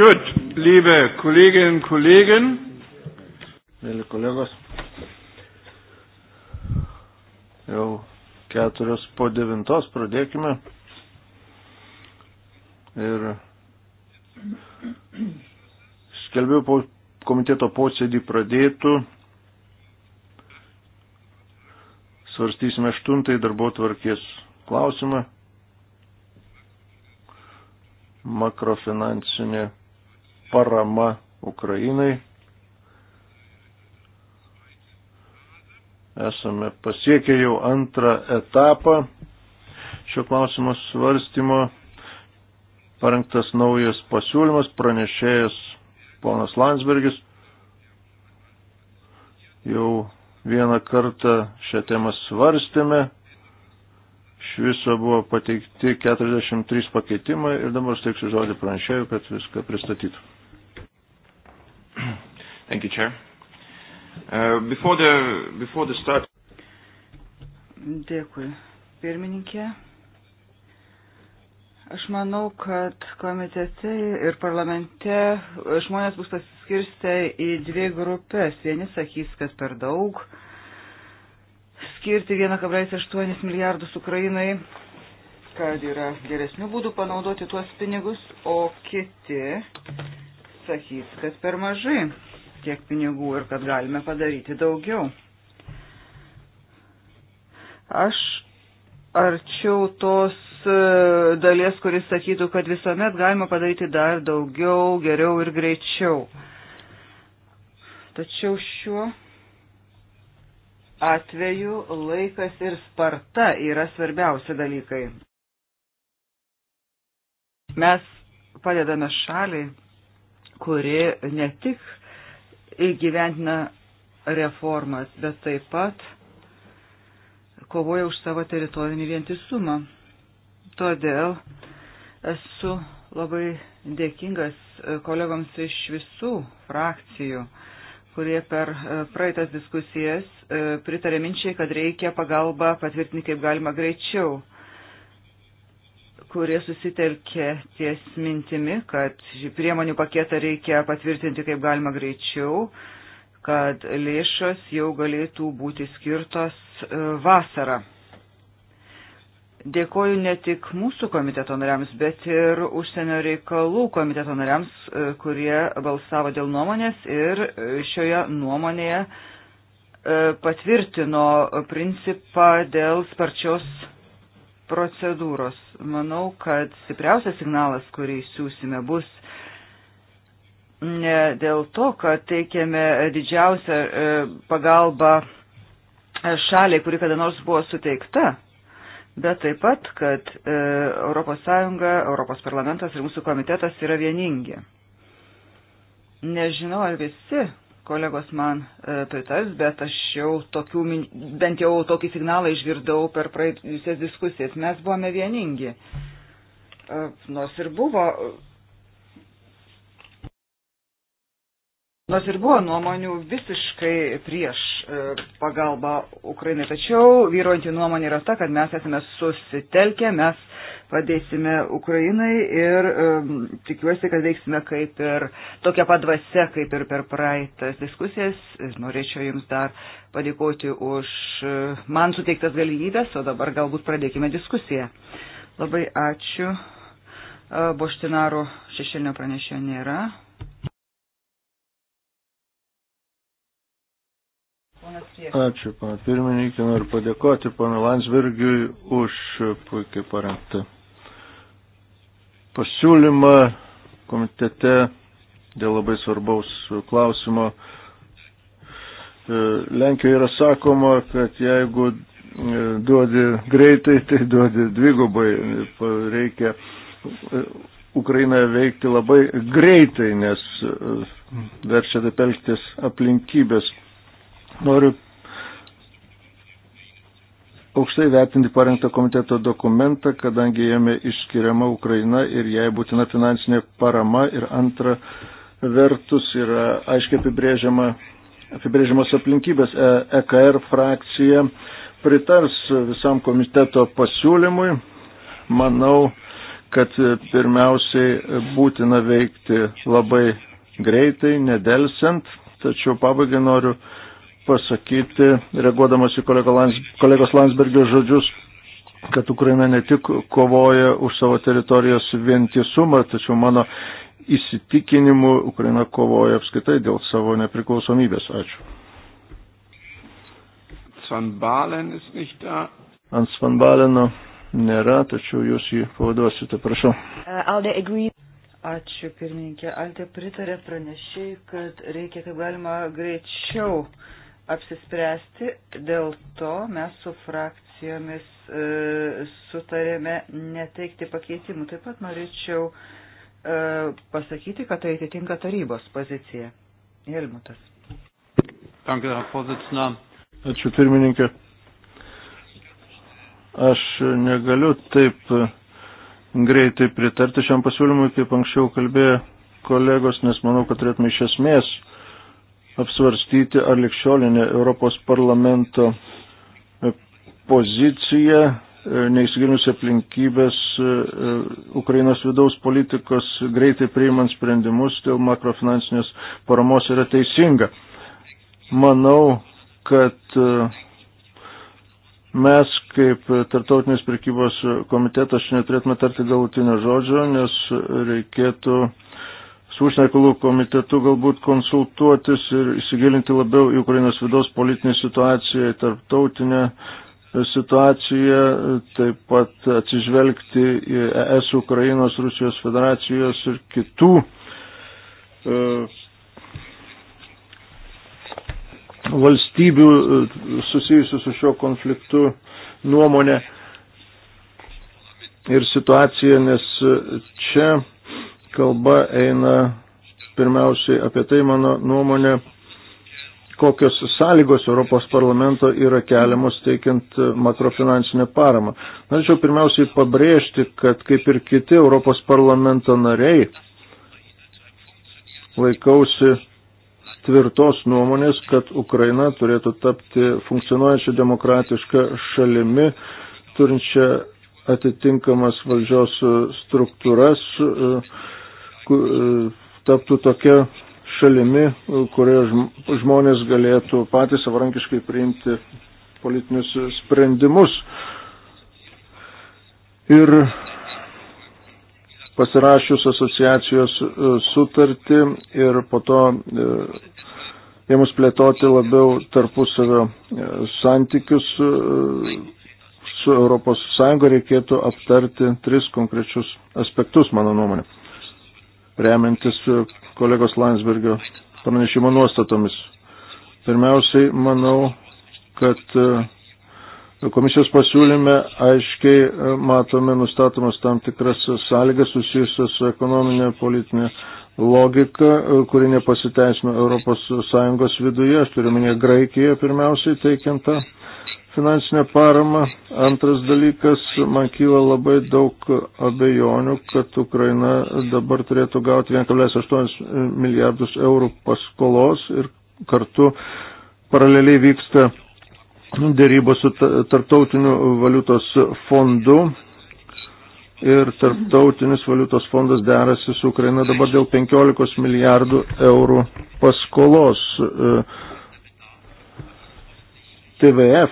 Gut, liebe Kolleginnen und Kollegen. Mėly kolegos, jau keturios po devintos pradėkime. Ir skelbiu po komiteto posėdį pradėtų. Svarstysime aštuntąjį darbo tvarkės klausimą makrofinansinė parama Ukrainai. Esame pasiekę jau antrą etapą šio klausimo svarstymo. Parengtas naujas pasiūlymas, pranešėjas ponas Landsbergis jau vieną kartą šią temą svarstėme. Iš viso buvo pateikti 43 pakeitimai ir dabar steiksiu žodį pranešėjų, kad viską pristatytų. Thank you, Chair. Uh, before the, before the start... Dėkui, pirmininkė. Aš manau, kad komitete ir parlamente žmonės bus pasiskirstę į dvi grupės. Vieni sakys, kad per daug skirti 1,8 milijardus Ukrainai, kad yra geresnių būdų panaudoti tuos pinigus, o kiti sakys, kad per mažai tiek pinigų ir kad galime padaryti daugiau. Aš arčiau tos e, dalies, kuris sakytų, kad visuomet galima padaryti dar daugiau, geriau ir greičiau. Tačiau šiuo atveju laikas ir sparta yra svarbiausi dalykai. Mes padedame šaliai kuri ne tik įgyventina reformas, bet taip pat kovoja už savo teritorinį vientisumą. Todėl esu labai dėkingas kolegams iš visų frakcijų, kurie per e, praeitas diskusijas e, pritarė minčiai, kad reikia pagalbą patvirtinti kaip galima greičiau kurie susitelkė ties mintimi, kad priemonių paketą reikia patvirtinti kaip galima greičiau, kad lėšas jau galėtų būti skirtos e, vasarą. Dėkoju ne tik mūsų komiteto nariams, bet ir užsienio reikalų komiteto nariams, e, kurie balsavo dėl nuomonės ir e, šioje nuomonėje patvirtino principą dėl sparčios procedūros manau, kad stipriausias signalas, kurį siūsime, bus ne dėl to, kad teikiame didžiausią e, pagalbą e, šaliai, kuri kada nors buvo suteikta, bet taip pat, kad ES, ES parlamentas ir mūsų komitetas yra vieningi. Nežinau, ar visi kolegos man e, pritars, bet aš jau tokių, bent jau tokį signalą išgirdau per praeitusias diskusijas. Mes buvome vieningi. E, nors ir buvo. Nors ir buvo nuomonių visiškai prieš e, pagalbą Ukrainai, tačiau vyruojantį nuomonė yra ta, kad mes esame susitelkę, mes padėsime Ukrainai ir um, tikiuosi, kad veiksime kaip ir tokia padvase, kaip ir per praeitas diskusijas. Norėčiau Jums dar padėkoti už e, man suteiktas galimybės, o dabar galbūt pradėkime diskusiją. Labai ačiū. E, Boštinaro šešėlinio pranešėjo nėra. Ačiū, pana pirmininkė, noriu padėkoti pana Landsbergiui už puikiai parengtą pasiūlymą komitete dėl labai svarbaus klausimo. E, Lenkijoje yra sakoma, kad jeigu e, duodi greitai, tai duodi dvigubai. Reikia e, Ukrainoje veikti labai greitai, nes verčia taip elgtis aplinkybės. Noriu aukštai vertinti parengtą komiteto dokumentą, kadangi jame išskiriama Ukraina ir jai būtina finansinė parama ir antra vertus yra aiškiai apibrėžiama, apibrėžiamas aplinkybės. EKR e frakcija pritars visam komiteto pasiūlymui. Manau, kad pirmiausiai būtina veikti labai greitai, nedelsiant, tačiau pabaigai noriu pasakyti, reaguodamas į kolegos Landsbergio žodžius, kad Ukraina ne tik kovoja už savo teritorijos vientisumą, tačiau mano įsitikinimu Ukraina kovoja apskaitai dėl savo nepriklausomybės. Ačiū. Ant Svanbaleno nėra, tačiau jūs jį pavaduosite, prašau. Uh, Ačiū pirmininkė. Altė pritarė pranešiai, kad reikia kaip galima greičiau uh, apsispręsti, dėl to mes su frakcijomis e, sutarėme neteikti pakeitimų. Taip pat norėčiau e, pasakyti, kad tai atitinka tarybos pozicija. Helmutas. Ačiū pirmininkė. Aš negaliu taip e, greitai pritarti šiam pasiūlymui, kaip anksčiau kalbėjo kolegos, nes manau, kad turėtume iš esmės apsvarstyti, ar likščiolinė Europos parlamento e, pozicija e, neįsigilinusi aplinkybės e, Ukrainos vidaus politikos greitai priimant sprendimus dėl makrofinansinės paramos yra teisinga. Manau, kad mes kaip tartautinės prekybos komitetas neturėtume tarti galutinio žodžio, nes reikėtų su užsienio reikalų komitetu galbūt konsultuotis ir įsigilinti labiau į Ukrainos vidaus politinę situaciją, į tarptautinę situaciją, taip pat atsižvelgti į ES Ukrainos, Rusijos federacijos ir kitų e, valstybių e, susijusių su šiuo konfliktu nuomonę ir situaciją, nes čia kalba eina pirmiausiai apie tai, mano nuomonė, kokios sąlygos Europos parlamento yra keliamos teikiant makrofinansinę paramą. Norėčiau pirmiausiai pabrėžti, kad kaip ir kiti Europos parlamento nariai laikausi tvirtos nuomonės, kad Ukraina turėtų tapti funkcionuojančią demokratišką šalimi, turinčią atitinkamas valdžios e, struktūras e, e, taptų tokia šalimi, kurioje žmonės galėtų patys savarankiškai priimti politinius sprendimus. Ir pasirašius asociacijos sutartį ir po to jiems plėtoti labiau tarpusavio santykius su ES reikėtų aptarti tris konkrečius aspektus, mano nuomonė, remiantis kolegos Landsbergio pranešimo nuostatomis. Pirmiausiai, manau, kad Komisijos pasiūlyme aiškiai e, matome nustatomas tam tikras sąlygas susijusios su ekonominė politinė logika, e, kuri nepasiteisino ES viduje, aš turiu minėti Graikiją pirmiausiai teikiant tą finansinę paramą. Antras dalykas, man kyla labai daug abejonių, kad Ukraina dabar turėtų gauti 1,8 milijardus eurų paskolos ir kartu paraleliai vyksta dėrybos su tarptautiniu valiutos fondu ir tarptautinis valiutos fondas derasi su Ukraina dabar dėl 15 milijardų eurų paskolos TVF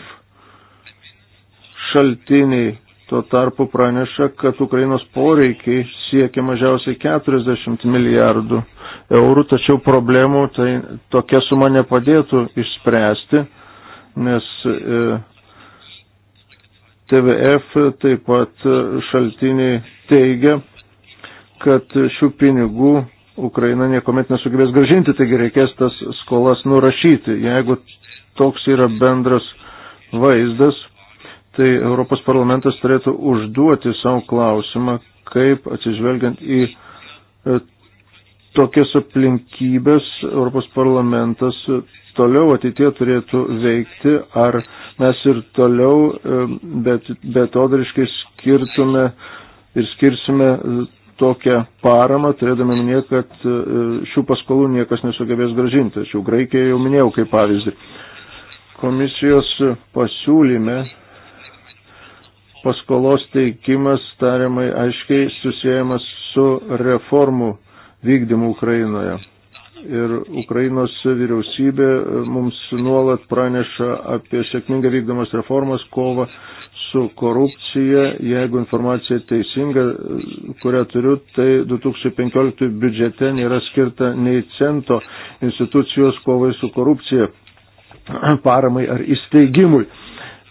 šaltiniai tuo tarpu praneša, kad Ukrainos poreikiai siekia mažiausiai 40 milijardų eurų, tačiau problemų tai tokia suma nepadėtų išspręsti nes e, TVF taip pat šaltiniai teigia, kad šių pinigų Ukraina niekuomet nesugebės gražinti, taigi reikės tas skolas nurašyti. Jeigu toks yra bendras vaizdas, tai Europos parlamentas turėtų užduoti savo klausimą, kaip atsižvelgiant į e, tokias aplinkybės Europos parlamentas toliau ateitie turėtų veikti, ar mes ir toliau e, bet, betodariškai skirtume ir skirsime tokią paramą, turėdami minėti, kad e, šių paskolų niekas nesugebės gražinti. Tačiau Graikiją jau minėjau kaip pavyzdį. Komisijos pasiūlyme paskolos teikimas tariamai aiškiai susijęjamas su reformų vykdymu Ukrainoje. Ir Ukrainos vyriausybė e, mums nuolat praneša apie sėkmingai vykdomas reformas, kovą su korupcija. Jeigu informacija teisinga, e, kurią turiu, tai 2015 biudžete nėra skirta nei cento institucijos kovai su korupcija paramai ar įsteigimui.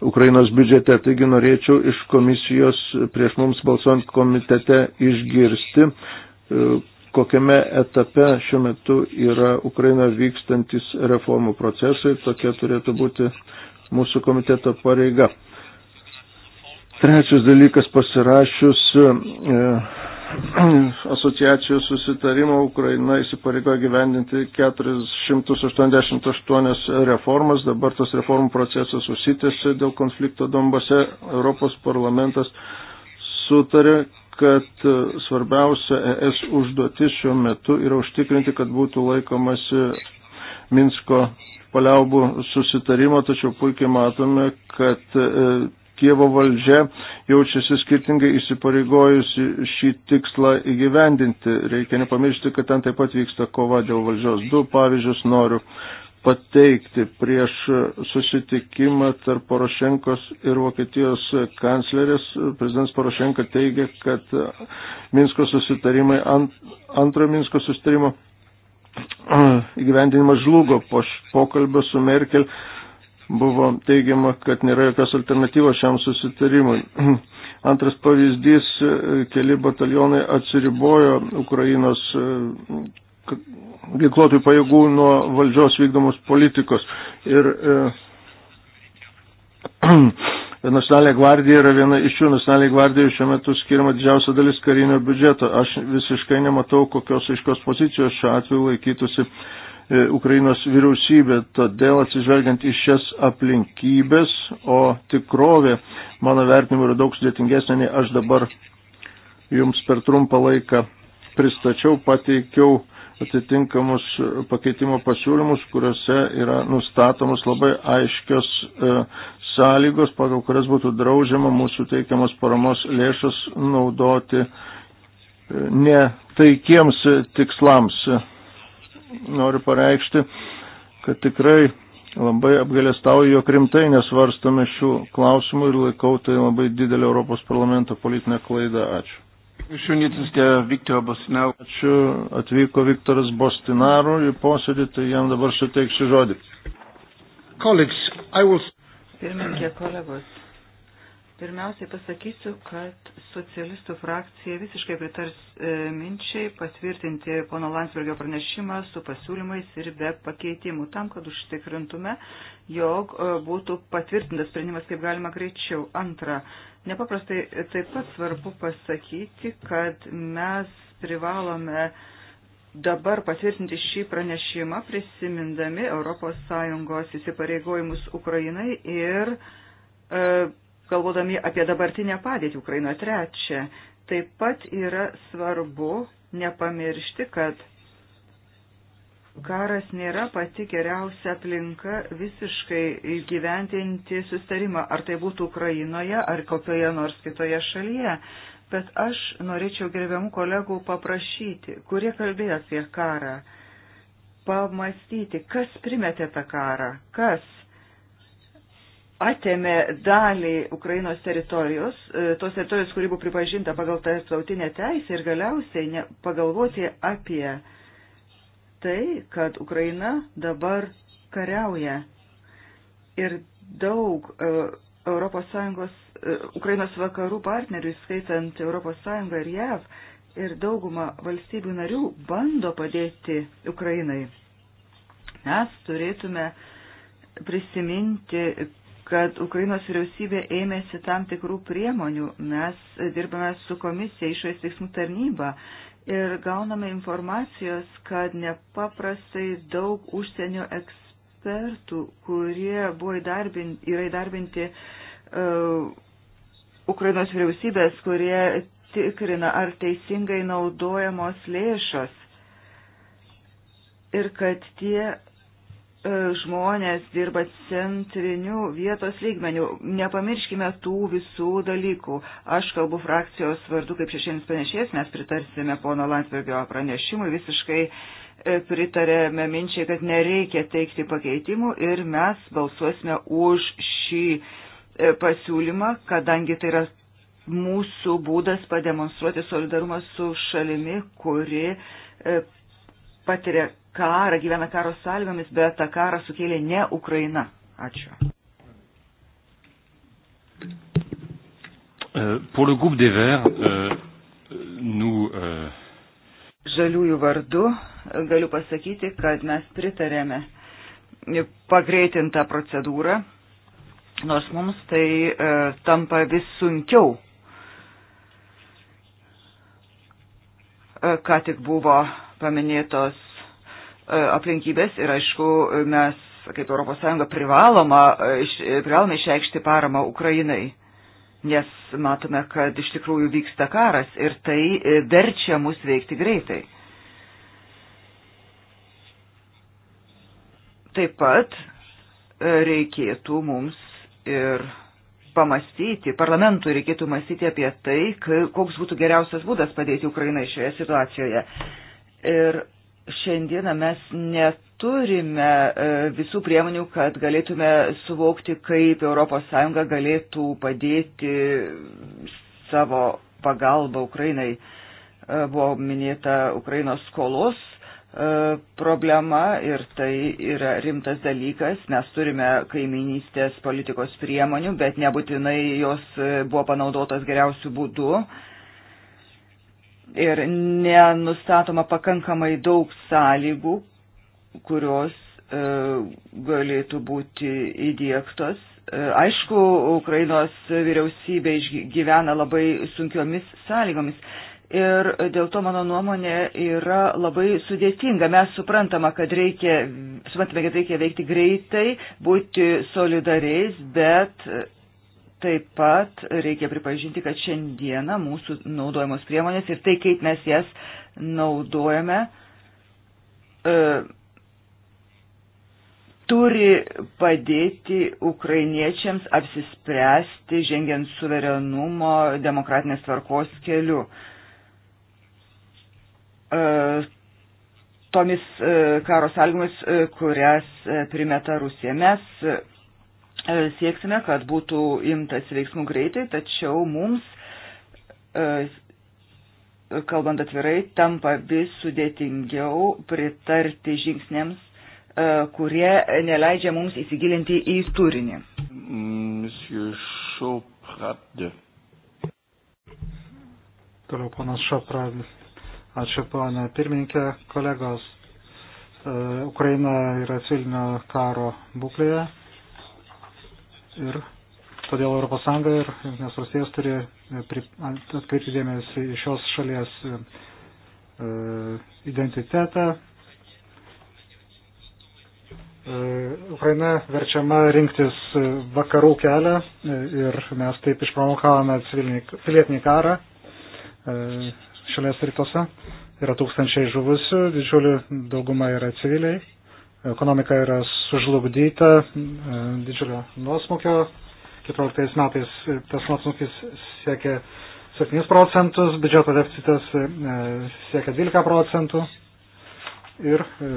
Ukrainos biudžete. Taigi norėčiau iš komisijos prieš mums balsuojant komitete išgirsti, e, kokiame etape šiuo metu yra Ukraina vykstantis reformų procesai, tokia turėtų būti mūsų komiteto pareiga. Trečias dalykas pasirašius e, asociacijos susitarimo Ukraina įsipareigoja gyvendinti 488 reformas, dabar tas reformų procesas susitėsi dėl konflikto Dombase, Europos parlamentas sutarė, kad e, svarbiausia ES užduotis šiuo metu yra užtikrinti, kad būtų laikomasi Minsko paliaubų susitarimo, tačiau puikiai matome, kad e, Kievo valdžia jaučiasi skirtingai įsipareigojusi šį tikslą įgyvendinti. Reikia nepamiršti, kad ten taip pat vyksta kova dėl valdžios. Du pavyzdžius noriu pateikti prieš susitikimą tarp Porošenkos ir Vokietijos kanclerės. Prezidentas Porošenka teigia, kad Minsko susitarimai, ant, antro Minsko susitarimo įgyvendinimas žlugo po pokalbio su Merkel. Buvo teigiama, kad nėra jokios alternatyvos šiam susitarimui. Antras pavyzdys, keli batalionai atsiribojo Ukrainos ginkluotųjų pajėgų nuo valdžios vykdomos politikos. Ir e, Nacionalinė gvardija yra viena iš jų. Nacionalinė gvardija šiuo metu skiriama didžiausia dalis karinio biudžeto. Aš visiškai nematau, kokios aiškios pozicijos šiuo atveju laikytųsi e, Ukrainos vyriausybė. Todėl atsižvelgiant į šias aplinkybės, o tikrovė mano vertinimu yra daug sudėtingesnė, nei aš dabar jums per trumpą laiką pristačiau, pateikiau atitinkamus pakeitimo pasiūlymus, kuriuose yra nustatomus labai aiškios e, sąlygos, pagal kurias būtų draudžiama mūsų teikiamas paramos lėšas naudoti e, ne taikiems tikslams. Noriu pareikšti, kad tikrai labai apgalėstauju, jog rimtai nesvarstame šių klausimų ir laikau tai labai didelį Europos parlamento politinę klaidą. Ačiū. Ačiū, atvyko Viktoras Bostinaru į posėdį, tai jam dabar suteiksiu žodį. Kolegs, I will. Pirmininkė kolegos, pirmiausiai pasakysiu, kad socialistų frakcija visiškai pritars e, minčiai patvirtinti pono Landsbergio pranešimą su pasiūlymais ir be pakeitimų, tam, kad užtikrintume, jog e, būtų patvirtintas sprendimas kaip galima greičiau. Antra, Nepaprastai taip pat svarbu pasakyti, kad mes privalome dabar patvirtinti šį pranešimą prisimindami ES įsipareigojimus Ukrainai ir e, galvodami apie dabartinę padėtį Ukrainoje trečią. Taip pat yra svarbu nepamiršti, kad karas nėra pati geriausia aplinka visiškai įgyventinti sustarimą, ar tai būtų Ukrainoje, ar kokioje nors kitoje šalyje. Bet aš norėčiau gerbiamų kolegų paprašyti, kurie kalbėjo apie karą, pamastyti, kas primetė tą karą, kas atėmė dalį Ukrainos teritorijos, e, tos teritorijos, kuri buvo pripažinta pagal tarptautinę teisę ir galiausiai pagalvoti apie tai, kad Ukraina dabar kariauja ir daug ES, e, Ukrainos vakarų partnerių, skaitant ES ir JAV, ir dauguma valstybių narių bando padėti Ukrainai. Mes turėtume prisiminti, kad Ukrainos vyriausybė ėmėsi tam tikrų priemonių. Mes dirbame su komisija išorės veiksmų tarnyba ir gauname informacijos, kad nepaprastai daug užsienio ekspertų, kurie buvo įdarbinti, yra įdarbinti uh, Ukrainos vyriausybės, kurie tikrina, ar teisingai naudojamos lėšos ir kad tie E, žmonės dirba centriniu vietos lygmeniu. Nepamirškime tų visų dalykų. Aš kalbu frakcijos vardu kaip šešienis pranešėjas, mes pritarsime pono Landsbergio pranešimui, visiškai e, pritarėme minčiai, kad nereikia teikti pakeitimų ir mes balsuosime už šį e, pasiūlymą, kadangi tai yra mūsų būdas pademonstruoti solidarumą su šalimi, kuri patiria karą, gyvena karo sąlygomis, bet tą karą sukėlė ne Ukraina. Ačiū. Euh, pour le groupe des Verts, euh, nous. Euh... Žaliųjų vardu galiu pasakyti, kad mes pritarėme pagreitintą procedūrą, nors mums tai e, tampa vis sunkiau. E, ką tik buvo paminėtos E, aplinkybės ir aišku, mes kaip ES privaloma, e, e, privalome išreikšti paramą Ukrainai, nes matome, kad iš tikrųjų vyksta karas ir tai verčia mus veikti greitai. Taip pat reikėtų mums ir pamastyti, parlamentui reikėtų mąstyti apie tai, koks būtų geriausias būdas padėti Ukrainai šioje situacijoje. Ir šiandieną mes neturime e, visų priemonių, kad galėtume suvokti, kaip ES galėtų padėti savo pagalbą Ukrainai. E, buvo minėta Ukrainos skolos e, problema ir tai yra rimtas dalykas. Mes turime kaiminystės politikos priemonių, bet nebūtinai jos buvo panaudotas geriausių būdų ir nenustatoma pakankamai daug sąlygų, kurios e, galėtų būti įdėktos. E, aišku, Ukrainos vyriausybė gyvena labai sunkiomis sąlygomis. Ir dėl to mano nuomonė yra labai sudėtinga. Mes suprantame, kad reikia, suprantame, kad reikia veikti greitai, būti solidariais, bet Taip pat reikia pripažinti, kad šiandieną mūsų naudojamos priemonės ir tai, kaip mes jas naudojame, e, turi padėti ukrainiečiams apsispręsti, žengiant suverenumo demokratinės tvarkos keliu. E, tomis e, karo sąlygomis, e, kurias e, primeta Rusija. Mes E, sieksime, kad būtų imtas veiksmų greitai, tačiau mums, e, kalbant atvirai, tampa vis sudėtingiau pritarti žingsniams, e, kurie neleidžia mums įsigilinti į turinį. Toliau ponas Šopradis. Ačiū ponė pirmininkė, kolegos. Ukraina yra civilinio karo būklėje Ir todėl ES ir Junktinės Rusijos turi e, atkreipti dėmesį į šios šalies e, e, identitetą. Ukraina verčiama rinktis vakarų kelią ir mes taip išprovokavome pilietinį karą šalies rytuose. Yra tūkstančiai žuvusių, didžiulį daugumą yra civiliai ekonomika yra sužlugdyta didžiulio nuosmukio. 14 metais tas nuosmukis siekia 7 procentus, biudžeto deficitas e, siekia 12 procentų ir e,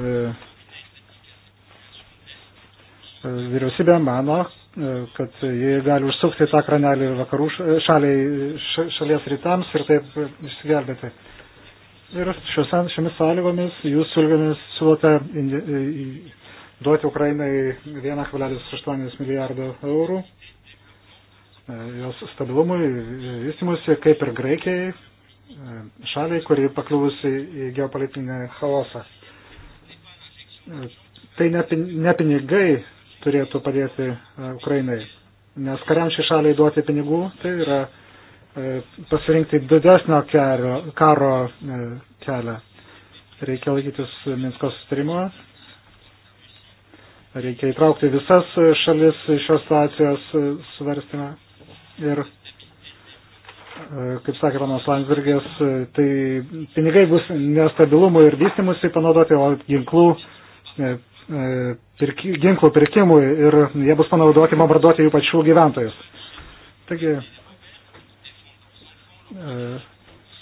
e, vyriausybė mano, kad jie gali užsukti tą kranelį vakarų šaliai, šalies rytams ir taip išsigelbėti. Ir šiuose, šiomis sąlygomis jūs siūlote duoti Ukrainai 1,8 milijardo eurų e, jos stabilumui, vystimusi, kaip ir Graikijai, e, šaliai, kuri pakliuvusi į geopolitinį chaosą. E, tai ne pinigai turėtų padėti Ukrainai, nes kariam šį šaliai duoti pinigų, tai yra E, pasirinkti didesnio kelio, karo e, kelią. Reikia laikytis Minsko sustarimo, reikia įtraukti visas šalis šios situacijos e, svarstymą ir kaip sakė panas Landsbergis, tai pinigai bus nestabilumui ir vystimusi panaudoti, o ginklų, pirki, ginklų pirkimui ir jie bus panaudoti bombarduoti jų pačių gyventojus. Taigi E,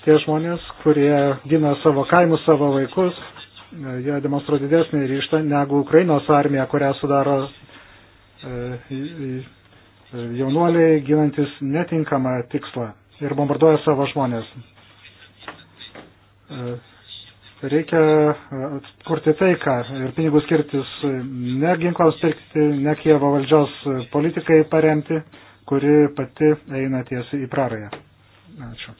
tie žmonės, kurie gina savo kaimus, savo vaikus, e, jie demonstruoja didesnį ryštą negu Ukrainos armija, kurią sudaro e, jaunuoliai ginantis netinkamą tikslą ir bombarduoja savo žmonės. Reikia kurti taiką ir pinigus skirtis ne ginklams pirkti, ne Kievo valdžios politikai paremti, kuri pati eina tiesiai į prarąją. Ačiū.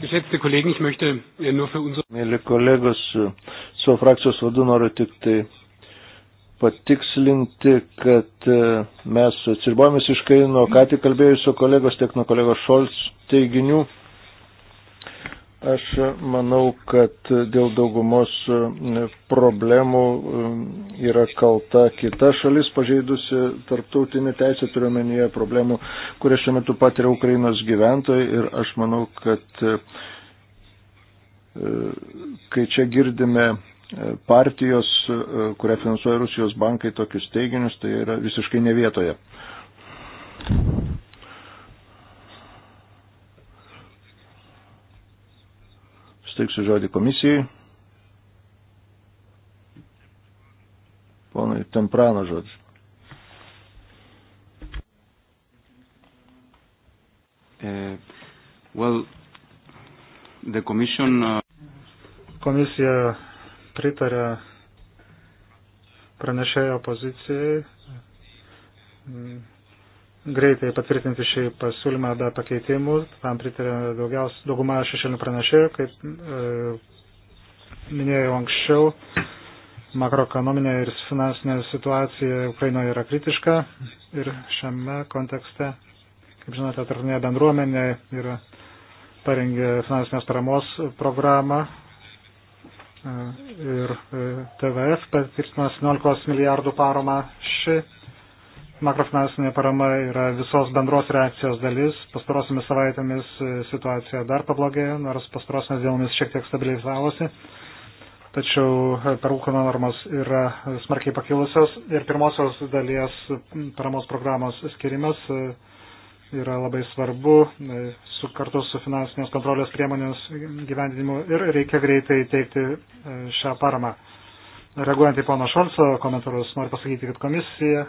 Geschätzte Kollegen, ich möchte äh, nur für unsere. Mėly kolegos, savo frakcijos vadu noriu tik tai patikslinti, kad e, mes atsiribojame visiškai nuo ką tik kalbėjusio kolegos, tiek nuo kolegos Šolts teiginių. Aš manau, kad dėl daugumos e, problemų e, yra kalta kita šalis pažeidusi tarptautinį teisę, turiuomenyje problemų, kurie šiuo metu patiria Ukrainos gyventojai ir aš manau, kad e, kai čia girdime partijos, kurią finansuoja Rusijos bankai tokius teiginius, tai yra visiškai ne vietoje. suteiksiu žodį komisijai. Ponai, temprano žodis. Uh, well, the commission, uh... Komisija pritarė pranešėjo pozicijai mm greitai patvirtinti šį pasiūlymą be pakeitimų. Tam pritarė daugiausia dauguma šešėlių pranešėjų, kaip e, minėjau anksčiau. Makroekonominė ir finansinė situacija Ukrainoje yra kritiška ir šiame kontekste, kaip žinote, tarptautinė bendruomenė yra parengė finansinės paramos programą e, ir e, TVF patvirtino 18 milijardų paramą. Ši makrofinansinė parama yra visos bendros reakcijos dalis. Pastarosiamis savaitėmis e, situacija dar pablogėjo, nors pastarosiamis dienomis šiek tiek stabilizavosi. Tačiau e, perūkano normos yra smarkiai pakilusios ir pirmosios dalies paramos programos skirimas e, yra labai svarbu su, kartu su finansinės kontrolės priemonės gyvendinimu ir reikia greitai teikti šią paramą. Reaguojant į pono Šolco komentarus, noriu pasakyti, kad komisija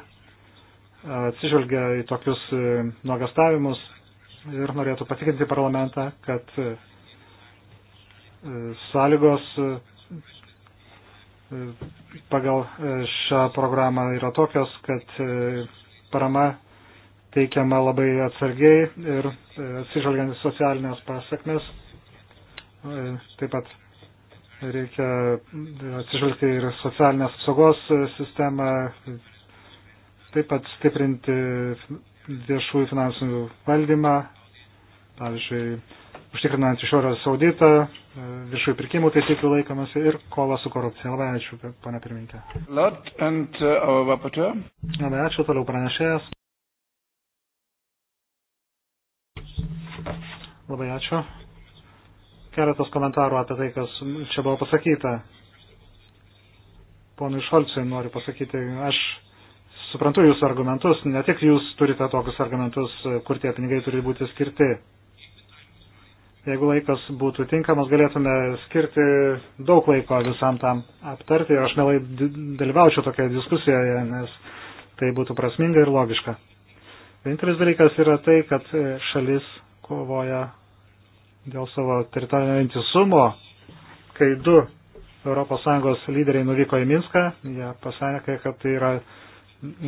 atsižvelgia į tokius e, nuogastavimus ir norėtų patikinti parlamentą, kad e, sąlygos e, pagal šią programą yra tokios, kad parama teikiama labai atsargiai ir atsižvelgiant į socialinės pasakmes. Taip pat reikia atsižvelgti ir socialinės apsaugos sistemą, taip pat stiprinti viešųjų finansų valdymą, pavyzdžiui, užtikrinant išorės auditą, e, viešųjų pirkimų taisyklių laikomasi ir kova su korupcija. Labai ačiū, pana pirmininkė. Uh, Labai ačiū, toliau pranešėjas. Labai ačiū. Keletas komentarų apie tai, kas čia buvo pasakyta. Ponui Šolcui noriu pasakyti, aš suprantu jūsų argumentus, ne tik jūs turite tokius argumentus, kur tie pinigai turi būti skirti. Jeigu laikas būtų tinkamas, galėtume skirti daug laiko visam tam aptarti ir aš mielai dalyvaučiau tokioje diskusijoje, nes tai būtų prasminga ir logiška. Vienintelis dalykas yra tai, kad šalis kovoja dėl savo teritorinio intisumo, kai du ES lyderiai nuvyko į Minską, jie pasakė, kad tai yra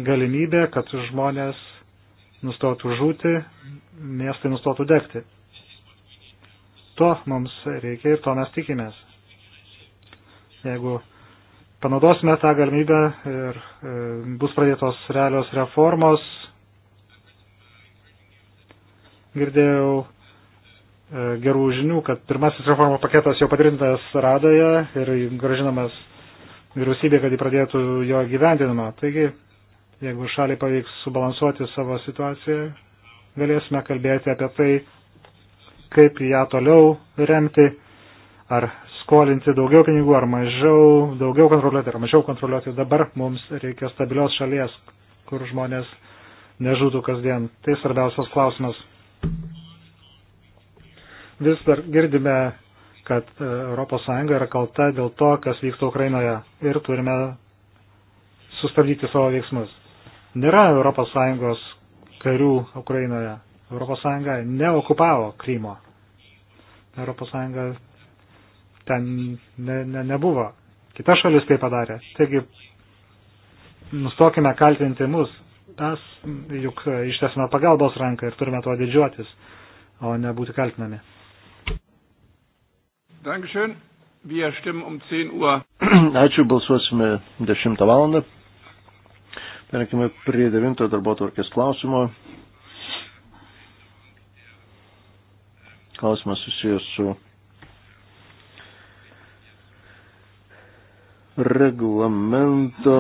galimybė, kad žmonės nustotų žūti, miestai nustotų degti. To mums reikia ir to mes tikimės. Jeigu panaudosime tą galimybę ir e, bus pradėtos realios reformos, girdėjau e, gerų žinių, kad pirmasis reformų paketas jau patrintas radoje ir gražinamas vyriausybė, kad jį pradėtų jo gyvendinimą. Taigi Jeigu šaliai pavyks subalansuoti savo situaciją, galėsime kalbėti apie tai, kaip ją toliau remti, ar skolinti daugiau pinigų, ar mažiau, daugiau kontroliuoti, ar mažiau kontroliuoti. Dabar mums reikia stabilios šalies, kur žmonės nežūtų kasdien. Tai svarbiausias klausimas. Vis dar girdime kad ES yra kalta dėl to, kas vyksta Ukrainoje ir turime sustabdyti savo veiksmus nėra ES karių Ukrainoje. ES neokupavo Krymo. ES ten ne, ne, nebuvo. Kita šalis tai padarė. Taigi, nustokime kaltinti mus. Mes juk ištesime pagalbos ranką ir turime tuo didžiuotis, o ne būti kaltinami. Dankeschön. Wir stimmen um 10 Uhr. Ačiū, balsuosime 10 valandą. Perkime prie devinto darbo tvarkės klausimo. Klausimas susijęs su reglamento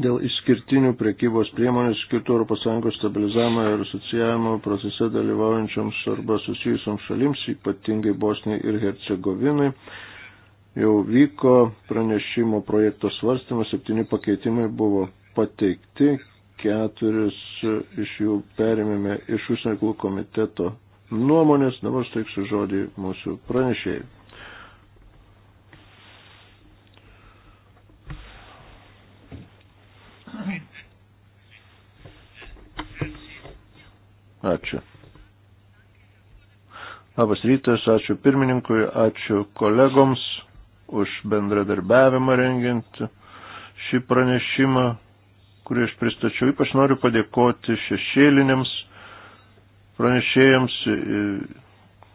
dėl išskirtinių prekybos priemonių skirtų ES stabilizavimo ir asociavimo procese dalyvaujančioms arba susijusioms šalims, ypatingai Bosniai ir Hercegovinai jau vyko pranešimo projekto svarstymas, septyni pakeitimai buvo pateikti, keturis iš jų perėmėme iš užsienio reikalų komiteto nuomonės, dabar steiksiu žodį mūsų pranešėjai. Ačiū. Labas rytas, ačiū pirmininkui, ačiū kolegoms už bendradarbiavimą rengiant šį pranešimą, kurį aš pristačiau. Ypač noriu padėkoti šešėliniams pranešėjams,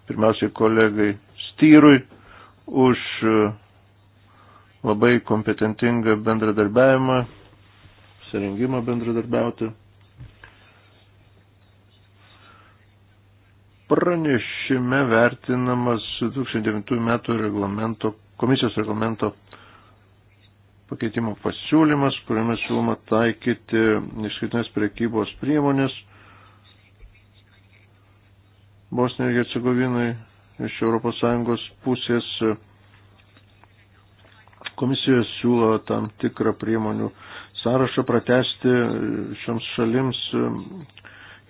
pirmiausiai kolegai Styrui, už e, labai kompetentingą bendradarbiavimą, pasirengimą bendradarbiauti. Pranešime vertinamas 2009 metų reglamento komisijos reglamento pakeitimo pasiūlymas, kuriame siūloma taikyti išskirtinės priekybos priemonės Bosnijoje ir Hercegovinai iš ES pusės. Komisija siūlo tam tikrą priemonių sąrašą pratesti šioms šalims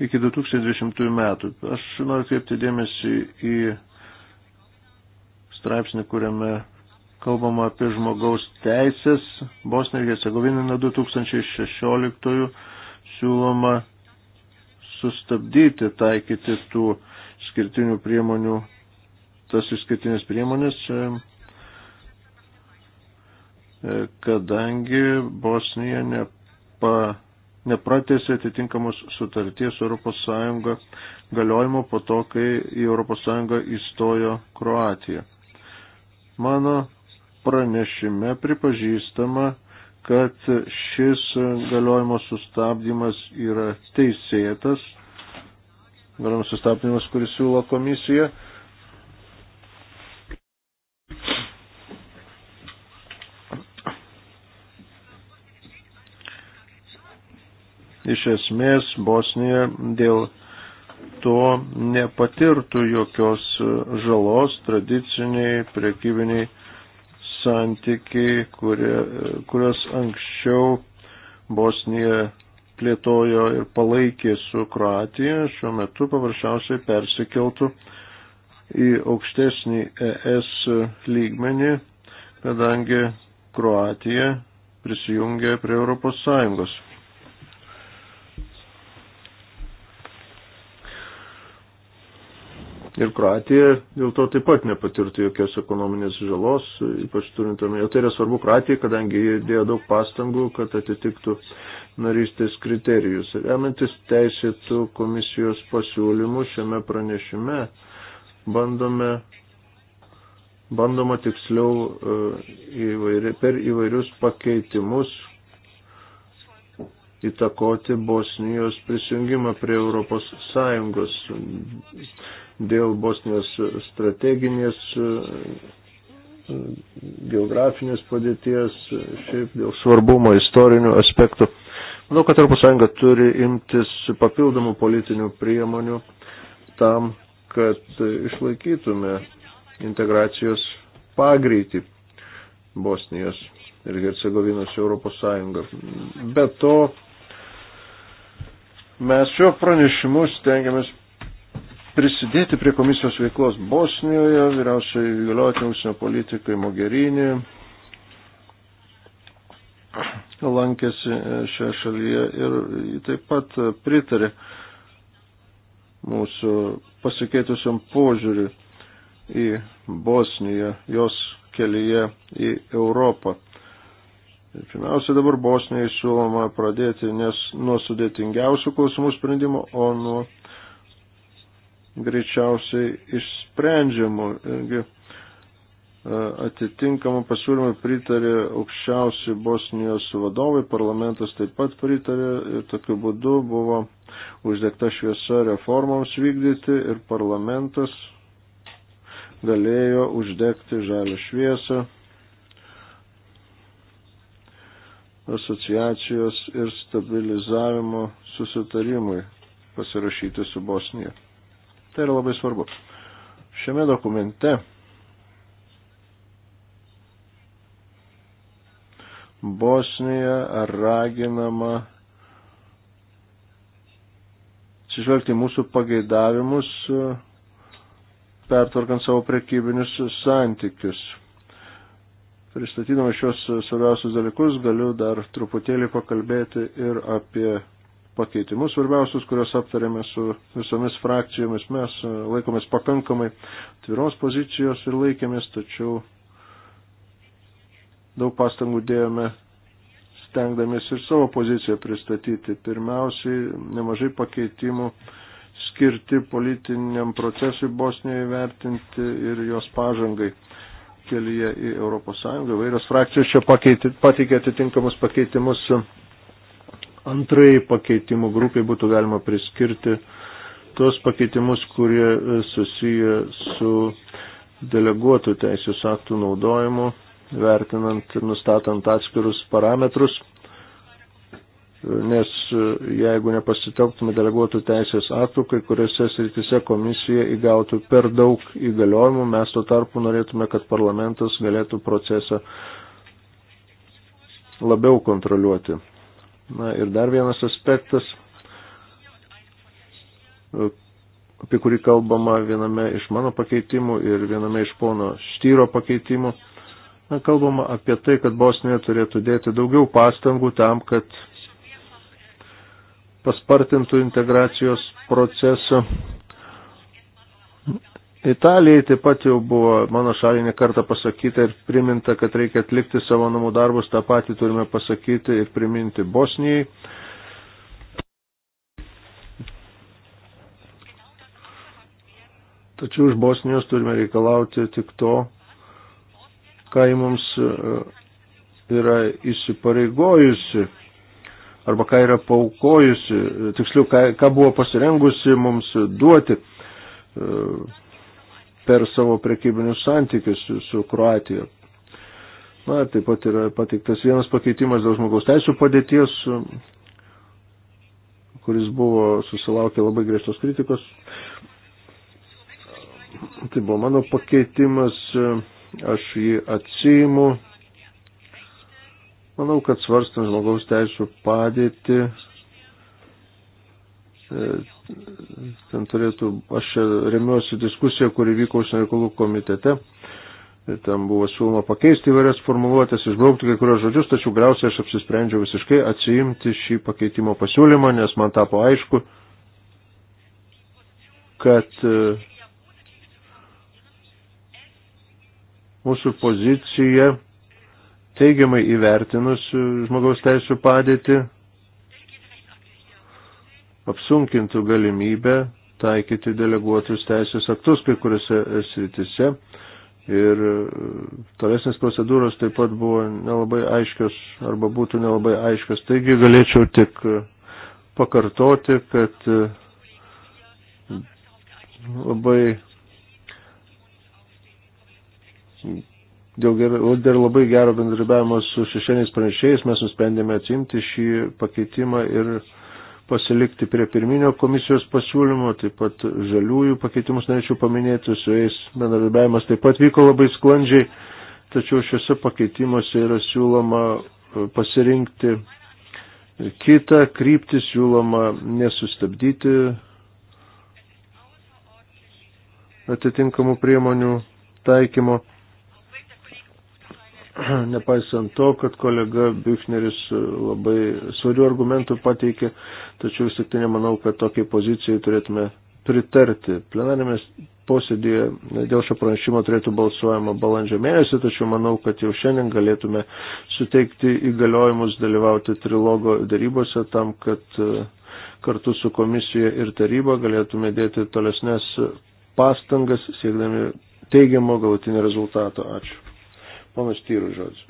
iki 2020 metų. Aš noriu kreipti dėmesį į straipsnį, kuriame kalbama apie žmogaus teisės. Bosnija ir Hercegovina nuo 2016 siūloma sustabdyti, taikyti tų skirtinių priemonių, tas išskirtinės priemonės, e, kadangi Bosnija nepa, nepratėsi atitinkamos sutarties Europos Sąjunga galiojimo po to, kai į Europos Sąjungą įstojo Kroatija. Mano pranešime pripažįstama, kad šis galiojimo sustabdymas yra teisėtas, galiojimo sustabdymas, kuris siūlo komisija. Iš esmės Bosnija dėl to nepatirtų jokios žalos tradiciniai prekybiniai santykiai, kurie, kurios anksčiau Bosnija plėtojo ir palaikė su Kroatija, šiuo metu paprasčiausiai persikeltų į aukštesnį ES lygmenį, kadangi Kroatija prisijungė prie Europos Sąjungos. Ir Kroatija dėl to taip pat nepatirtų jokios ekonominės žalos, ypač turint omenyje. Tai yra svarbu Kroatijai, kadangi jie dėjo daug pastangų, kad atitiktų narystės kriterijus. Remiantis teisėtų komisijos pasiūlymų šiame pranešime bandome, bandoma tiksliau e, įvairi, per įvairius pakeitimus įtakoti Bosnijos prisijungimą prie Europos Sąjungos dėl Bosnijos strateginės geografinės padėties, šiaip dėl svarbumo istorinių aspektų. Manau, kad Europos Sąjunga turi imtis papildomų politinių priemonių tam, kad išlaikytume integracijos pagreitį Bosnijos ir Hercegovinos Europos Sąjungą. Be to, Mes šiuo pranešimu stengiamės prisidėti prie komisijos veiklos Bosnijoje, vyriausiai įgaliotinė užsienio politikai Mogherini lankėsi šioje šalyje ir taip pat pritarė mūsų pasikeitusiam požiūriu į Bosniją, jos kelyje į Europą. Pirmiausia, dabar Bosnijai siūloma pradėti nes nuo sudėtingiausių klausimų sprendimo, o nuo greičiausiai išsprendžiamų. Irgi e, atitinkamą pasiūlymą pritarė aukščiausi Bosnijos vadovai, parlamentas taip pat pritarė ir tokiu būdu buvo uždegta šviesa reformoms vykdyti ir parlamentas galėjo uždegti žalę šviesą asociacijos ir stabilizavimo susitarimui pasirašyti su Bosnija. Tai yra labai svarbu. Šiame dokumente Bosnija raginama atsižvelgti mūsų pageidavimus, pertvarkant savo prekybinius santykius. Pristatydama šios svarbiausius dalykus galiu dar truputėlį pakalbėti ir apie pakeitimus svarbiausius, kuriuos aptarėme su visomis frakcijomis. Mes e, laikomės pakankamai tviros pozicijos ir laikėmės, tačiau daug pastangų dėjome stengdamės ir savo poziciją pristatyti. Pirmiausiai, nemažai pakeitimų skirti politiniam procesui Bosnijoje vertinti ir jos pažangai kelyje į ES. Vairios frakcijos čia pateikė atitinkamus pakeitimus. Antrai pakeitimų grupiai būtų galima priskirti tos pakeitimus, kurie e, susiję su deleguotų teisės aktų naudojimu, vertinant ir nustatant atskirus parametrus nes e, jeigu nepasitelktume deleguotų teisės aktų, kai kuriuose srityse komisija įgautų per daug įgaliojimų, mes tuo tarpu norėtume, kad parlamentas galėtų procesą labiau kontroliuoti. Na ir dar vienas aspektas, e, apie kurį kalbama viename iš mano pakeitimų ir viename iš pono Štyro pakeitimų. Na, kalbama apie tai, kad Bosnija turėtų dėti daugiau pastangų tam, kad paspartintų integracijos procesą. Italijai taip pat jau buvo mano šalinė kartą pasakyta ir priminta, kad reikia atlikti savo namų darbus, tą patį turime pasakyti ir priminti Bosnijai. Tačiau iš Bosnijos turime reikalauti tik to, ką jį mums e, yra įsipareigojusi arba ką yra paukojusi, tiksliau, ką, ką buvo pasirengusi mums duoti e, per savo prekybinius santykius su Kroatija. Na ir taip pat yra pateiktas vienas pakeitimas dėl žmogaus teisų padėties, kuris buvo susilaukė labai griežtos kritikos. Tai buvo mano pakeitimas, aš jį atsijimu Manau, kad svarstant žmogaus teisų padėti, e, ten turėtų, aš remiuosi diskusiją, kuri vyko užsienio reikalų komitete, e, ten buvo siūloma pakeisti įvairias formuluotės, išbraukti kai kurios žodžius, tačiau galiausiai aš apsisprendžiau visiškai atsiimti šį pakeitimo pasiūlymą, nes man tapo aišku, kad e, mūsų pozicija teigiamai įvertinus žmogaus teisų padėtį, apsunkintų galimybę taikyti deleguotus teisės aktus kai kuriuose sritise. Ir e, tolesnės procedūros taip pat buvo nelabai aiškios arba būtų nelabai aiškios. Taigi galėčiau tik e, pakartoti, kad e, labai Dėl, gero, dėl labai gero bendradarbiavimo su šešėniais pranešėjais mes nusprendėme atsimti šį pakeitimą ir pasilikti prie pirminio komisijos pasiūlymo, taip pat žaliųjų pakeitimus norėčiau paminėti, su jais bendradarbiavimas taip pat vyko labai sklandžiai, tačiau šiuose pakeitimuose yra siūloma e, pasirinkti kitą kryptį, siūloma nesustabdyti atitinkamų priemonių taikymo. nepaisant to, kad kolega Büchneris labai svarių argumentų pateikė, tačiau vis tik tai nemanau, kad tokiai pozicijai turėtume pritarti. Plenarinėme posėdėje dėl šio pranešimo turėtų balsuojama balandžio mėnesį, tačiau manau, kad jau šiandien galėtume suteikti įgaliojimus dalyvauti trilogo darybose tam, kad e, kartu su komisija ir taryba galėtume dėti tolesnės pastangas siekdami teigiamo galutinio rezultato. Ačiū. Ponas Tyrų žodis.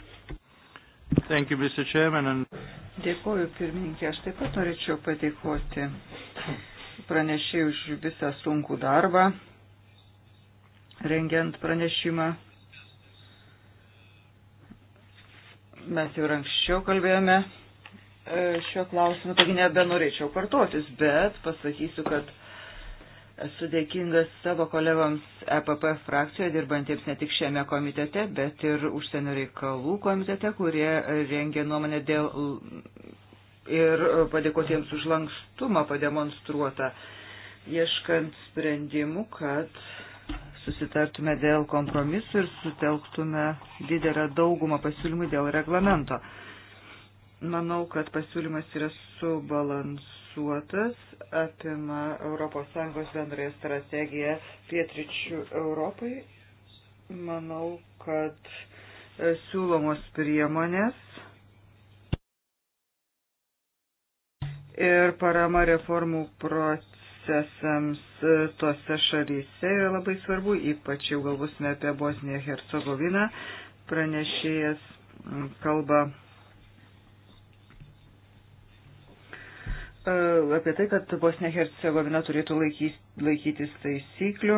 Thank you, Mr. Chairman. And... Dėkuoju, pirmininkė. Aš taip pat norėčiau padėkoti pranešėjai už visą sunkų darbą, rengiant pranešimą. Mes jau anksčiau kalbėjome e, šiuo klausimu, taigi nebenorėčiau kartotis, bet pasakysiu, kad Esu dėkingas savo kolegoms EPP frakcijoje, dirbantiems ne tik šiame komitete, bet ir užsienio reikalų komitete, kurie rengė nuomonę dėl ir padėkoti jiems už lankstumą pademonstruotą, ieškant sprendimų, kad susitartume dėl kompromisų ir sutelktume didelę daugumą pasiūlymų dėl reglamento. Manau, kad pasiūlymas yra subalansuotas subalansuotas, apima ES bendrąją strategiją pietričių Europai. Manau, kad e, siūlomos priemonės ir parama reformų procesams e, tose šalyse yra labai svarbu, ypač jau galvosime apie Bosniją Hercegoviną, pranešėjas kalba E, apie tai, kad Bosnė Hercegovina turėtų laikys, laikytis taisyklių.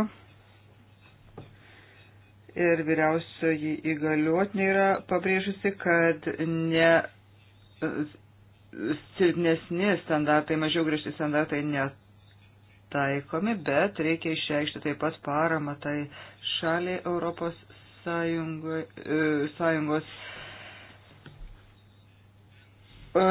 Ir vyriausioji įgaliotinė yra pabrėžusi, kad ne silpnesni standartai, mažiau griežti standartai netaikomi, bet reikia išreikšti taip pat paramą tai šaliai Europos sąjungo, e, sąjungos e,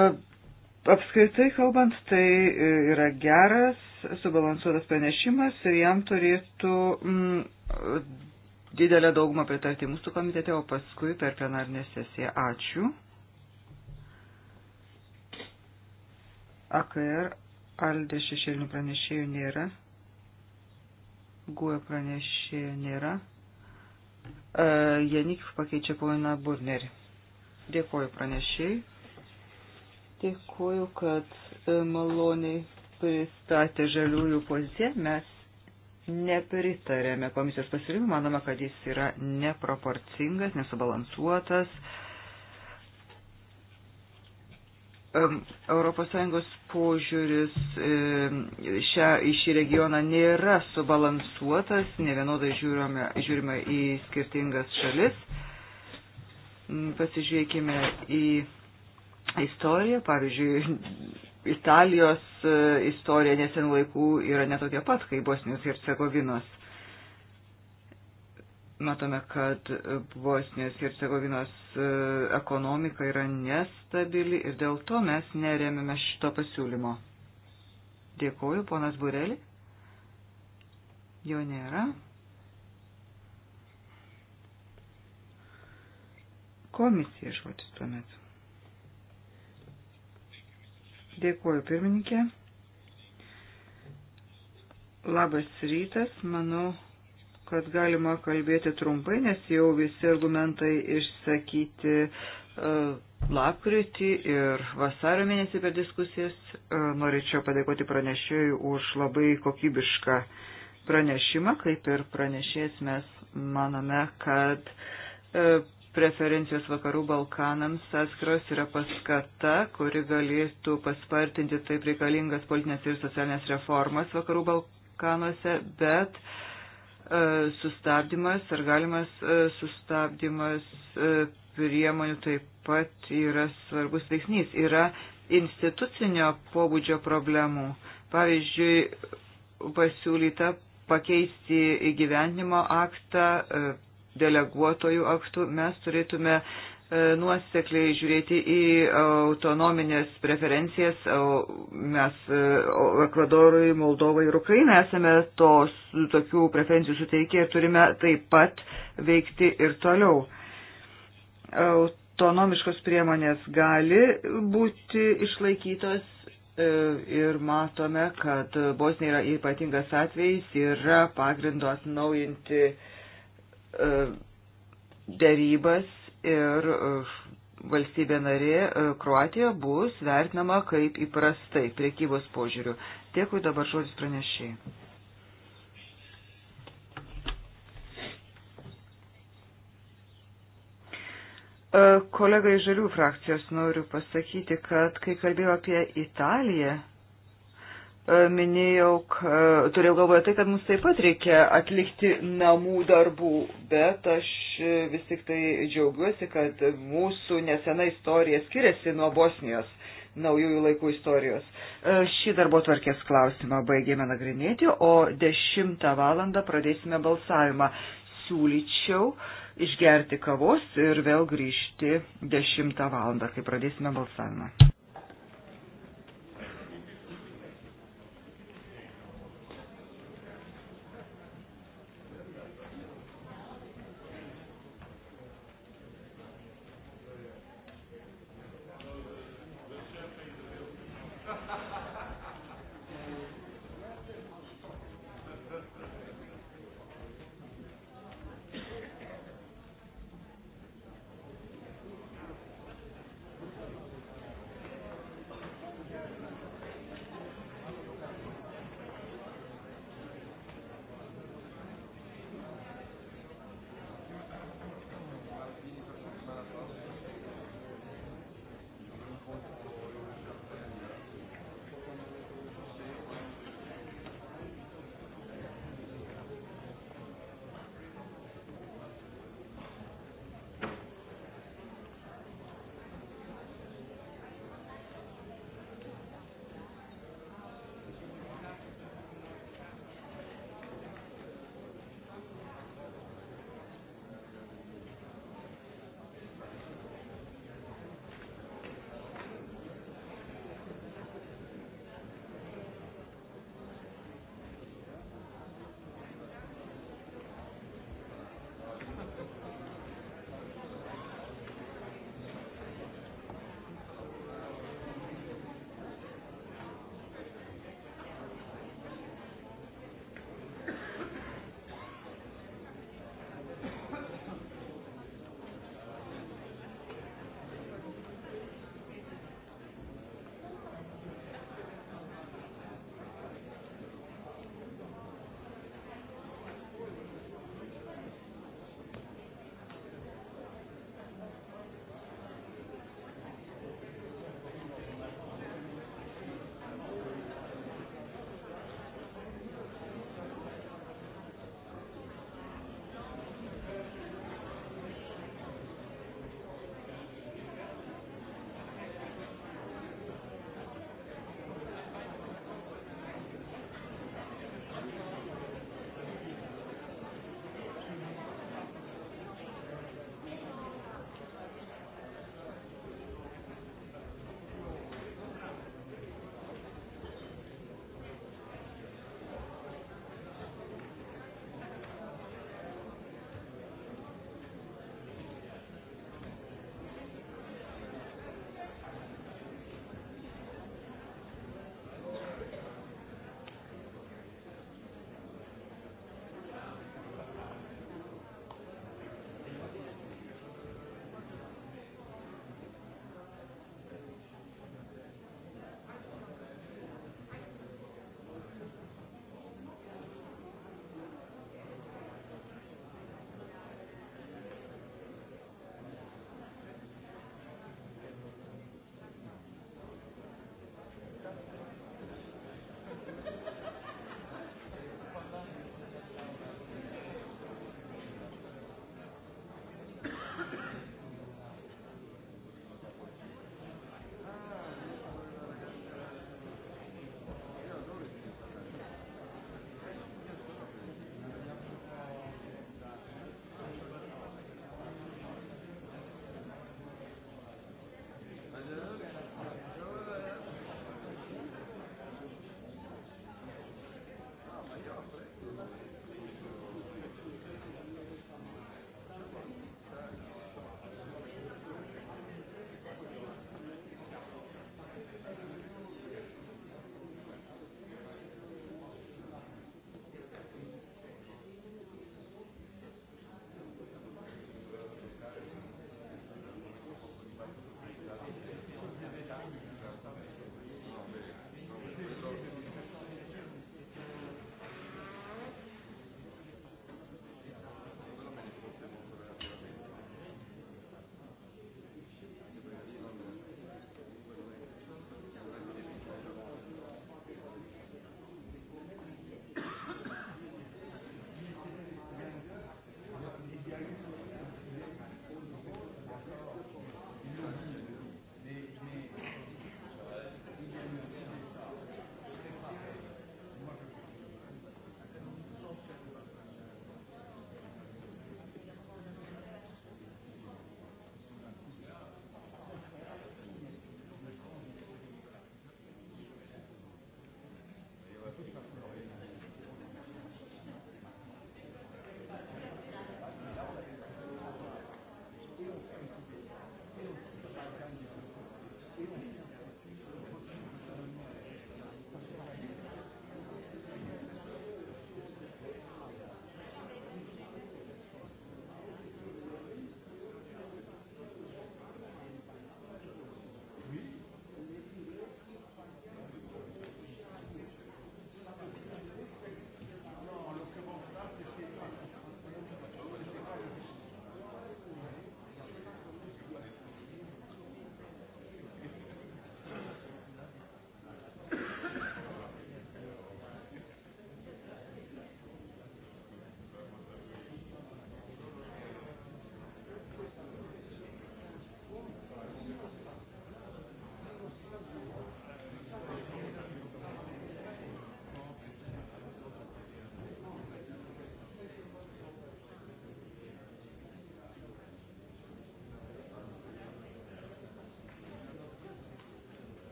Apskritai kalbant, tai e, yra geras, subalansuotas pranešimas ir jam turėtų mm, didelę daugumą pritarti mūsų komitete, o paskui per plenarinę sesiją. Ačiū. AKR Aldė šešėlinių pranešėjų nėra. GUE pranešėjų nėra. Uh, Janik pakeičia poną Burnerį. Dėkoju pranešėjai. Dėkuoju, kad e, maloniai pristatė žaliųjų poziciją. Mes nepritarėme komisijos pasiūlymui, manome, kad jis yra neproporcingas, nesubalansuotas. ES požiūris e, šią, į šį regioną nėra subalansuotas, ne vienodai žiūrime, žiūrime į skirtingas šalis. Pasižiūrėkime į istorija, pavyzdžiui, Italijos e, istorija nesenų laikų yra netokia pat kaip Bosnijos ir Cegovinos. Matome, kad Bosnijos ir Cegovinos e, ekonomika yra nestabili ir dėl to mes neremime šito pasiūlymo. Dėkuoju, ponas Burelį. Jo nėra. Komisija žodis tuomet. Dėkuoju pirmininkė. Labas rytas, manau, kad galima kalbėti trumpai, nes jau visi argumentai išsakyti e, lapkritį ir vasario mėnesį per diskusijas. E, norėčiau padėkoti pranešėjui už labai kokybišką pranešimą, kaip ir pranešės mes manome, kad e, preferencijos vakarų Balkanams atskiros yra paskata, kuri galėtų paspartinti taip reikalingas politinės ir socialinės reformas vakarų Balkanuose, bet e, sustabdymas ar galimas e, sustabdymas e, priemonių taip pat yra svarbus veiksnys. Yra institucinio pobūdžio problemų. Pavyzdžiui, pasiūlyta pakeisti įgyvendinimo aktą. E, deleguotojų aktų, mes turėtume e, nuosekliai žiūrėti į autonominės preferencijas. Mes e, Ekvadorui, Moldovai ir Ukrainai esame tos tokių preferencijų suteikę ir turime taip pat veikti ir toliau. Autonomiškos priemonės gali būti išlaikytos e, ir matome, kad Bosnija yra ypatingas atvejis, yra pagrindo atnaujinti uh, E, dėrybas ir e, valstybė narė e, Kroatija bus vertinama kaip įprastai priekybos požiūrių. Dėkui dabar žodis pranešiai. Kolegai Žalių frakcijos noriu pasakyti, kad kai kalbėjau apie Italiją, E, minėjau, e, turėjau galvoje tai, kad mums taip pat reikia atlikti namų darbų, bet aš e, vis tik tai džiaugiuosi, kad mūsų nesena istorija skiriasi nuo Bosnijos naujųjų laikų istorijos. Šį darbo tvarkės klausimą baigėme nagrinėti, o 10 valandą pradėsime balsavimą. Siūlyčiau išgerti kavos ir vėl grįžti 10 valandą, kai pradėsime balsavimą.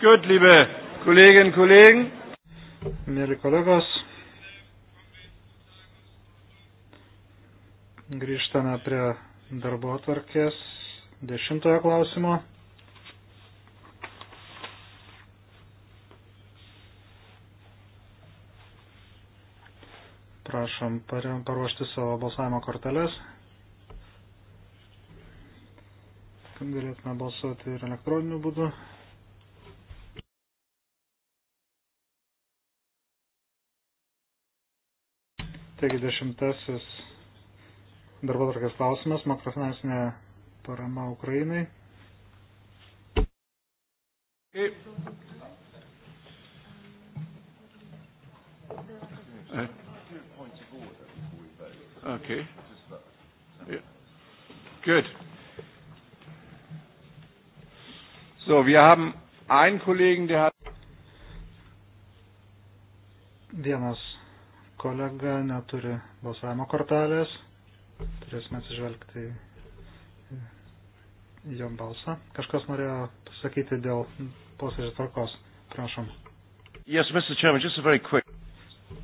Gut, liebe Kolleginnen und Kollegen. Mėly kolegos, grįžtame prie darbo atvarkės dešimtojo klausimo. Prašom paruošti savo balsavimo korteles, kad galėtume balsuoti ir elektroniniu būdu. Taigi dešimtasis darbo tarkės klausimas, makrofinansinė parama Ukrainai. Okay. Yeah. Good. So, wir haben einen Kollegen, der hat. Vienas kolega neturi balsavimo kortelės. Turėsime atsižvelgti į jo balsą. Kažkas norėjo pasakyti dėl posėdžio tvarkos. Prašom. Yes, Mr. Chairman, just a very quick.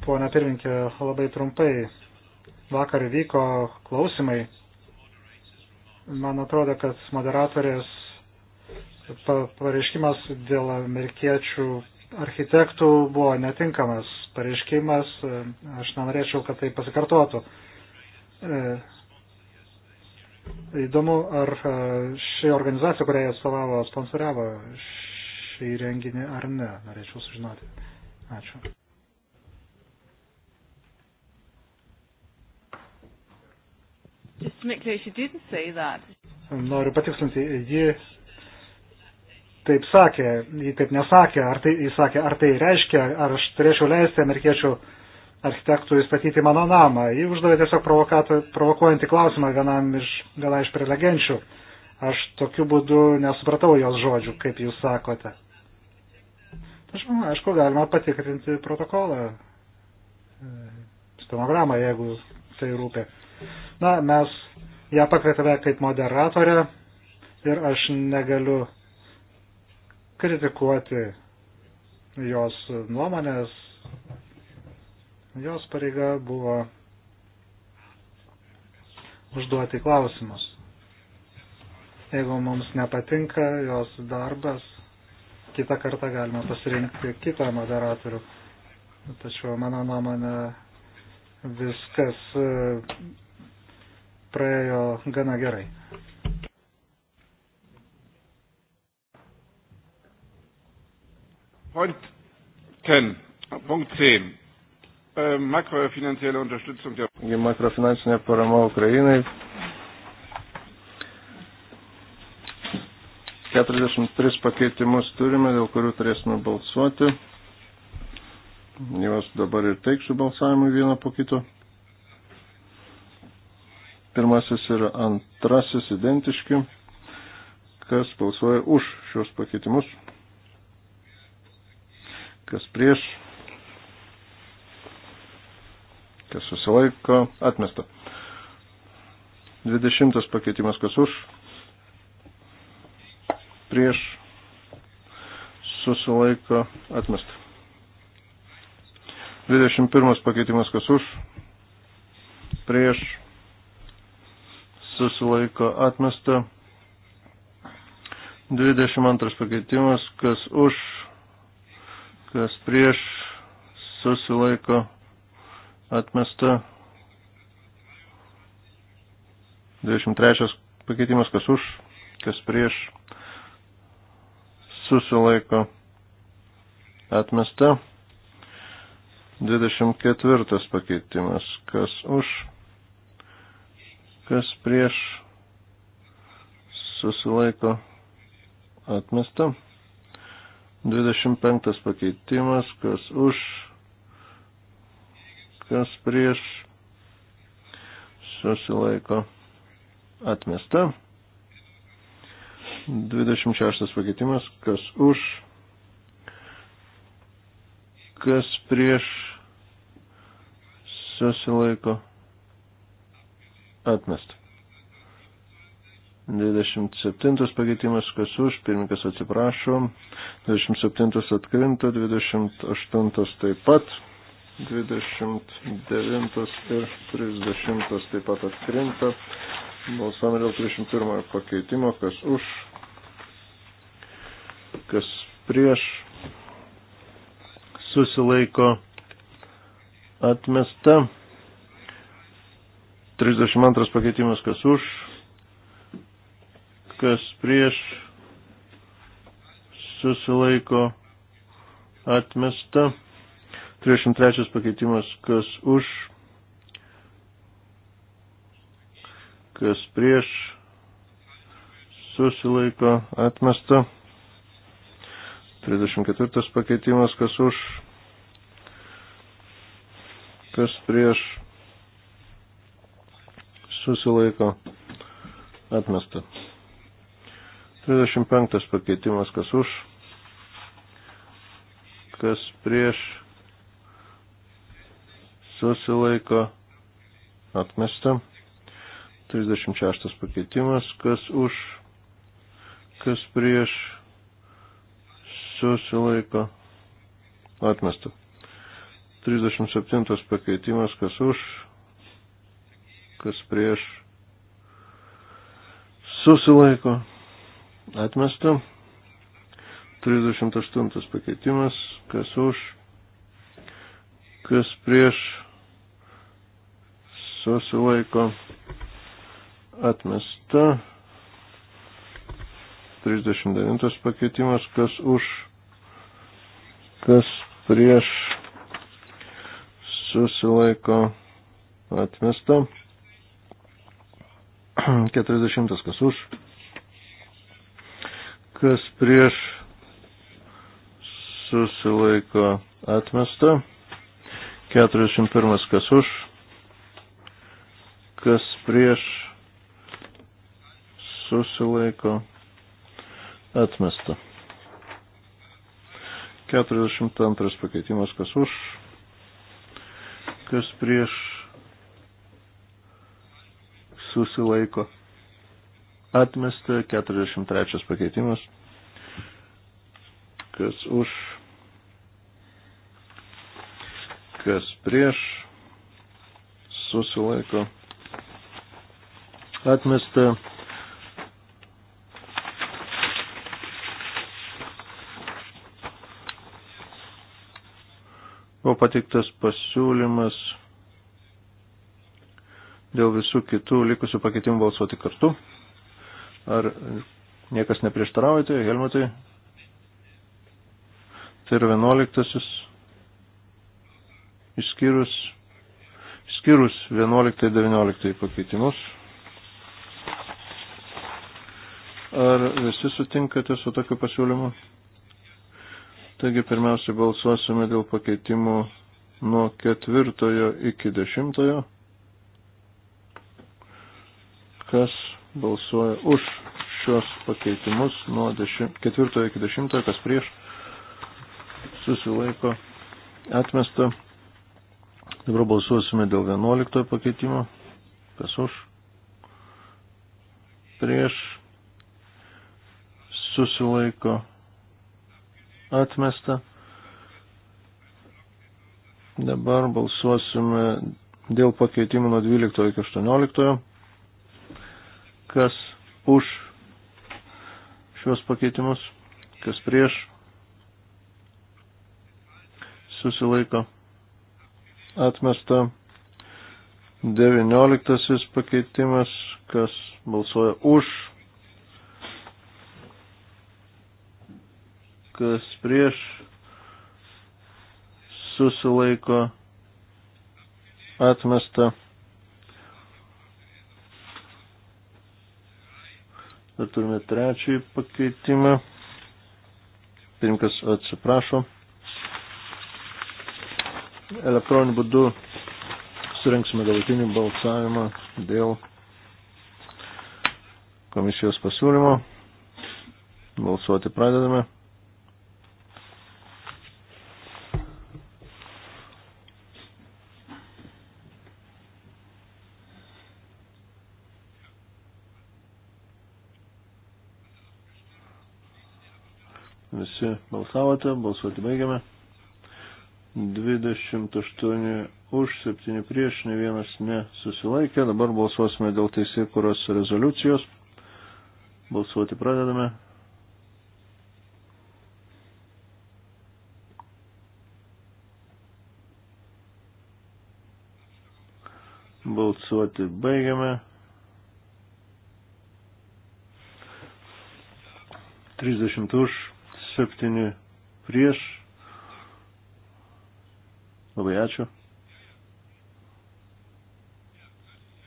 Pone pirminkė, labai trumpai. Vakar vyko klausimai. Man atrodo, kad moderatorės pareiškimas dėl amerikiečių architektų buvo netinkamas pareiškimas, e, aš nenorėčiau, kad tai pasikartotų. E, įdomu, ar e, ši organizacija, kurią jie atstovavo, sponsoriavo šį renginį ar ne, norėčiau sužinoti. Ačiū. Noriu patikslinti, ji taip sakė, jį taip nesakė, ar tai, jis sakė, ar tai reiškia, ar aš turėčiau leisti amerikiečių architektų įstatyti mano namą. Jį uždavė tiesiog provokuojantį klausimą vienam iš, vienai iš prelegenčių. Aš tokiu būdu nesupratau jos žodžių, kaip jūs sakote. Tačiau, aišku, galima patikrinti protokolą, e, stenogramą, jeigu tai rūpė. Na, mes ją pakvietėme kaip moderatorę ir aš negaliu kritikuoti jos nuomonės. Jos pareiga buvo užduoti klausimus. Jeigu mums nepatinka jos darbas, kitą kartą galima pasirinkti kitą moderatorių. Tačiau mano nuomonė viskas e, praėjo gana gerai. Point 10. Punkt 10. Makrofinanzielle Unterstützung der Makrofinansinė parama Ukrainai. 43 pakeitimus turime, dėl kurių turėsime balsuoti. Juos dabar ir teiksiu balsavimui vieną po kito. Pirmasis ir antrasis identiški. Kas balsuoja už šios pakeitimus? kas prieš, kas susilaiko, atmesta. 20 pakeitimas, kas už, prieš, susilaiko, atmesta. 21 pakeitimas, kas už, prieš, susilaiko, atmesta. 22 pakeitimas, kas už, kas prieš susilaiko atmesta. 23 pakeitimas, kas už, kas prieš susilaiko atmesta. 24 pakeitimas, kas už, kas prieš susilaiko atmesta. 25 pakeitimas, kas už, kas prieš, susilaiko atmesta. 26 pakeitimas, kas už, kas prieš, susilaiko atmesta. 27 pakeitimas, kas už, pirmininkas atsiprašo, 27 atkrinta, 28 taip pat, 29 ir 30 taip pat atkrinta. Balsam dėl 31 pakeitimo, kas už, kas prieš, susilaiko atmesta. 32 pakeitimas, kas už, kas prieš susilaiko atmesta. 33 pakeitimas, kas už, kas prieš susilaiko atmesta. 34 pakeitimas, kas už, kas prieš susilaiko atmesta. 35 pakeitimas, kas už, kas prieš, susilaiko, atmesta. 36 pakeitimas, kas už, kas prieš, susilaiko, atmesta. 37 pakeitimas, kas už, kas prieš, susilaiko, atmesta atmesta. 38 pakeitimas, kas už, kas prieš, susilaiko, atmesta. 39 pakeitimas, kas už, kas prieš, susilaiko, atmesta. 40 kas už kas prieš susilaiko atmesta. 41 kas už, kas prieš susilaiko atmesta. 42 pakeitimas kas už, kas prieš susilaiko atmesta atmesta, 43 pakeitimas, kas už, kas prieš, susilaiko, atmesta. Buvo pateiktas pasiūlymas dėl visų kitų likusių pakeitimų balsuoti kartu. Ar niekas neprieštaraujate, tai, Helmutai? Tai yra vienuoliktasis, išskyrus, išskyrus vienuoliktai, devynioliktai pakeitimus. Ar visi sutinkate su tokiu pasiūlymu? Taigi pirmiausia balsuosime dėl pakeitimų nuo ketvirtojo iki dešimtojo. Kas balsuoja už šios pakeitimus nuo 4 iki 10, kas prieš susilaiko atmesta. Dabar balsuosime dėl 11 pakeitimo. Kas už? Prieš susilaiko atmesta. Dabar balsuosime dėl pakeitimo nuo 12 iki 18 kas už šios pakeitimus, kas prieš susilaiko atmesta. 19 pakeitimas, kas balsuoja už, kas prieš susilaiko atmesta. Dar turime trečiąjį pakeitimą. Pirmkas atsiprašo. Elektroniniu būdu surinksime galutinį balsavimą dėl komisijos pasiūlymo. Balsuoti pradedame. balsavote, balsuoti baigiame. 28 už, 7 prieš, ne vienas nesusilaikė. Dabar balsuosime dėl teisėkuros rezoliucijos. Balsuoti pradedame. Balsuoti baigiame. 30 už, 7 prieš. Labai ačiū.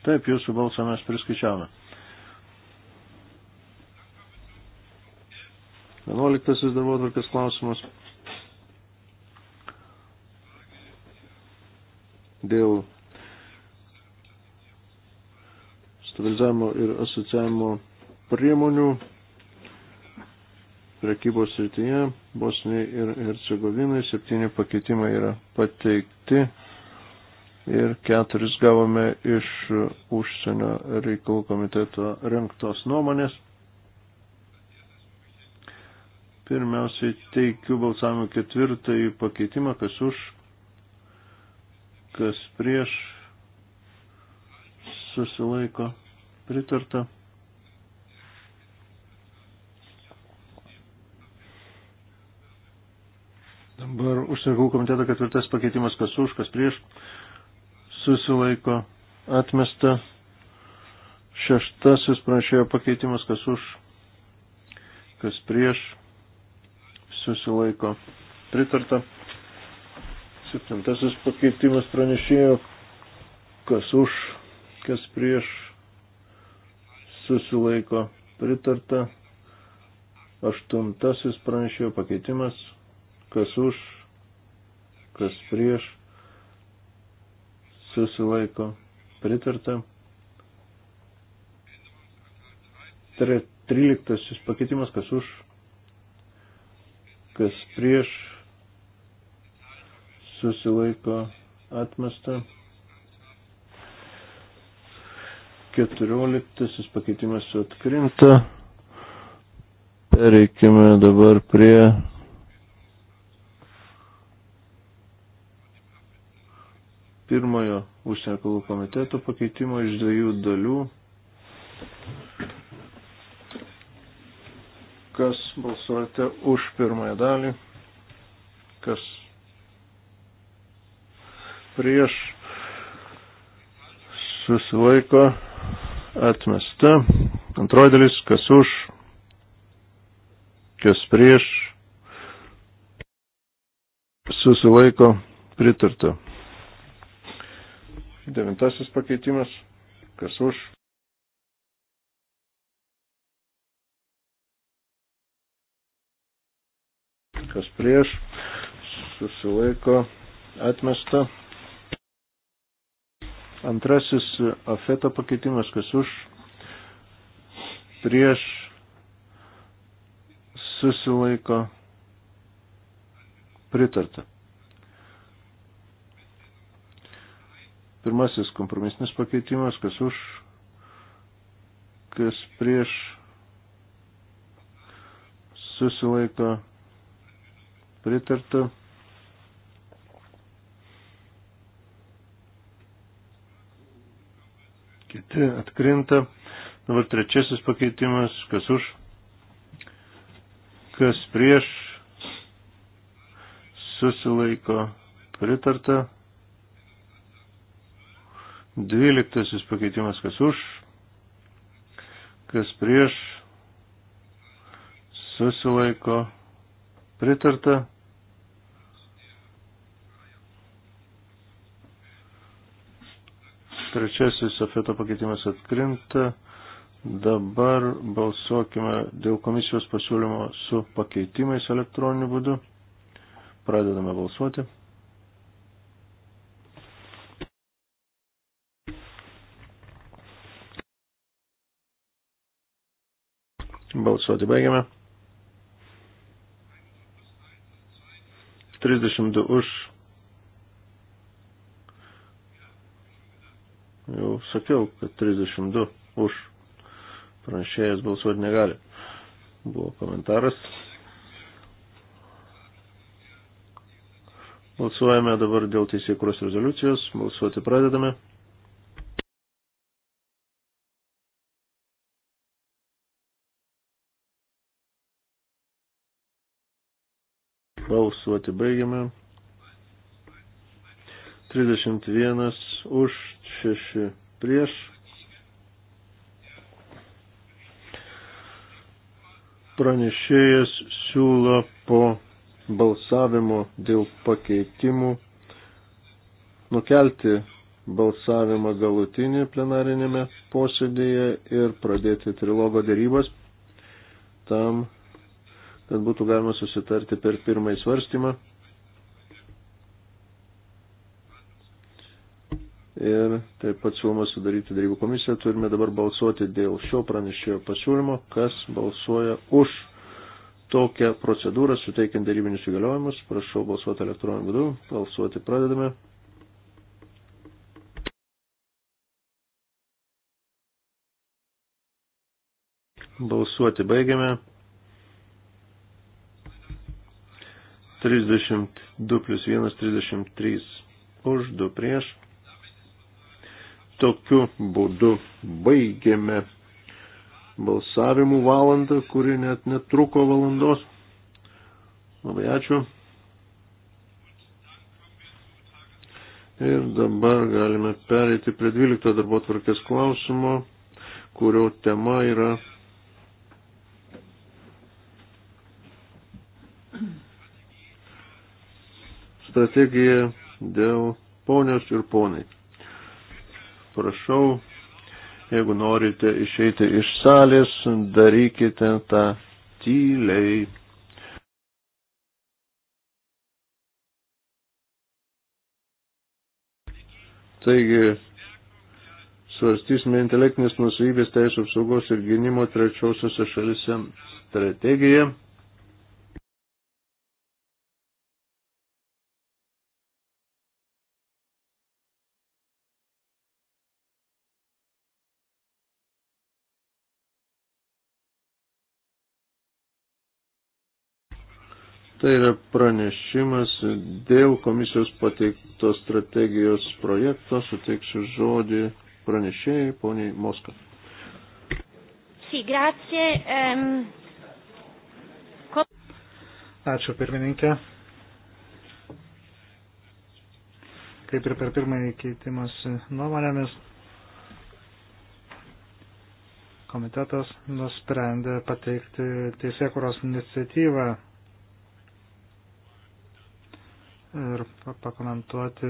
Taip, jūsų balsą mes priskaičiavome. 11 darbotvarkės klausimas. Dėl stabilizavimo ir asociavimo priemonių prekybos srityje, Bosniai ir Hercegovinai, septyni pakeitimai yra pateikti ir keturis gavome iš užsienio reikalų komiteto renktos nuomonės. Pirmiausiai teikiu balsavimo ketvirtąjį pakeitimą, kas už, kas prieš, susilaiko, pritarta. Dabar užsienio komiteto ketvirtas pakeitimas, kas už, kas prieš, susilaiko atmesta. Šeštasis pranešėjo pakeitimas, kas už, kas prieš, susilaiko pritarta. Septintasis pakeitimas pranešėjo, kas už, kas prieš, susilaiko pritarta. Aštuntasis pranešėjo pakeitimas kas už, kas prieš, susilaiko pritarta. 13 pakeitimas, kas už, kas prieš, susilaiko atmesta. 14 pakeitimas atkrinta. Pereikime dabar prie pirmojo užsienio kalbų komiteto pakeitimo iš dviejų dalių. Kas balsuojate už pirmąją dalį, kas prieš susilaiko atmesta. Antroji dalis, kas už, kas prieš susilaiko pritarta. Devintasis pakeitimas. Kas už? Kas prieš? Susilaiko atmesta. Antrasis afeto pakeitimas. Kas už? Prieš susilaiko pritarta. Pirmasis kompromisinis pakeitimas, kas už, kas prieš susilaiko pritarta. Kiti atkrinta. Dabar trečiasis pakeitimas, kas už, kas prieš susilaiko pritarta. Dvyliktasis pakeitimas, kas už, kas prieš, susilaiko, pritarta. Trečiasis afeto pakeitimas atkrinta. Dabar balsuokime dėl komisijos pasiūlymo su pakeitimais elektroniniu būdu. Pradedame balsuoti. Balsuoti baigiame. 32 už. Jau sakiau, kad 32 už. Pranešėjas balsuoti negali. Buvo komentaras. Balsuojame dabar dėl teisėkuros rezoliucijos. Balsuoti pradedame. Balsuoti baigiame. 31 už 6 prieš. Pranešėjas siūlo po balsavimo dėl pakeitimų nukelti balsavimą galutinį plenarinėme posėdėje ir pradėti trilogo dėrybas. Tam kad būtų galima susitarti per pirmąjį svarstymą. Ir taip pat siūloma sudaryti darybų komisiją. Turime dabar balsuoti dėl šio pranešėjo pasiūlymo, kas balsuoja už tokią procedūrą, suteikiant darybinius įgaliojimus. Prašau balsuoti elektroniniu būdu. Balsuoti pradedame. Balsuoti baigiame. 32 plus 1, 33 už, 2 prieš. Tokiu būdu baigėme balsavimų valandą, kuri net netruko valandos. Labai ačiū. Ir dabar galime pereiti prie 12 darbo tvarkės klausimo, kurio tema yra strategiją dėl ponios ir ponai. Prašau, jeigu norite išeiti iš salės, darykite tą tyliai. Taigi, svarstysime intelektinės nusavybės teisų apsaugos ir gynimo trečiosiuose šalise strategiją. Tai yra pranešimas dėl komisijos pateikto strategijos projekto. Suteiksiu žodį pranešėjai, poniai Moska. Sì, grazie. Um, Ačiū pirmininkė. Kaip ir per pirmąjį keitimas nuomonėmis, komitetas nusprendė pateikti teisėkuros iniciatyvą ir pakomentuoti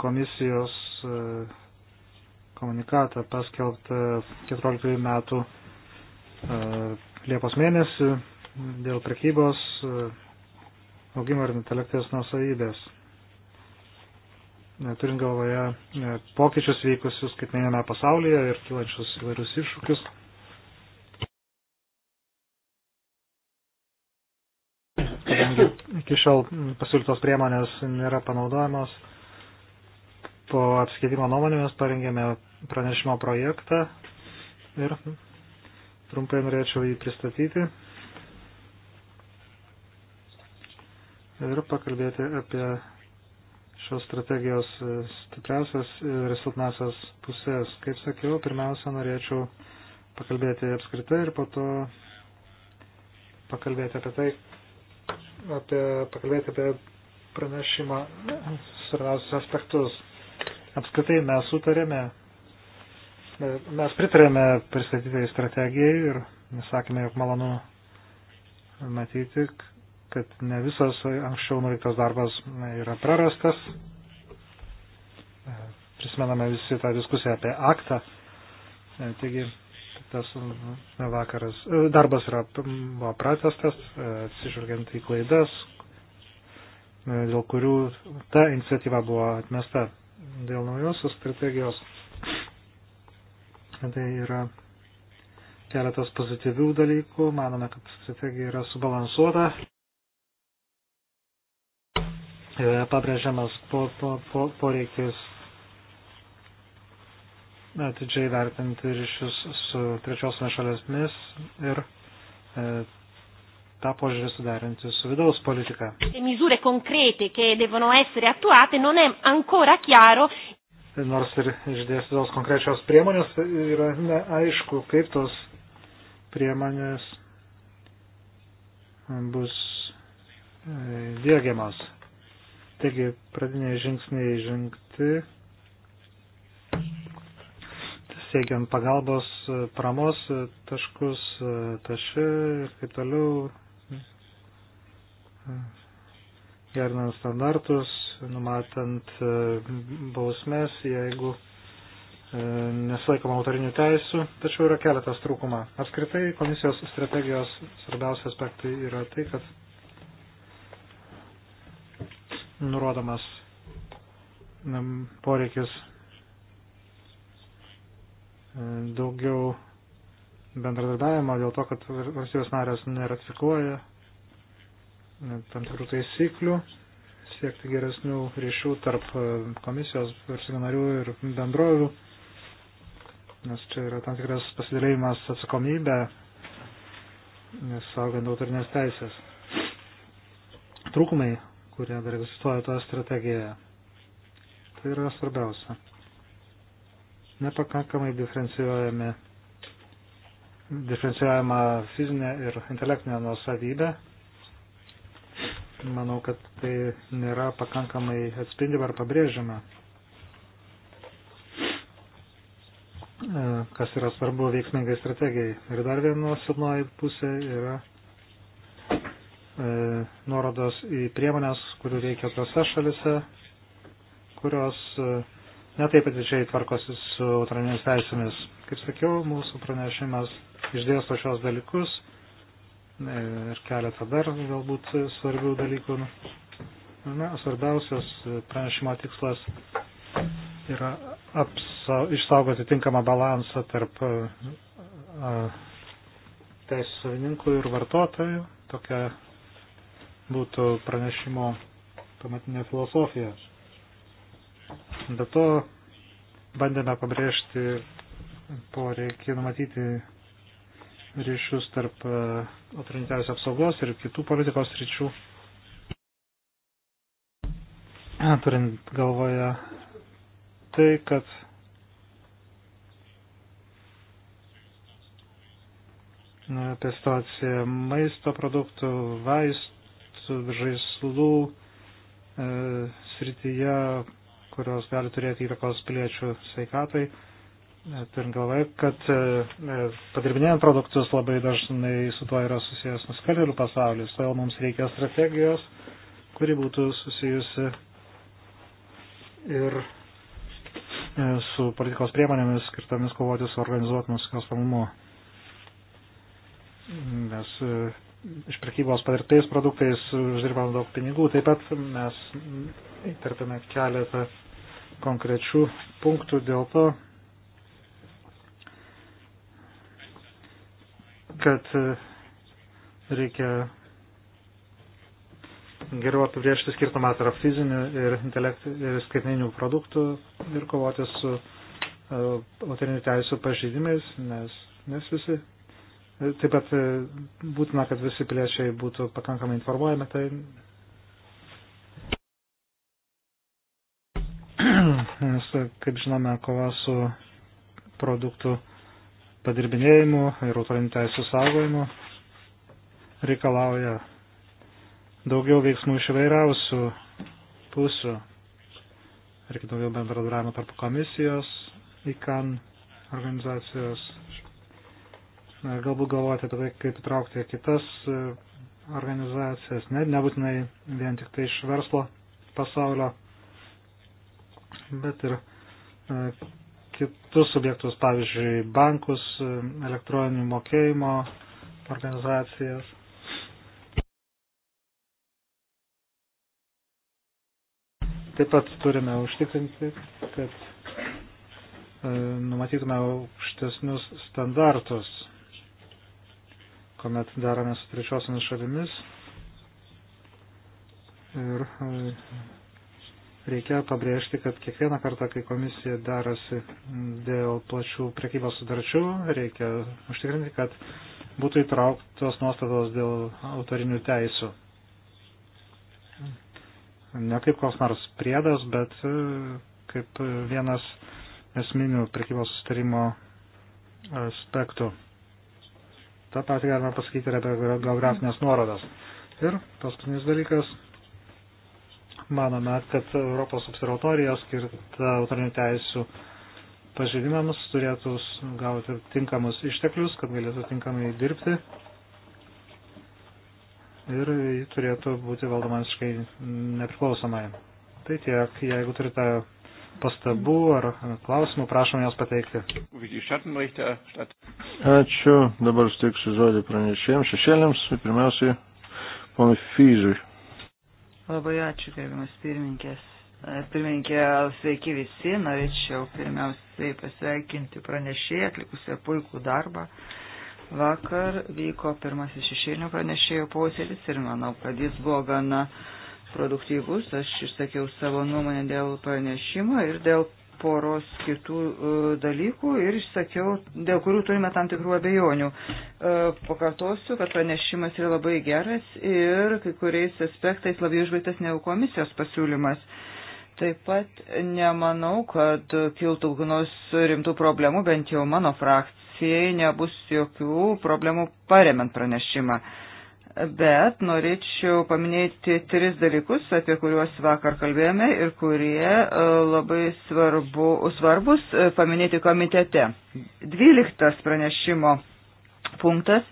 komisijos e, komunikatą paskelbtą 14 metų e, Liepos mėnesį dėl prekybos e, augimo ir intelektinės nusavybės. Turint galvoje pokyčius vykusius skaitmenėme pasaulyje ir kilančius įvairius iššūkius. iki šiol pasiūlytos priemonės nėra panaudojamos. Po apsikeitimo nuomonėmis parengėme pranešimo projektą ir trumpai norėčiau jį pristatyti ir pakalbėti apie šios strategijos stipriausias ir silpnasias pusės. Kaip sakiau, pirmiausia, norėčiau pakalbėti apskritai ir po to pakalbėti apie tai, apie, pakalbėti apie pranešimą svarbiausius aspektus. Apskritai mes sutarėme, mes pritarėme pristatytai strategijai ir sakėme, jog malonu matyti, kad ne visas anksčiau nuveiktas darbas yra prarastas. Prisimename visi tą diskusiją apie aktą. Taigi šitas vakaras, e, darbas yra, buvo pratestas, e, atsižvelgiant į klaidas, e, dėl kurių ta iniciatyva buvo atmesta. Dėl naujosios strategijos tai yra keletas pozityvių dalykų, manome, kad strategija yra subalansuota. Pabrėžiamas po, po, po, poreikis atidžiai vertinti ryšius su trečiosiomis šalėsmis ir e, tą požiūrį suderinti su vidaus politika. Misure konkrete, che devono essere attuate, non è ancora chiaro. E nors ir išdėstytos konkrečios priemonės, tai yra neaišku, kaip tos priemonės bus e, dėgiamas. Taigi pradiniai žingsniai žengti steigiant pagalbos e, paramos e, taškus, e, taši ir taip toliau, gerinant standartus, numatant bausmes, jeigu nesilaikoma autorinių teisų, tačiau yra keletas trūkuma. Apskritai komisijos strategijos svarbiausi aspektai yra tai, kad nurodomas poreikis daugiau bendradarbiavimo dėl to, kad valstybės narės neratifikuoja tam tikrų taisyklių, siekti geresnių ryšių tarp e, komisijos valstybių narių ir bendrovių, nes čia yra tam tikras pasidalėjimas atsakomybė, saugant autorinės teisės. Trūkumai, kurie dar egzistuoja toje strategijoje. Tai yra svarbiausia nepakankamai diferencijuojami diferencijuojama fizinė ir intelektinė nuosavybė. Manau, kad tai nėra pakankamai atspindima ar pabrėžiama, e, kas yra svarbu veiksmingai strategijai. Ir dar viena silpnoji pusė yra e, nuorodos į priemonės, kurių reikia tose šalise, kurios e, netaip atidžiai tvarkosi su autorinėmis teisėmis. Kaip sakiau, mūsų pranešimas išdėsto šios dalykus e, ir keletą dar galbūt svarbių dalykų. Na, svarbiausias pranešimo tikslas yra apsa, išsaugoti tinkamą balansą tarp e, teisų savininkų ir vartotojų. Tokia būtų pranešimo pamatinė filosofija. Be to, bandėme pabrėžti poreikį numatyti ryšius tarp e, autorinių teisų apsaugos ir kitų politikos ryčių, e, turint galvoje tai, kad apie situaciją maisto produktų, vaistų, žaislų e, srityje kurios gali turėti įtakos piliečių sveikatai. E, turint galvoje, kad e, e, padirbinėjant produktus labai dažnai su tuo yra susijęs nusikaltėlių pasaulis, todėl mums reikia strategijos, kuri būtų susijusi ir su politikos priemonėmis skirtomis kovoti su organizuotų nusikalstamumu. Nes iš prekybos patirtais produktais uždirbam daug pinigų. Taip pat mes įtarpėme keletą konkrečių punktų dėl to, kad e, reikia geriau apibriežti skirtumą tarp fizinių ir, ir skaitmeninių produktų ir kovoti su e, autorinių teisų pažeidimais, nes, nes visi. E, taip pat būtina, kad visi piliečiai būtų pakankamai informuojami, tai nes, kaip žinome, kova su produktų padirbinėjimu ir autorinių teisų saugojimu reikalauja daugiau veiksmų iš įvairiausių pusių. Reikia daugiau bendradarbiavimo tarp komisijos, ICAN organizacijos. Galbūt galvoti apie tai, kaip įtraukti kitas e, organizacijas, ne, nebūtinai vien tik tai iš verslo pasaulio bet ir e, kitus subjektus, pavyzdžiui, bankus, e, elektroninių mokėjimo organizacijas. Taip pat turime užtikrinti, kad e, numatytume aukštesnius standartus, kuomet darome su trečiosiamis šalimis ir reikia pabrėžti, kad kiekvieną kartą, kai komisija darasi dėl plačių prekybos sudarčių, reikia užtikrinti, kad būtų įtrauktos nuostatos dėl autorinių teisų. Ne kaip koks nors priedas, bet e, kaip vienas esminių prekybos sustarimo aspektų. Ta pati galima pasakyti ir apie geografinės nuorodas. Ir paskutinis dalykas manome, kad Europos observatorija skirta autorinių teisų pažeidimams turėtų gauti tinkamus išteklius, kad galėtų tinkamai dirbti. Ir ji turėtų būti valdoma visiškai nepriklausomai. Tai tiek, jeigu turite pastabų ar klausimų, prašom jas pateikti. Ačiū, dabar steiksiu žodį pranešėjams, šešėliams, pirmiausiai, ponui Fyzui. Labai ačiū, gerbimas pirmininkės. E, pirmininkė, sveiki visi. Norėčiau pirmiausiai pasveikinti pranešėją, atlikusią puikų darbą. Vakar vyko pirmasis šešėlinių pranešėjų posėdis ir manau, kad jis buvo gana produktyvus. Aš išsakiau savo nuomonę dėl pranešimo ir dėl poros kitų e, dalykų ir išsakiau, dėl kurių turime tam tikrų abejonių. E, pakartosiu, kad pranešimas yra labai geras ir kai kuriais aspektais labiau išbaigtas negu komisijos pasiūlymas. Taip pat nemanau, kad kiltų kokios rimtų problemų, bent jau mano frakcijai nebus jokių problemų paremant pranešimą. Uh, bet norėčiau paminėti tris dalykus, apie kuriuos vakar kalbėjome ir kurie e, labai svarbu, svarbus e, paminėti komitete. Dvyliktas pranešimo punktas.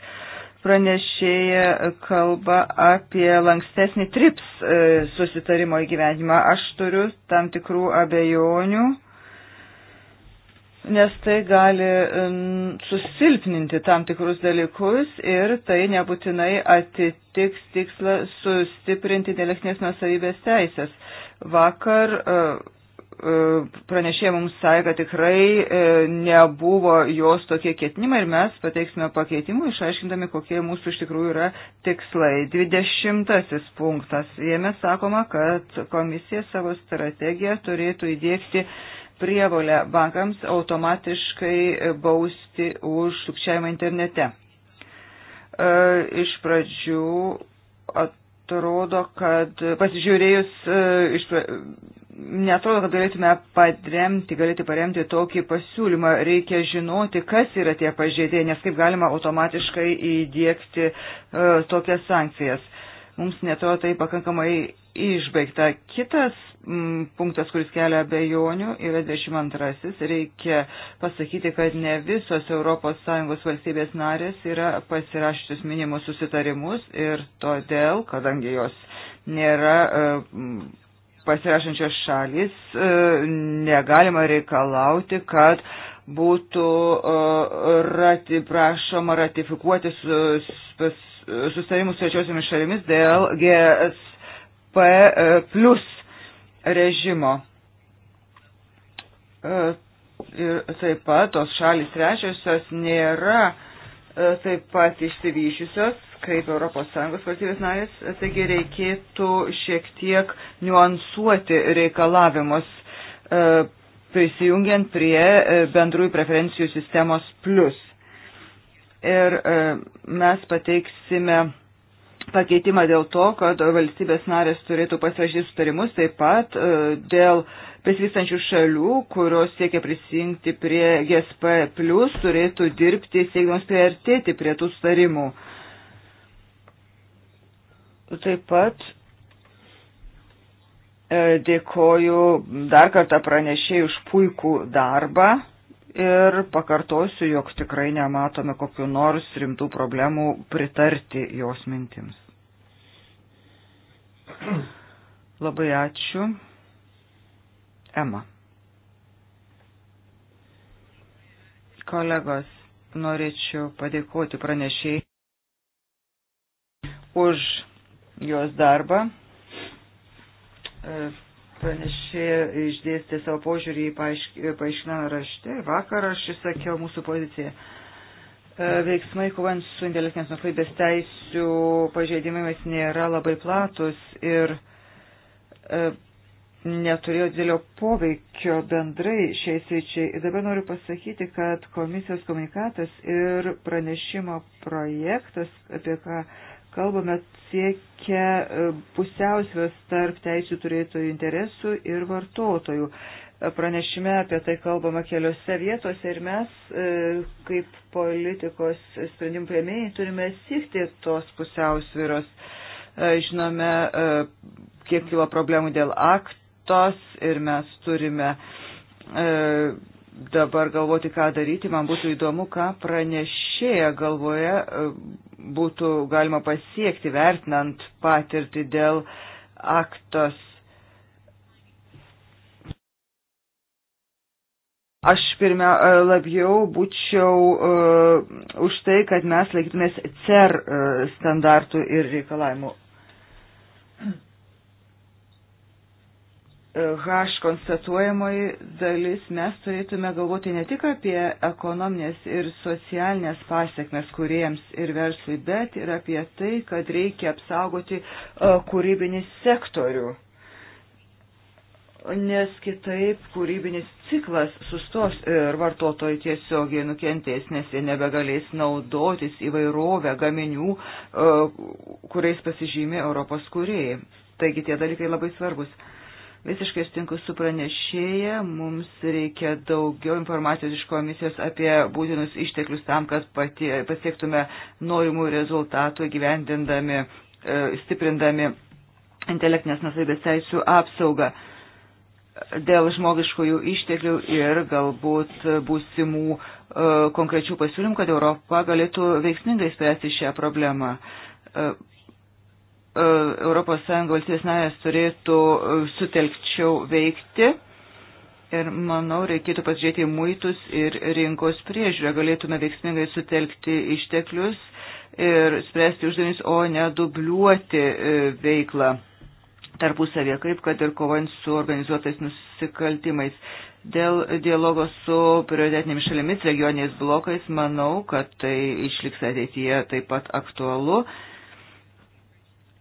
Pranešėja kalba apie lankstesnį trips e, susitarimo įgyvenimą. Aš turiu tam tikrų abejonių nes tai gali susilpninti tam tikrus dalykus ir tai nebūtinai atitiks tikslą sustiprinti nelesnės nusavybės teisės. Vakar e, e, pranešėjai mums sakė, kad tikrai e, nebuvo jos tokie ketinimai ir mes pateiksime pakeitimų, išaiškindami, kokie mūsų iš tikrųjų yra tikslai. Dvidešimtasis punktas. Jame sakoma, kad komisija savo strategiją turėtų įdėkti prievolę bankams automatiškai bausti už sukčiavimą internete. E, iš pradžių atrodo, kad pasižiūrėjus, e, iš, netrodo, kad galėtume padremti, galėti paremti tokį pasiūlymą. Reikia žinoti, kas yra tie pažeidėjai, nes kaip galima automatiškai įdėkti e, tokias sankcijas mums netrodo tai pakankamai išbaigta. Kitas m, mm, punktas, kuris kelia abejonių, yra 22. Reikia pasakyti, kad ne visos ES valstybės narės yra pasirašytus minimus susitarimus ir todėl, kadangi jos nėra. E, m, pasirašančios šalis e, negalima reikalauti, kad būtų e, rati, prašoma ratifikuoti sus, susitarimus su trečiosiomis šalimis dėl GSP e, plus režimo. E, ir taip pat tos šalis trečiosios nėra e, taip pat išsivyšiusios kaip ES valstybės narės, taigi reikėtų šiek tiek niuansuoti reikalavimus prisijungiant prie bendrųjų preferencijų sistemos plus ir e, mes pateiksime pakeitimą dėl to, kad valstybės narės turėtų pasirašyti sutarimus taip pat e, dėl besivystančių šalių, kurios siekia prisijungti prie GSP, turėtų dirbti siekdamas priartėti prie tų sutarimų. Taip pat e, dėkoju dar kartą pranešėjai už puikų darbą ir pakartosiu, jog tikrai nematome kokiu nors rimtų problemų pritarti jos mintims. Labai ačiū. Ema. Kolegos, norėčiau padėkoti pranešiai už jos darbą. E, pranešė išdėstė savo požiūrį į paaiškinamą raštę. Vakar aš išsakiau mūsų poziciją. E, veiksmai kovant su intelektinės nuklaidės teisių pažeidimais nėra labai platus ir e, neturėjo didelio poveikio bendrai šiais ryčiai. Ir dabar noriu pasakyti, kad komisijos komunikatas ir pranešimo projektas, apie ką kalbame, siekia e, pusiausvės tarp teisų turėtojų interesų ir vartotojų. E, pranešime apie tai kalbama keliose vietose ir mes, e, kaip politikos sprendimų prieimėjai, turime siekti tos pusiausviros. Žinome, kiek kilo problemų dėl aktos ir mes turime dabar galvoti, ką daryti. Man būtų įdomu, ką pranešėja galvoje būtų galima pasiekti vertinant patirtį dėl aktos. Aš pirmia e, labiau būčiau uh, už tai, kad mes laikytumės CER e, standartų ir reikalavimų. E, H konstatuojamoji dalis mes turėtume galvoti ne tik apie ekonominės ir socialinės pasiekmes kuriems ir verslui, bet ir apie tai, kad reikia apsaugoti e, kūrybinį sektorių. Nes kitaip kūrybinis ciklas sustos ir vartotojai tiesiogiai nukentės, nes jie nebegalės naudotis įvairovę gaminių, e, kuriais pasižymė Europos kūrėjai. Taigi tie dalykai labai svarbus. Visiškai sutinku su pranešėja, mums reikia daugiau informacijos iš komisijos apie būtinus išteklius tam, kad pati, pasiektume norimų rezultatų gyvendindami, e, stiprindami intelektinės nusavybės teisų apsaugą dėl žmogiškųjų išteklių ir galbūt būsimų e, konkrečių pasiūlymų, kad Europa galėtų veiksmingai spręsti šią problemą e, ES valstybės narės turėtų e, sutelkčiau veikti. Ir manau, reikėtų pasižiūrėti į muitus ir rinkos priežiūrę. Galėtume veiksmingai sutelkti išteklius ir spręsti uždavinys, o ne dubliuoti e, veiklą tarpusavė, kaip kad ir kovojant su organizuotais nusikaltimais. Dėl dialogo su prioritetinėmis šalimis, regioniais blokais, manau, kad tai išliks ateityje taip pat aktualu. Uh,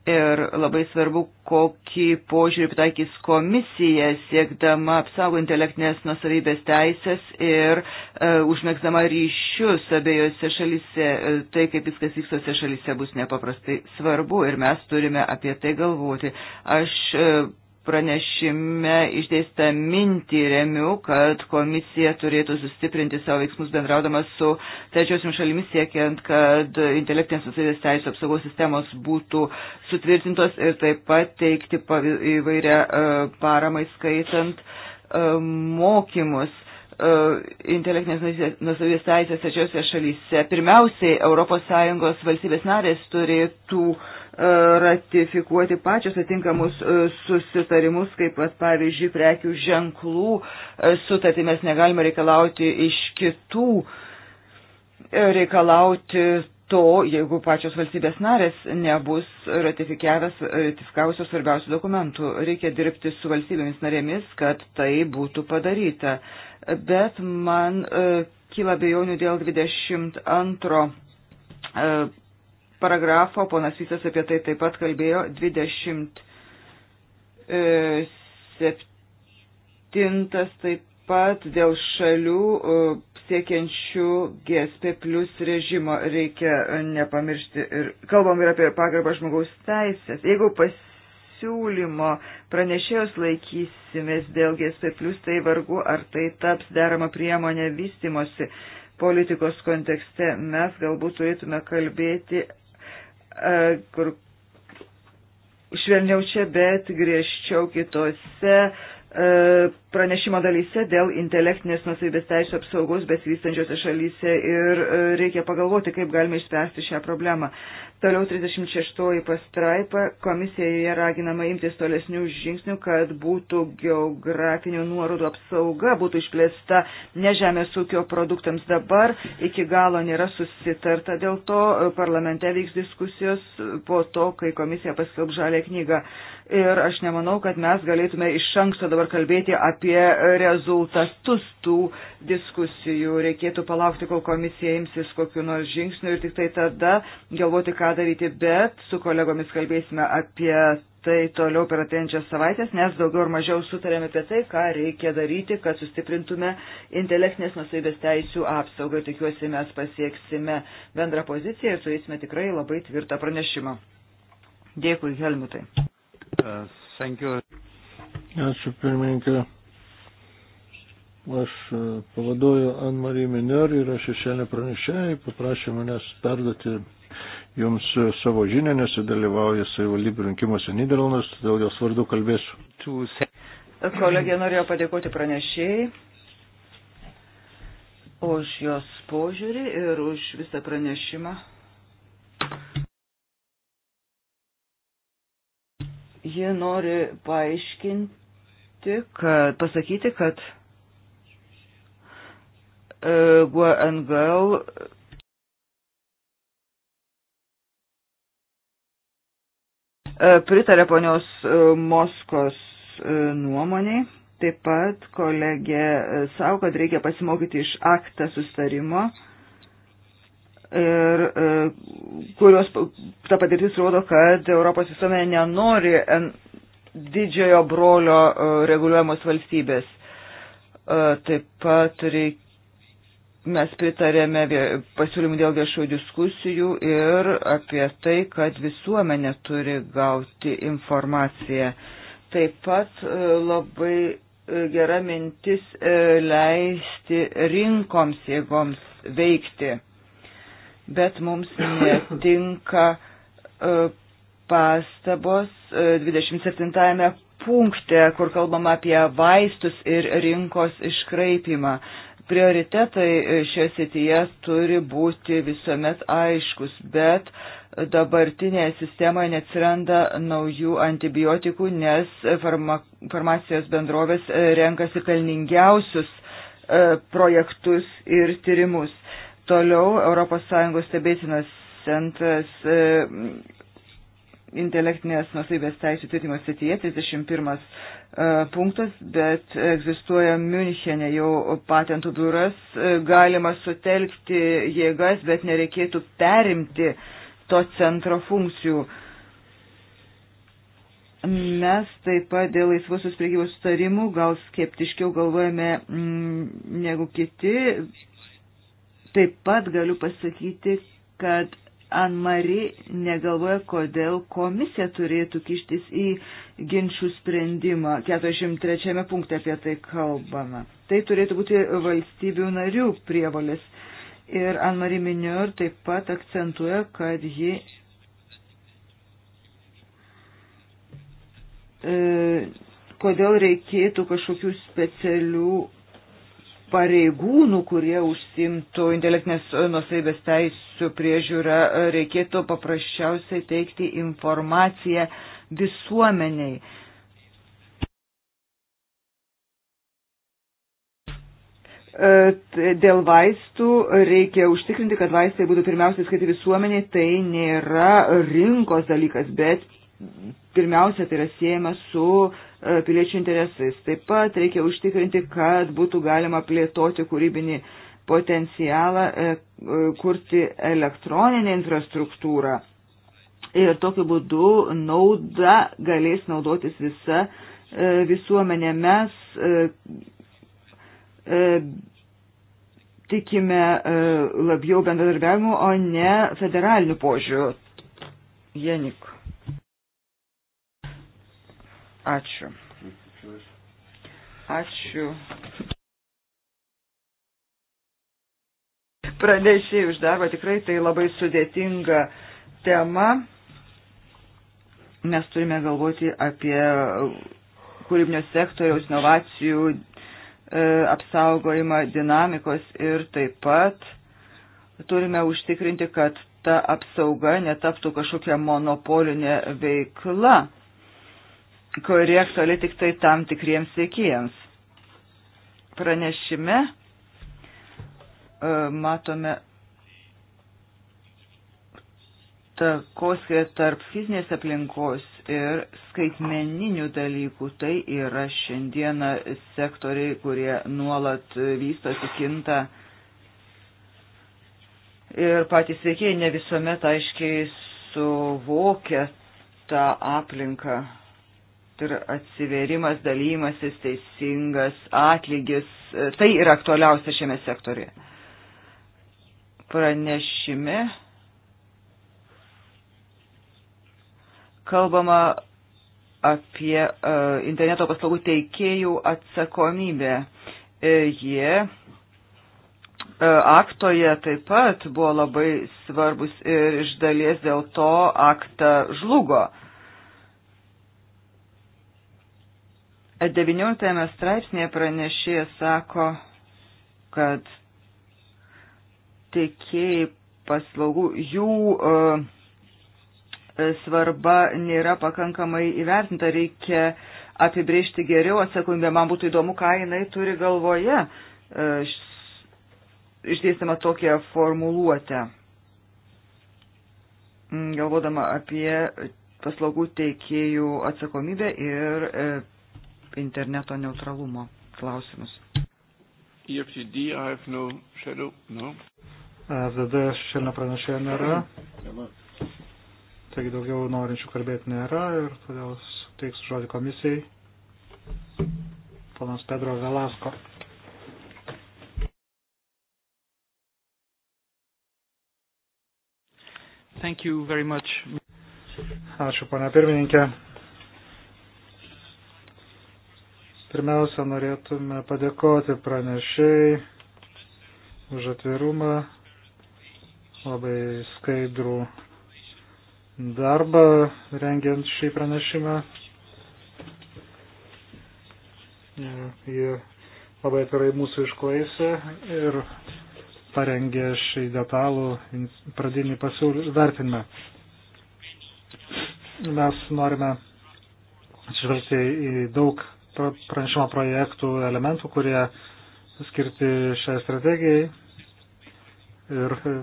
Ir labai svarbu, kokį požiūrį pritaikys komisija siekdama apsaugoti intelektinės nusavybės teisės ir e, užmėgsdama ryšius abiejose šalyse. E, tai, kaip viskas vykstose šalyse, bus nepaprastai svarbu ir mes turime apie tai galvoti. Aš e, pranešime išdėstą mintį remiu, kad komisija turėtų sustiprinti savo veiksmus bendraudama su trečiosiam šalimis siekiant, kad intelektinės nusavės teisų apsaugos sistemos būtų sutvirtintos ir taip pat teikti įvairią e, paramą skaitant e, mokymus e, intelektinės nusavės teisės trečiosios šalyse. Pirmiausiai ES valstybės narės turėtų uh, ratifikuoti pačios atinkamus e, susitarimus, kaip pat pavyzdžiui prekių ženklų e, sutartį mes negalime reikalauti iš kitų, e, reikalauti to, jeigu pačios valstybės narės nebus ratifikavusios svarbiausių dokumentų. Reikia dirbti su valstybėmis narėmis, kad tai būtų padaryta. Bet man kyla bejonių dėl 22 paragrafo, ponas Vysas apie tai taip pat kalbėjo, 27 e, taip pat dėl šalių e, siekiančių GSP plus režimo reikia nepamiršti ir kalbam ir apie pagarbą žmogaus teisės. Jeigu pasiūlymo pranešėjos laikysimės dėl GSP plus, tai vargu ar tai taps derama priemonė vystimosi politikos kontekste mes galbūt turėtume kalbėti E, kur švelniau čia, bet griežčiau kitose e, pranešimo dalyse dėl intelektinės nusavybės teisų apsaugos besivystančiose šalyse ir e, reikia pagalvoti, kaip galime išspręsti šią problemą. Toliau 36 pastraipa komisijoje raginama imtis tolesnių žingsnių, kad būtų geografinių nuorodų apsauga, būtų išplėsta ne žemės ūkio produktams dabar, iki galo nėra susitarta, dėl to parlamente vyks diskusijos po to, kai komisija paskelb žalę knygą. Ir aš nemanau, kad mes galėtume iš anksto dabar kalbėti apie rezultatus tų diskusijų. Reikėtų palaukti, kol komisija imsis kokiu nors žingsniu ir tik tai tada galvoti, ką ką daryti, bet su kolegomis kalbėsime apie tai toliau per atėjančias savaitės, nes daugiau ar mažiau sutarėme apie tai, ką reikia daryti, kad sustiprintume intelektinės nusavybės teisų apsaugą. Tikiuosi, mes pasieksime bendrą poziciją ir turėsime tikrai labai tvirtą pranešimą. Dėkui, Helmutai. Uh, Ačiū pirmininkė. Aš uh, pavaduoju Anmarį Miner ir aš šešėlę pranešėjai, paprašė manęs perduoti jums e, savo žinę, nes dalyvauja savivaldybių rinkimuose Niderlandas, todėl jos vardu kalbėsiu. Kolegė norėjo padėkoti pranešėjai už jos požiūrį ir už visą pranešimą. Ji nori paaiškinti, kad pasakyti, kad e, GUNGL E, pritarė ponios e, Moskos e, nuomoniai. Taip pat kolegė savo, kad reikia pasimokyti iš aktą sustarimo ir kurios ta patirtis rodo, kad Europos visuomenė nenori didžiojo brolio reguliuojamos valstybės. Taip pat reikia mes pritarėme pasiūlymų dėl viešų diskusijų ir apie tai, kad visuomenė turi gauti informaciją. Taip pat e, labai e, gera mintis e, leisti rinkoms jėgoms veikti, bet mums netinka pastabos 27 punkte, kur kalbama apie vaistus ir rinkos iškraipimą prioritetai e, šioje srityje turi būti visuomet aiškus, bet dabartinėje sistemoje neatsiranda naujų antibiotikų, nes farma, farmacijos bendrovės e, renkasi pelningiausius e, projektus ir tyrimus. Toliau ES stebėtinas centras intelektinės nusavybės teisų tvirtimo srityje, 31 e, punktas, bet egzistuoja Münchenė jau patentų biuras, e, galima sutelkti jėgas, bet nereikėtų perimti to centro funkcijų. Mes taip pat dėl laisvosios priekybos sutarimų gal skeptiškiau galvojame mm, negu kiti. Taip pat galiu pasakyti, kad Anmari negalvoja, kodėl komisija turėtų kištis į ginčių sprendimą. 43 punkte apie tai kalbama. Tai turėtų būti valstybių narių prievolės. Ir Anmari Minior taip pat akcentuoja, kad ji e, kodėl reikėtų kažkokių specialių pareigūnų, kurie užsimtų intelektinės e, nusavybės teisų priežiūrą, e, reikėtų paprasčiausiai teikti informaciją visuomeniai. E, dėl vaistų reikia užtikrinti, kad vaistai būtų pirmiausiai skirti visuomeniai, tai nėra rinkos dalykas, bet pirmiausia tai yra siejama su uh, E, piliečių interesais. Taip pat reikia užtikrinti, kad būtų galima plėtoti kūrybinį potencialą, e, e, kurti elektroninę infrastruktūrą. Ir tokiu būdu nauda galės naudotis visa visuomenė. Mes tikime labiau bendradarbiavimu, o ne federaliniu požiūriu. Janik. Ačiū. Ačiū. Pranešėjai už darbą tikrai tai labai sudėtinga tema. Mes turime galvoti apie kūrybinio sektoriaus inovacijų e, apsaugojimą dinamikos ir taip pat turime užtikrinti, kad ta apsauga netaptų kažkokia monopolinė veikla kuri aktuali tik tai tam tikriems veikėjams. Pranešime e, matome takoskirtį tarp fizinės aplinkos ir skaitmeninių dalykų. Tai yra šiandieną sektoriai, kurie nuolat vystosi, kinta. Ir patys veikėjai ne visuomet aiškiai suvokia tą aplinką Tai yra atsiverimas, dalymasis, teisingas atlygis. E, tai yra aktualiausia šiame sektorėje. Pranešime kalbama apie uh, interneto paslaugų teikėjų atsakomybę. E, jie uh, aktoje taip pat buvo labai svarbus ir iš dalies dėl to aktą žlugo. Uh, 19 straipsnėje pranešėjas sako, kad tiekėjai paslaugų, jų uh, svarba nėra pakankamai įvertinta, reikia apibriežti geriau atsakomybę. Man būtų įdomu, ką jinai turi galvoje, uh, išdėstama tokią formuluotę, mm, galvodama apie paslaugų teikėjų atsakomybę ir uh, interneto neutralumo klausimus. EFTD, I have no shadow, no. FDD šešėlinio pranešėjo nėra. Taigi daugiau norinčių kalbėti nėra ir todėl suteiksiu žodį komisijai. Ponas Pedro Velasko. Thank you very much. Ačiū, pana pirmininkė. Pirmiausia, norėtume padėkoti pranešiai už atvirumą, labai skaidrų darbą rengiant šį pranešimą. Jie labai atvirai mūsų išklausė ir parengė šį detalų pradinį pasiūlymą vertinimą. Mes norime atsižvelgti į daug pranešimo projektų elementų, kurie skirti šiai strategijai ir e,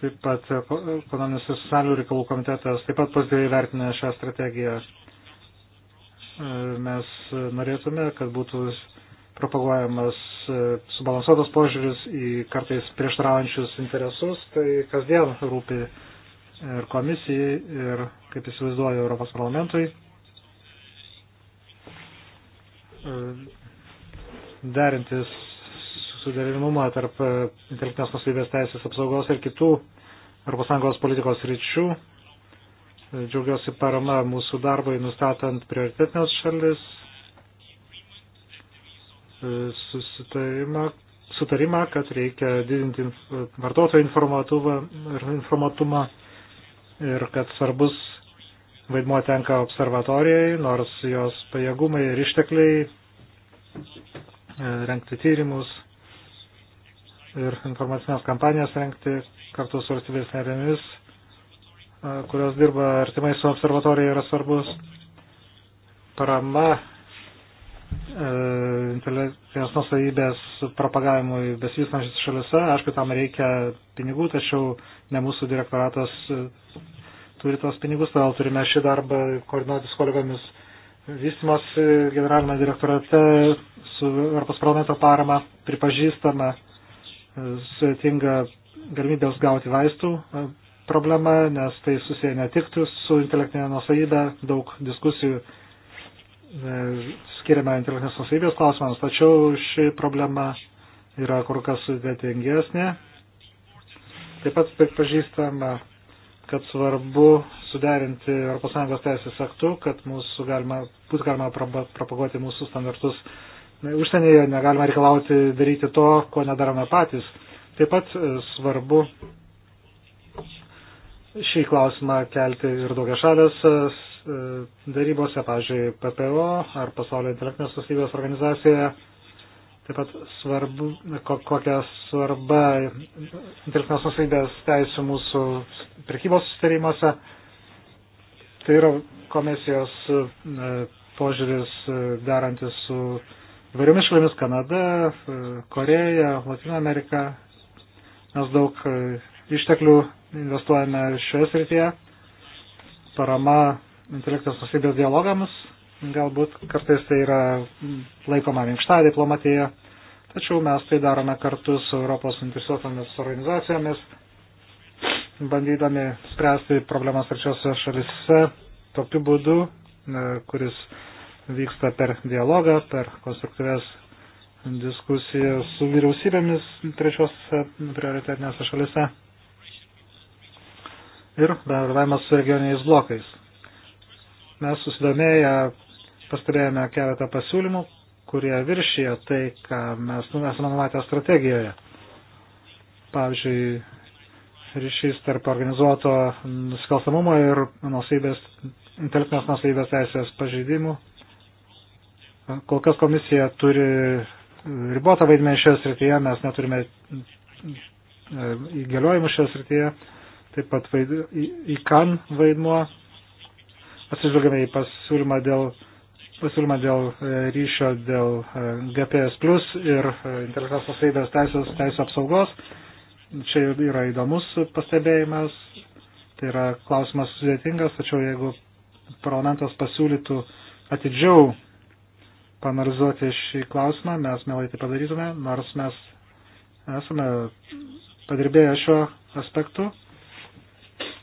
taip pat ekonominis ir socialinių reikalų komitetas taip pat pozityviai vertina šią strategiją. E, mes norėtume, kad būtų propaguojamas e, subalansuotas požiūris į kartais prieštaraujančius interesus, tai kasdien rūpi ir komisijai, ir, kaip įsivaizduoju, Europos parlamentui. E, derintis suderinamumą tarp e, intelektinės nusavybės teisės apsaugos ir kitų ES politikos ryčių. E, džiaugiuosi parama mūsų darbai nustatant prioritetinės šalis, susitarimą, sutarimą, kad reikia didinti vartotojų informatumą ir kad svarbus vaidmuo tenka observatorijai, nors jos pajėgumai ir ištekliai e, renkti tyrimus ir informacinės kampanijas renkti kartu su valstybės narėmis, e, kurios dirba artimai su observatorija yra svarbus. Parama e, intelektinės nusavybės propagavimui besivystančiose šalise. Aišku, tam reikia pinigų, tačiau ne mūsų direktoratas turi tos pinigus, todėl turime šį darbą koordinuoti su kolegomis vystimos generalinio direktorate su Europos parlamento parama pripažįstama e, sudėtinga galimybės gauti vaistų e, problema, nes tai susiję ne tik su intelektinė nusavybė, daug diskusijų e, skiriame intelektinės nusavybės klausimams, tačiau ši problema yra kur kas sudėtingesnė. Taip pat pripažįstama kad svarbu suderinti ES teisės aktu, kad mūsų galima, būtų galima propaguoti mūsų standartus. Užsienyje negalima reikalauti daryti to, ko nedarome patys. Taip pat e, svarbu šį klausimą kelti ir daugia šalės e, e, darybose, pavyzdžiui, PPO ar pasaulio intelektinės susivės organizacijoje Taip pat svarbu, kokia svarba intelektinės nusveidės teisų mūsų prekybos sustarimuose. Tai yra komisijos e, požiūris e, darantis su įvairiomis šalimis Kanada, e, Koreja, Latino Amerika. Mes daug išteklių investuojame šioje srityje. Parama intelektinės nusveidės dialogams Galbūt kartais tai yra laikoma minkšta diplomatija, tačiau mes tai darome kartu su Europos interesuotomis organizacijomis, bandydami spręsti problemas trečiosios šalise tokiu būdu, e, kuris vyksta per dialogą, per konstruktyves diskusijas su vyriausybėmis trečiosiose prioritetinėse šalise ir bendravimas su regioniniais blokais. Mes susidomėję pasturėjome keletą pasiūlymų, kurie viršijo tai, ką mes nu, esame numatę strategijoje. Pavyzdžiui, ryšys tarp organizuoto nusikalstamumo ir nusaibės, intelektinės nusaibės teisės pažeidimų. Kol kas komisija turi ribotą vaidmenį šioje srityje, mes neturime e, įgaliojimų šioje srityje, taip pat vaid, į, į kan vaidmuo. Atsižvelgiame į pasiūlymą dėl pasiūlymą dėl e, ryšio dėl e, GPS Plus ir e, intelektinės nusavybės teisės teisų apsaugos. Čia yra įdomus pastebėjimas, tai yra klausimas sudėtingas, tačiau jeigu parlamentas pasiūlytų atidžiau panalizuoti šį klausimą, mes mielai tai padarytume, nors mes esame padirbėję šio aspektu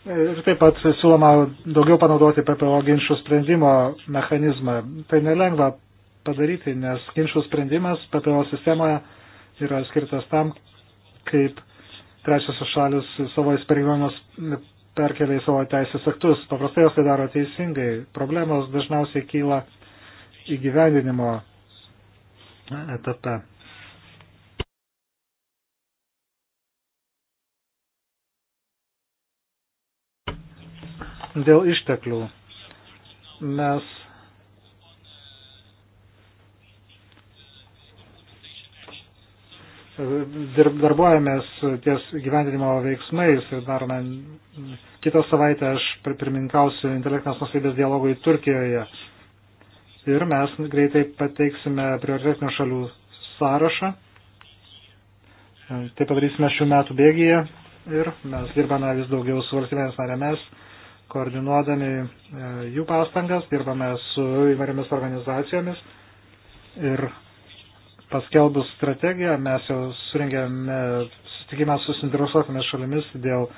Ir taip pat siūloma daugiau panaudoti PPO ginčių sprendimo mechanizmą. Tai nelengva padaryti, nes ginčių sprendimas PPO sistemoje yra skirtas tam, kaip trečiosios šalis savo įsipareigojimus perkelia į savo teisės aktus. Paprastai jos tai daro teisingai. Problemos dažniausiai kyla įgyvendinimo etape. Dėl išteklių mes darbuojamės ties gyvendinimo veiksmais ir darome kitą savaitę aš pirmininkausiu intelektinės nusavybės dialogui Turkijoje. Ir mes greitai pateiksime prioritetinių šalių sąrašą. Tai padarysime šių metų bėgyje ir mes dirbame vis daugiau su valstybės narėmis koordinuodami e, jų pastangas, dirbame su įvairiomis organizacijomis ir paskelbus strategiją mes jau surengėme susitikimą su suinteresuotomis šalimis dėl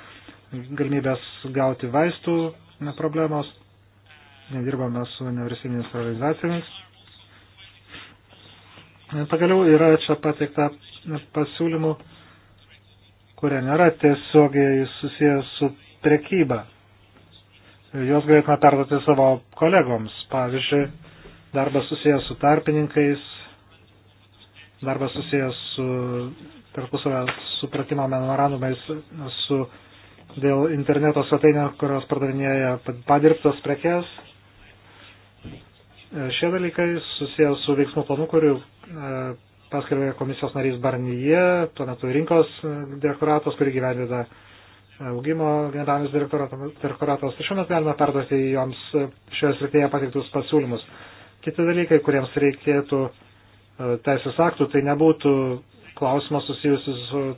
galimybės gauti vaistų problemos. Dirbame su universitinėmis organizacijomis. E, pagaliau yra čia pateikta e, pasiūlymų, kurie nėra tiesiogiai susijęs su prekyba juos galėtume perduoti savo kolegoms. Pavyzdžiui, darbas susijęs su tarpininkais, darbas susijęs su tarpusavę supratimo memorandumais su dėl interneto svetainė, kurios pardavinėja padirbtas prekes. E, šie dalykai susijęs su veiksmų planu, kurių e, paskelbė komisijos narys Barnyje, tuo metu rinkos e, direktoratas, kurį gyvendina augimo generalinis direktoratas. Iš mes galime perduoti joms šioje srityje pateiktus pasiūlymus. Kiti dalykai, kuriems reikėtų e, teisės aktų, tai nebūtų klausimas susijusius su e,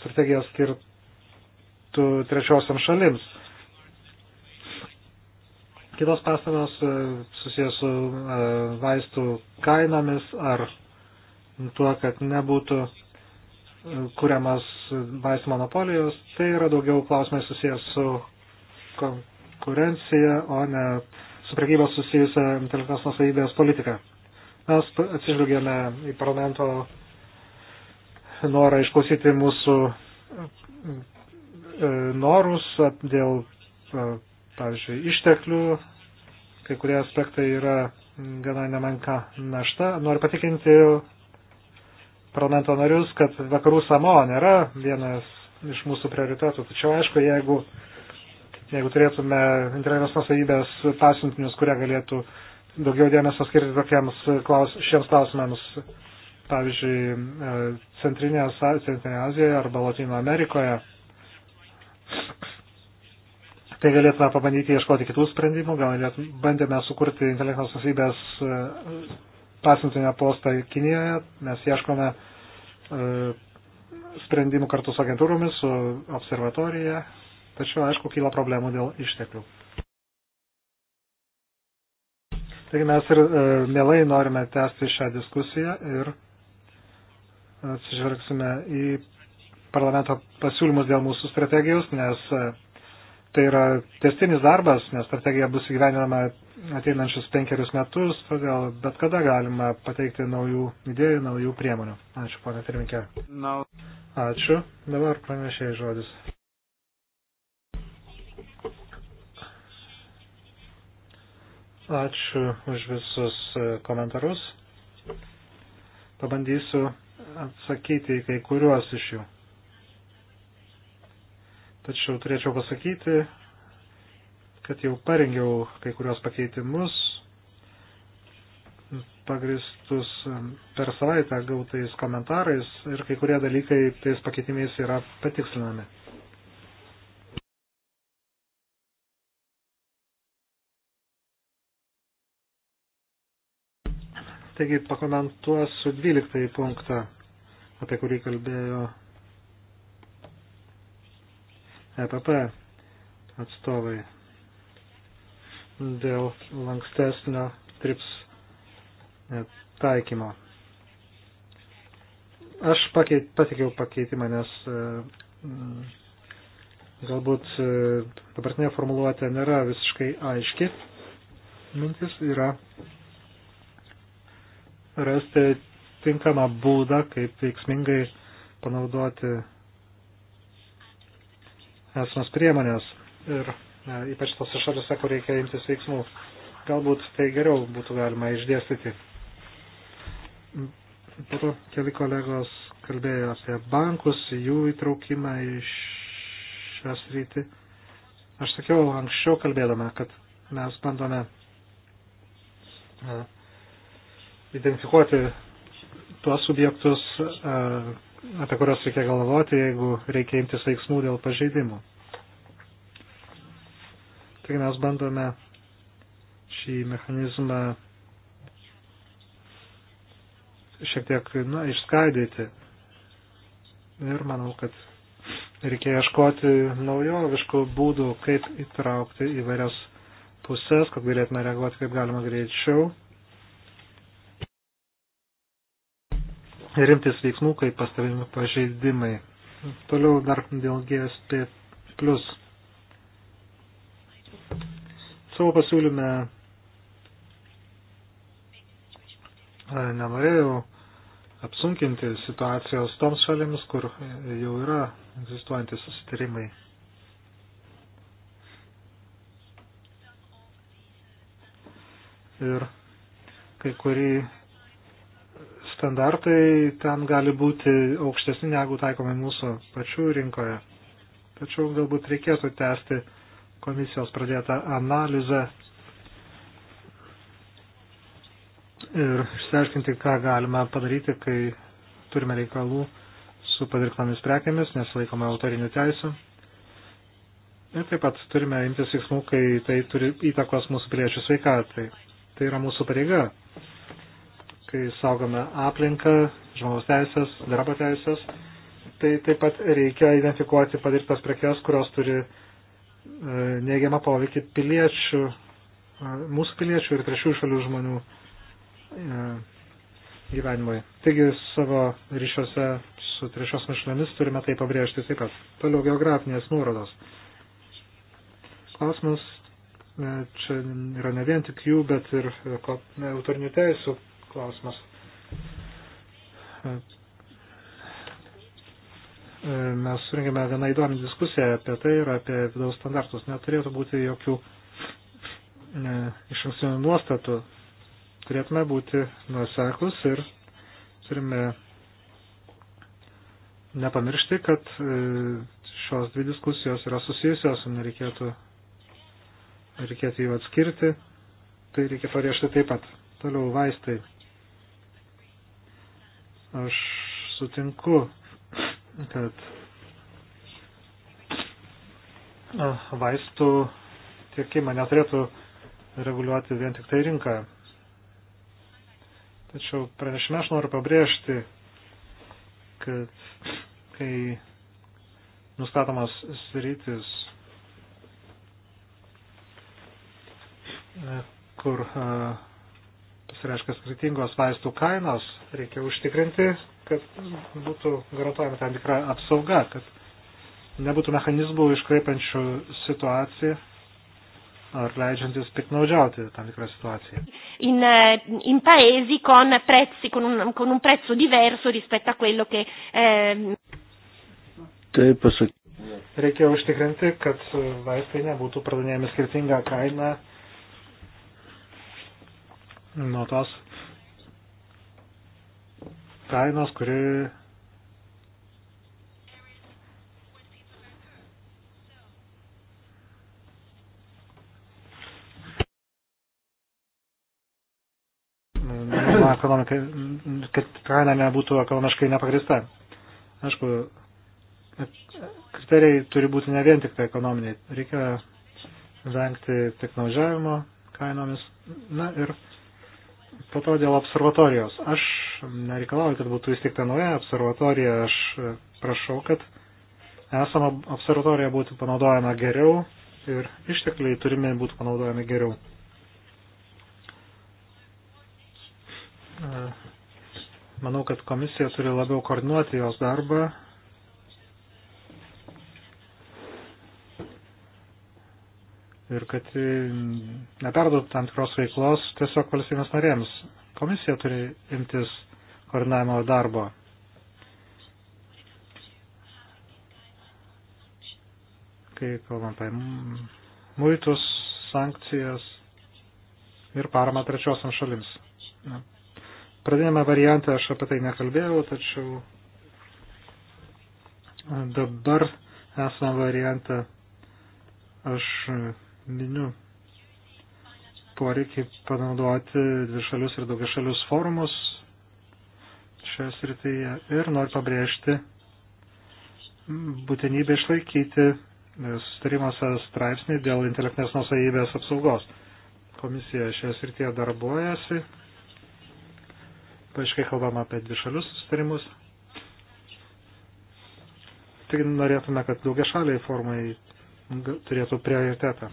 strategija skirtų trečiosiam šalims. Kitos pastangos e, susijęs su vaistų kainomis ar tuo, kad nebūtų kuriamas vaistų monopolijos, tai yra daugiau klausimai susijęs su konkurencija, o ne su prekybos susijusia intelektinės nusavybės politika. Mes atsižvelgėme į parlamento norą išklausyti mūsų e, norus dėl, e, pavyzdžiui, išteklių, kai kurie aspektai yra gana nemenka našta. Noriu patikinti parlamento narius, kad vakarų samo nėra vienas iš mūsų prioritetų. Tačiau aišku, jeigu, jeigu turėtume intelektinės nusavybės pasiuntinius, kurie galėtų daugiau dėmesio skirti tokiems klaus, šiems klausimams, pavyzdžiui, e, Centrinėje, Centrinėje Azijoje arba Latino Amerikoje, tai galėtume pabandyti ieškoti kitų sprendimų, gal bandėme sukurti intelektinės nusavybės e, pasiuntinio postą Kinijoje. Mes ieškome e, sprendimų kartu su agentūromis, su observatorija, tačiau aišku, kyla problemų dėl išteklių. Taigi mes ir e, mielai norime tęsti šią diskusiją ir atsižvelgsime į parlamento pasiūlymus dėl mūsų strategijos, nes e, tai yra testinis darbas, nes strategija bus įgyveninama ateinančius penkerius metus, todėl bet kada galima pateikti naujų idėjų, naujų priemonių. Ačiū, ponė Pirminkė. No. Ačiū. Dabar pranešėjai žodis. Ačiū už visus e, komentarus. Pabandysiu atsakyti į kai kuriuos iš jų. Tačiau turėčiau pasakyti, kad jau parengiau kai kurios pakeitimus pagristus per savaitę gautais komentarais ir kai kurie dalykai tais pakeitimais yra patikslinami. Taigi pakomentuosiu 12 punktą, apie kurį kalbėjo EPP atstovai dėl lankstesnio trips e, taikymo. Aš pakeit, patikiau pakeitimą, nes e, mm, galbūt e, dabartinė formuluotė nėra visiškai aiški. Mintis yra rasti tinkamą būdą, kaip veiksmingai panaudoti esamas priemonės ir e, ypač tose šalise, kur reikia imtis veiksmų. Galbūt tai geriau būtų galima išdėstyti. Po to keli kolegos kalbėjo apie bankus, jų įtraukimą į šią sritį. Aš sakiau anksčiau kalbėdama, kad mes bandome e, identifikuoti tuos subjektus, e, apie kurios reikia galvoti, jeigu reikia imtis veiksmų dėl pažeidimų. Taigi mes bandome šį mechanizmą šiek tiek na, išskaidyti. Ir manau, kad reikia ieškoti naujoviškų būdų, kaip įtraukti įvairias pusės, kad galėtume reaguoti kaip galima greičiau. rimtis veiksmų, kai pastebimi pažeidimai. Toliau dar dėl GSP. Savo pasiūlyme e, nenorėjau apsunkinti situacijos toms šalims, kur jau yra egzistuojantis susitarimai. Ir kai kurį standartai ten gali būti aukštesni negu taikomi mūsų pačių rinkoje. Tačiau galbūt reikėtų tęsti komisijos pradėtą analizę ir išsiaiškinti, ką galime padaryti, kai turime reikalų su padirbtomis prekėmis, nes laikome autorinių teisų. Ir taip pat turime imtis veiksmų, kai tai turi įtakos mūsų piliečių sveikatai. Tai yra mūsų pareiga kai saugome aplinką, žmogaus teisės, darbo teisės, tai taip pat reikia identifikuoti padirbtas prekes, kurios turi e, neigiamą poveikį piliečių, e, mūsų piliečių ir trečių šalių žmonių e, gyvenimui. Taigi savo ryšiuose su trečios mišlėmis turime tai pabrėžti taip pat. Toliau geografinės nuorodos. Klausimas čia yra ne vien tik jų, bet ir autorinių teisų klausimas. E, mes surinkime vieną įdomią diskusiją apie tai ir apie vidaus standartus. Neturėtų būti jokių iš ankstinių nuostatų. Turėtume būti nuoseklus ir turime nepamiršti, kad e, šios dvi diskusijos yra susijusios, nereikėtų reikėtų jų atskirti, tai reikia pabrėžti taip pat. Toliau vaistai. Aš sutinku, kad vaistų tiekimą neturėtų reguliuoti vien tik tai rinka. Tačiau pranešime aš noriu pabrėžti, kad kai nustatomas sritis, e, kur uh, Tai reiškia skirtingos vaistų kainos, reikia užtikrinti, kad būtų garantuojama tam tikra apsauga, kad nebūtų mechanizmų iškreipiančių situaciją ar leidžiantis piknaudžiauti tam tikrą situaciją. In, eh, in paesi con prezzi, con un, con un prezzo diverso rispetto a quello che... Eh... Taip pasakyti. Reikia užtikrinti, kad vaistai nebūtų pardavinėjami skirtingą kainą nuo tos kainos, kuri ekonomikai, kad kaina nebūtų ekonomiškai nepagrista. Aišku, kriterijai turi būti ne vien tik tai ekonominiai. Reikia vengti piknaudžiavimo kainomis. Na ir Po to dėl observatorijos. Aš nereikalauju, kad būtų įsteigta nauja observatorija. Aš e, prašau, kad esama observatorija būtų panaudojama geriau ir ištekliai turime būtų panaudojami geriau. E, manau, kad komisija turi labiau koordinuoti jos darbą ir kad e, neperduotų tam tikros veiklos tiesiog valstybės narėms. Komisija turi imtis koordinavimo darbo. Kai kalbam apie muitus, sankcijas ir paramą trečiosiam šalims. Pradinėme variante aš apie tai nekalbėjau, tačiau dabar esame variantą aš pagrindiniu poreikį panaudoti dvišalius ir daugiašalius forumus šioje srityje ir noriu pabrėžti būtinybę išlaikyti sustarimuose straipsnį dėl intelektinės nusavybės apsaugos. Komisija šioje srityje darbuojasi, paaiškiai kalbama apie dvišalius sustarimus. Tik norėtume, kad daugia šaliai formai turėtų prioritetą.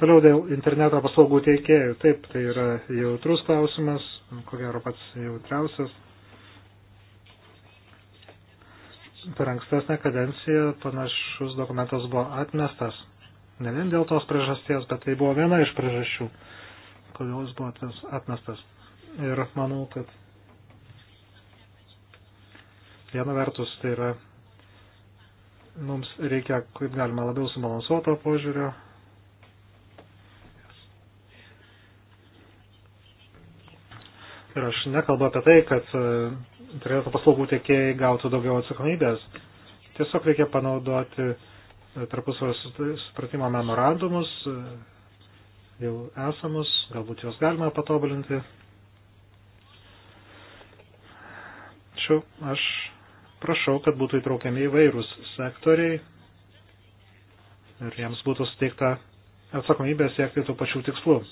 Toliau dėl interneto paslaugų teikėjų. Taip, tai yra jautrus klausimas, ko gero pats jautriausias. Per ankstesnę kadenciją panašus dokumentas buvo atmestas. Ne vien dėl tos priežasties, bet tai buvo viena iš priežasčių, kodėl jis buvo atmestas. Ir manau, kad viena vertus tai yra mums reikia kaip galima labiau subalansuoto požiūrio Ir aš nekalbu apie tai, kad e, interneto paslaugų tiekėjai gautų daugiau atsakomybės. Tiesiog reikia panaudoti e, tarpusavio supratimo memorandumus, e, jau esamus, galbūt juos galima patobulinti. Tačiau aš prašau, kad būtų įtraukiami įvairūs sektoriai ir jiems būtų suteikta atsakomybė siekti tų pačių tikslų.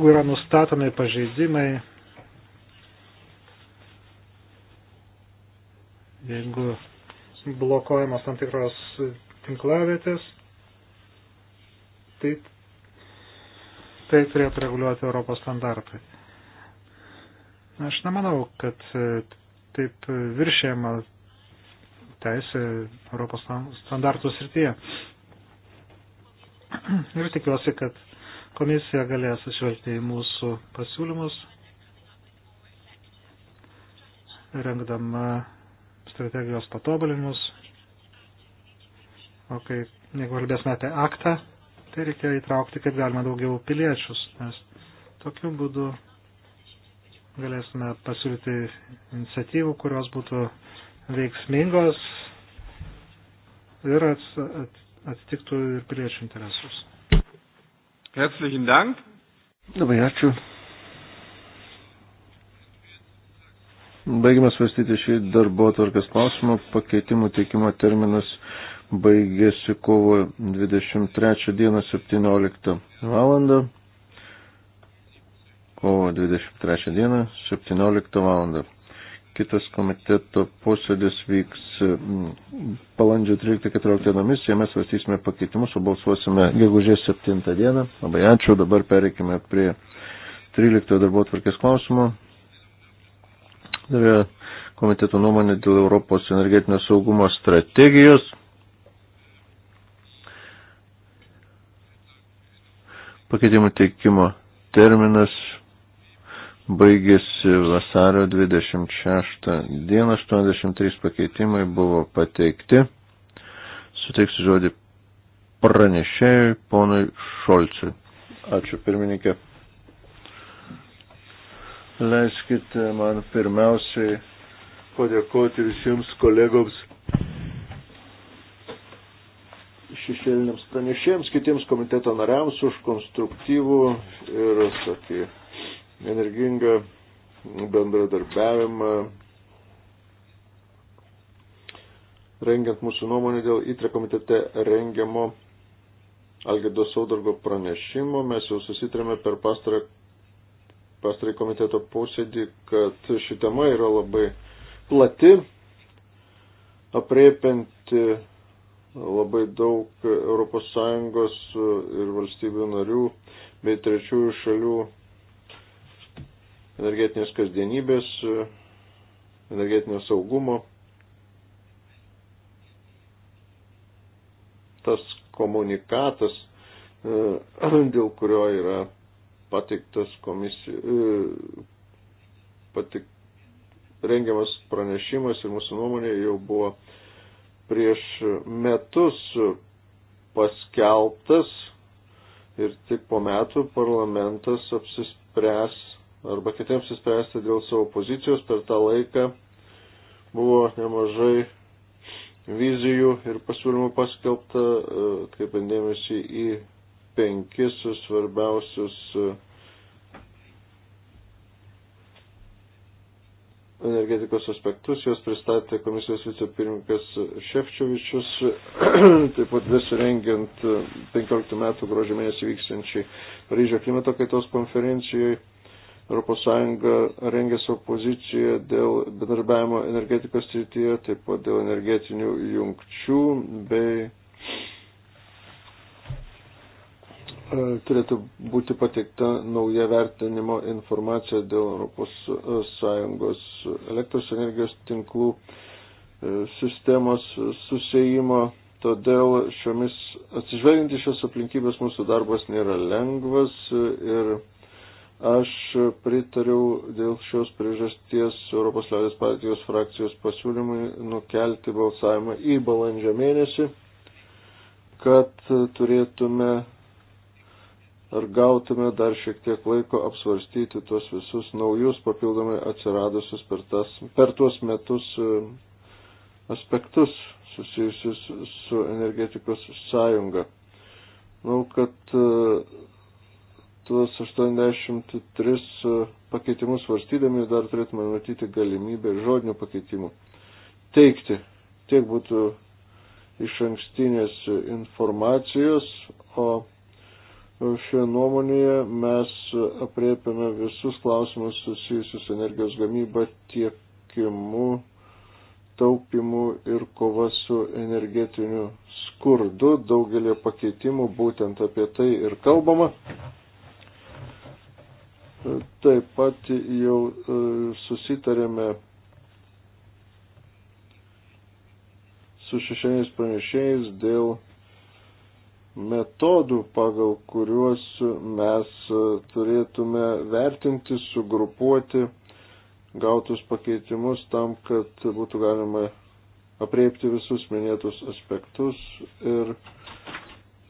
jeigu yra nustatomi pažeidimai, jeigu blokuojamos tam tikros tinklavietės, tai tai turėtų reguliuoti Europos standartai. Aš nemanau, kad e, taip viršėjama teisė Europos standartų srityje. Ir tikiuosi, kad komisija galės atsižvelgti į mūsų pasiūlymus, rengdama strategijos patobulinimus. O kai, jeigu kalbėsime apie aktą, tai reikia įtraukti kaip galima daugiau piliečius, nes tokiu būdu galėsime pasiūlyti iniciatyvų, kurios būtų veiksmingos ir atitiktų ir piliečių interesus. Herzlichen Dank. Labai ačiū. Baigime svarstyti šį darbo tvarkės klausimą. Pakeitimų teikimo terminas baigėsi kovo 23 dieną 17 valandą. Kovo 23 dieną 17 valandą. Kitas komiteto posėdis vyks mm, balandžio 13-14 dienomis, jame svarstysime pakeitimus, o balsuosime gegužės 7 dieną. Labai ačiū, dabar pereikime prie 13 darbo tvarkės klausimo. Dar komiteto nuomonė dėl Europos energetinio saugumo strategijos. Pakeitimų teikimo terminas baigėsi vasario 26 dieną, 83 pakeitimai buvo pateikti. Suteiksiu žodį pranešėjui ponui Šolciui. Ačiū pirmininkė. Leiskite man pirmiausiai padėkoti visiems kolegoms šešėliniams pranešėjams, kitiems komiteto nariams už konstruktyvų ir tokį energingą bendradarbiavimą, rengiant mūsų nuomonę dėl įtre komitete rengiamo Algirdo Saudargo pranešimo. Mes jau susitrėme per pastarą, pastarą komiteto posėdį, kad ši tema yra labai plati, apriepianti labai daug ES ir valstybių narių bei trečiųjų šalių energetinės kasdienybės, energetinio saugumo. Tas komunikatas, e, dėl kurio yra pateiktas komisijų, e, patik, rengiamas pranešimas ir mūsų nuomonė jau buvo prieš metus paskelbtas ir tik po metų parlamentas apsispręs arba kitiems įspręsti dėl savo pozicijos. Per tą laiką buvo nemažai vizijų ir pasiūlymų paskelbta, e, kaip dėmesį į penkis svarbiausius e, energetikos aspektus, jos pristatė komisijos vicepirmininkas Šefčiovičius, taip pat besirengiant 15 metų gruožio mėnesį vyksiančiai Paryžio klimato kaitos konferencijoje ES rengia savo poziciją dėl bendarbiavimo energetikos srityje, taip pat dėl energetinių jungčių bei e, turėtų būti pateikta nauja vertinimo informacija dėl ES e, elektros energijos tinklų e, sistemos susijimo. Todėl šiomis atsižvelgiant į šios aplinkybės mūsų darbas nėra lengvas ir Aš pritariau dėl šios priežasties Europos liaudės partijos frakcijos pasiūlymui nukelti balsavimą į balandžio mėnesį, kad turėtume ar gautume dar šiek tiek laiko apsvarstyti tuos visus naujus papildomai atsiradusius per, tas, per tuos metus e, aspektus susijusius su energetikos sąjunga. Manau, kad e, tuos 83 pakeitimus svarstydami dar turėtume matyti galimybę žodinių pakeitimų teikti. Tiek būtų iš ankstinės informacijos, o šioje nuomonėje mes apriepiame visus klausimus susijusius energijos gamybą, tiekimu, taupimu ir kova su energetiniu skurdu. Daugelį pakeitimų būtent apie tai ir kalbama. Taip pat jau e, susitarėme su šešėjais pranešėjais dėl metodų, pagal kuriuos mes e, turėtume vertinti, sugrupuoti gautus pakeitimus tam, kad būtų galima apriepti visus minėtus aspektus ir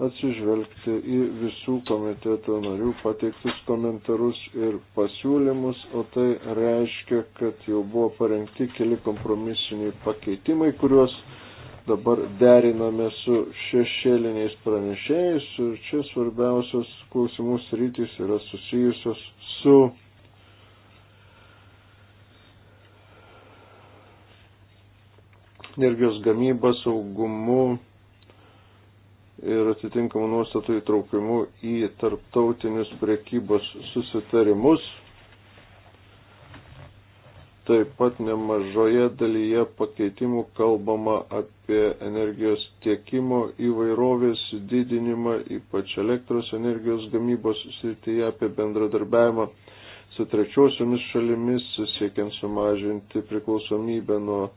atsižvelgti į visų komiteto narių pateiktus komentarus ir pasiūlymus, o tai reiškia, kad jau buvo parengti keli kompromisiniai pakeitimai, kuriuos dabar deriname su šešėliniais pranešėjais ir čia svarbiausios klausimus rytis yra susijusios su energijos gamyba, saugumu, ir atitinkamų nuostatų įtraukimu į tarptautinius prekybos susitarimus. Taip pat nemažoje dalyje pakeitimų kalbama apie energijos tiekimo įvairovės didinimą, ypač elektros energijos gamybos srityje, apie bendradarbiavimą su trečiosiomis šalimis, siekiant sumažinti priklausomybę nuo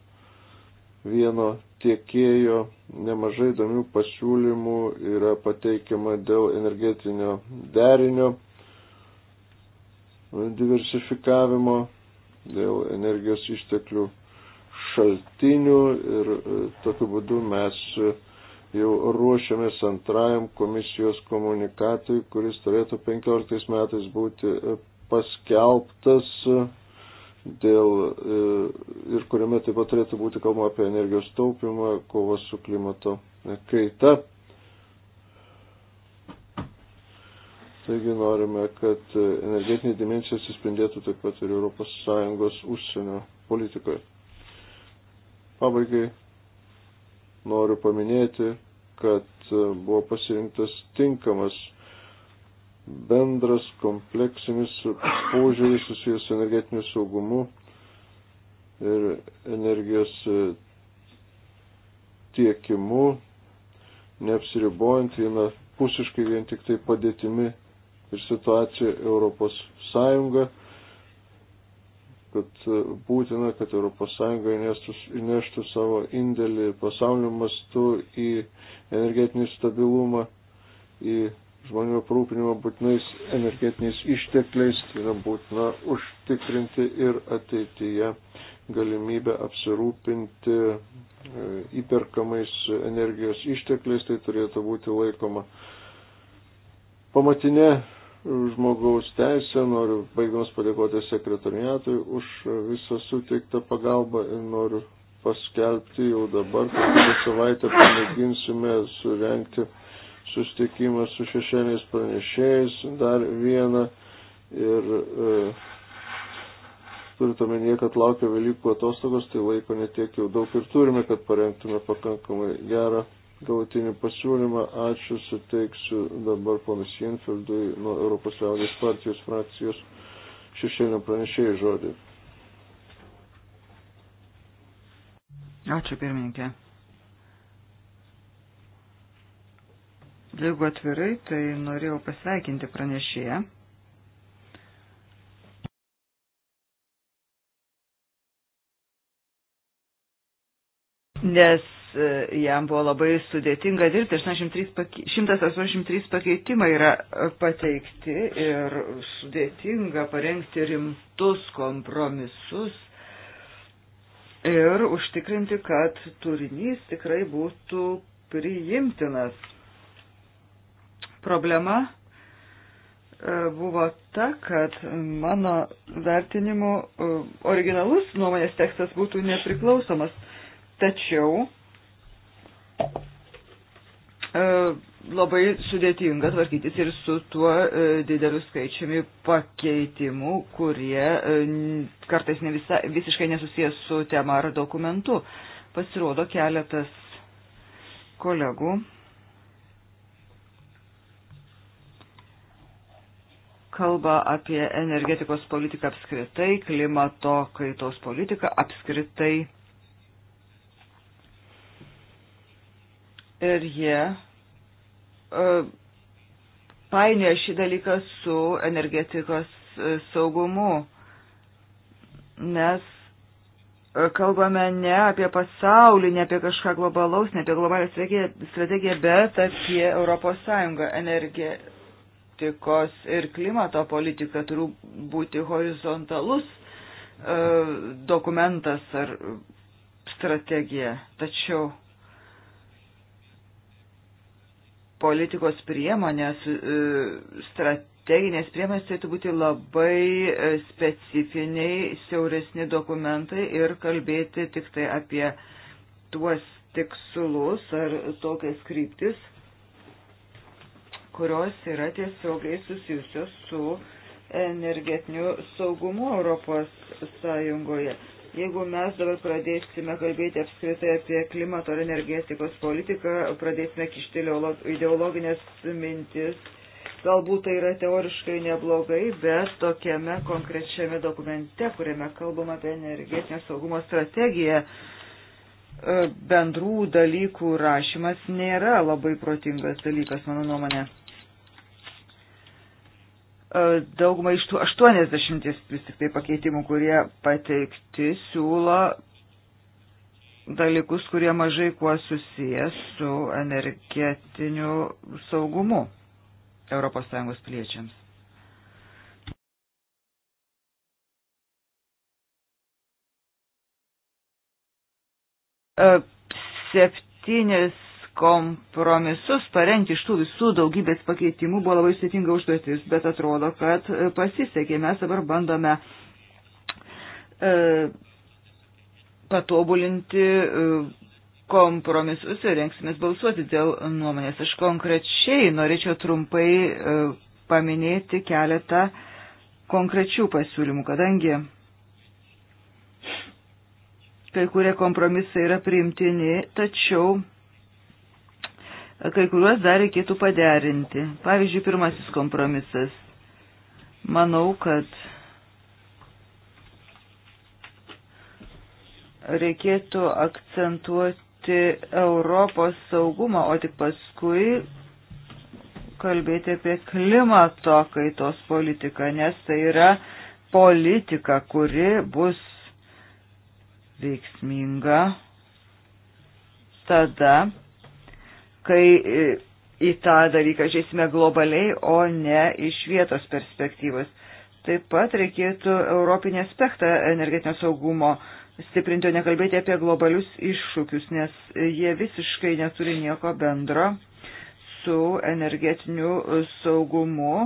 vieno tiekėjo nemažai įdomių pasiūlymų yra pateikiama dėl energetinio derinio diversifikavimo, dėl energijos išteklių šaltinių ir e, tokiu būdu mes jau ruošiamės antrajam komisijos komunikatui, kuris turėtų 15 metais būti e, paskelbtas dėl e, ir kuriame taip pat turėtų būti kalbama apie energijos taupimą, kovą su klimato kaita. Taigi norime, kad energetinė dimensija atsispindėtų taip pat ir ES užsienio politikoje. Pabaigai noriu paminėti, kad buvo pasirinktas tinkamas bendras kompleksinis požiūris susijęs su energetiniu saugumu ir energijos e, tiekimu, neapsiribojant vieną pusiškai vien tik tai padėtimi ir situacija Europos Sąjunga, kad e, būtina, kad Europos Sąjunga įneštų, įneštų savo indėlį pasaulio mastu į energetinį stabilumą, į žmonių aprūpinimą būtinais energetiniais ištekliais, tai yra būtina užtikrinti ir ateityje galimybę apsirūpinti e, įperkamais energijos ištekliais, tai turėtų būti laikoma pamatinė žmogaus teisė. Noriu baigdamas padėkoti sekretariatui už visą suteiktą pagalbą ir noriu paskelbti jau dabar, kad savaitę pamėginsime surenkti susitikimas su šešėliais pranešėjais, dar vieną ir e, turint omenyje, kad laukia Velykų atostogos, tai laiko netiek jau daug ir turime, kad parengtume pakankamai gerą galutinį pasiūlymą. Ačiū, suteiksiu dabar ponas Jenfeldui nuo Europos liaudės partijos frakcijos šešėlio pranešėjų žodį. Ačiū pirmininkė. Jeigu atvirai, tai norėjau pasveikinti pranešėją. Nes e, jam buvo labai sudėtinga dirbti. 183 pakeitimai yra e, pateikti ir sudėtinga parengti rimtus kompromisus ir užtikrinti, kad turinys tikrai būtų priimtinas Problema e, buvo ta, kad mano vertinimu e, originalus nuomonės tekstas būtų nepriklausomas. Tačiau e, labai sudėtinga tvarkytis ir su tuo dideliu skaičiumi pakeitimų, kurie kartais ne visa, visiškai nesusijęs su tema ar dokumentu. Pasirodo keletas kolegų kalba apie energetikos politiką apskritai, klimato kaitos politiką apskritai. Ir jie uh, painioja šį dalyką su energetikos uh, saugumu, nes uh, kalbame ne apie pasaulį, ne apie kažką globalaus, ne apie globalią strategiją, bet apie Europos Sąjungą. Energi politikos ir klimato politika turi būti horizontalus e, dokumentas ar strategija. Tačiau politikos priemonės, e, strateginės priemonės turėtų būti labai e, specifiniai, siauresni dokumentai ir kalbėti tik tai apie tuos tikslus ar tokias kryptis, kurios yra tiesiogiai susijusios su energetiniu saugumu Europos Sąjungoje. Jeigu mes dabar pradėsime kalbėti apskritai apie klimato ir energetikos politiką, pradėsime kišti ideologinės mintis, galbūt tai yra teoriškai neblogai, bet tokiame konkrečiame dokumente, kuriame kalbama apie energetinio saugumo strategiją, e, bendrų dalykų rašymas nėra labai protingas dalykas, mano nuomonė. E, daugumą iš tų 80 vis tik tai pakeitimų, kurie pateikti, siūlo dalykus, kurie mažai kuo susijęs su energetiniu saugumu ES piliečiams. E, septynis kompromisus parengti iš tų visų daugybės pakeitimų buvo labai sėtinga užduotis, bet atrodo, kad e, pasisekė. Mes dabar bandome e, patobulinti e, kompromisus ir renksimės balsuoti dėl nuomonės. Aš konkrečiai norėčiau trumpai e, paminėti keletą konkrečių pasiūlymų, kadangi kai kurie kompromisai yra priimtini, tačiau kai kuriuos dar reikėtų paderinti. Pavyzdžiui, pirmasis kompromisas. Manau, kad reikėtų akcentuoti Europos saugumą, o tik paskui kalbėti apie klimato kaitos politiką, nes tai yra politika, kuri bus veiksminga tada, kai e, į tą dalyką žiūrėsime globaliai, o ne iš vietos perspektyvos. Taip pat reikėtų europinį aspektą energetinio saugumo stiprinti, o nekalbėti apie globalius iššūkius, nes jie visiškai neturi nieko bendro su energetiniu saugumu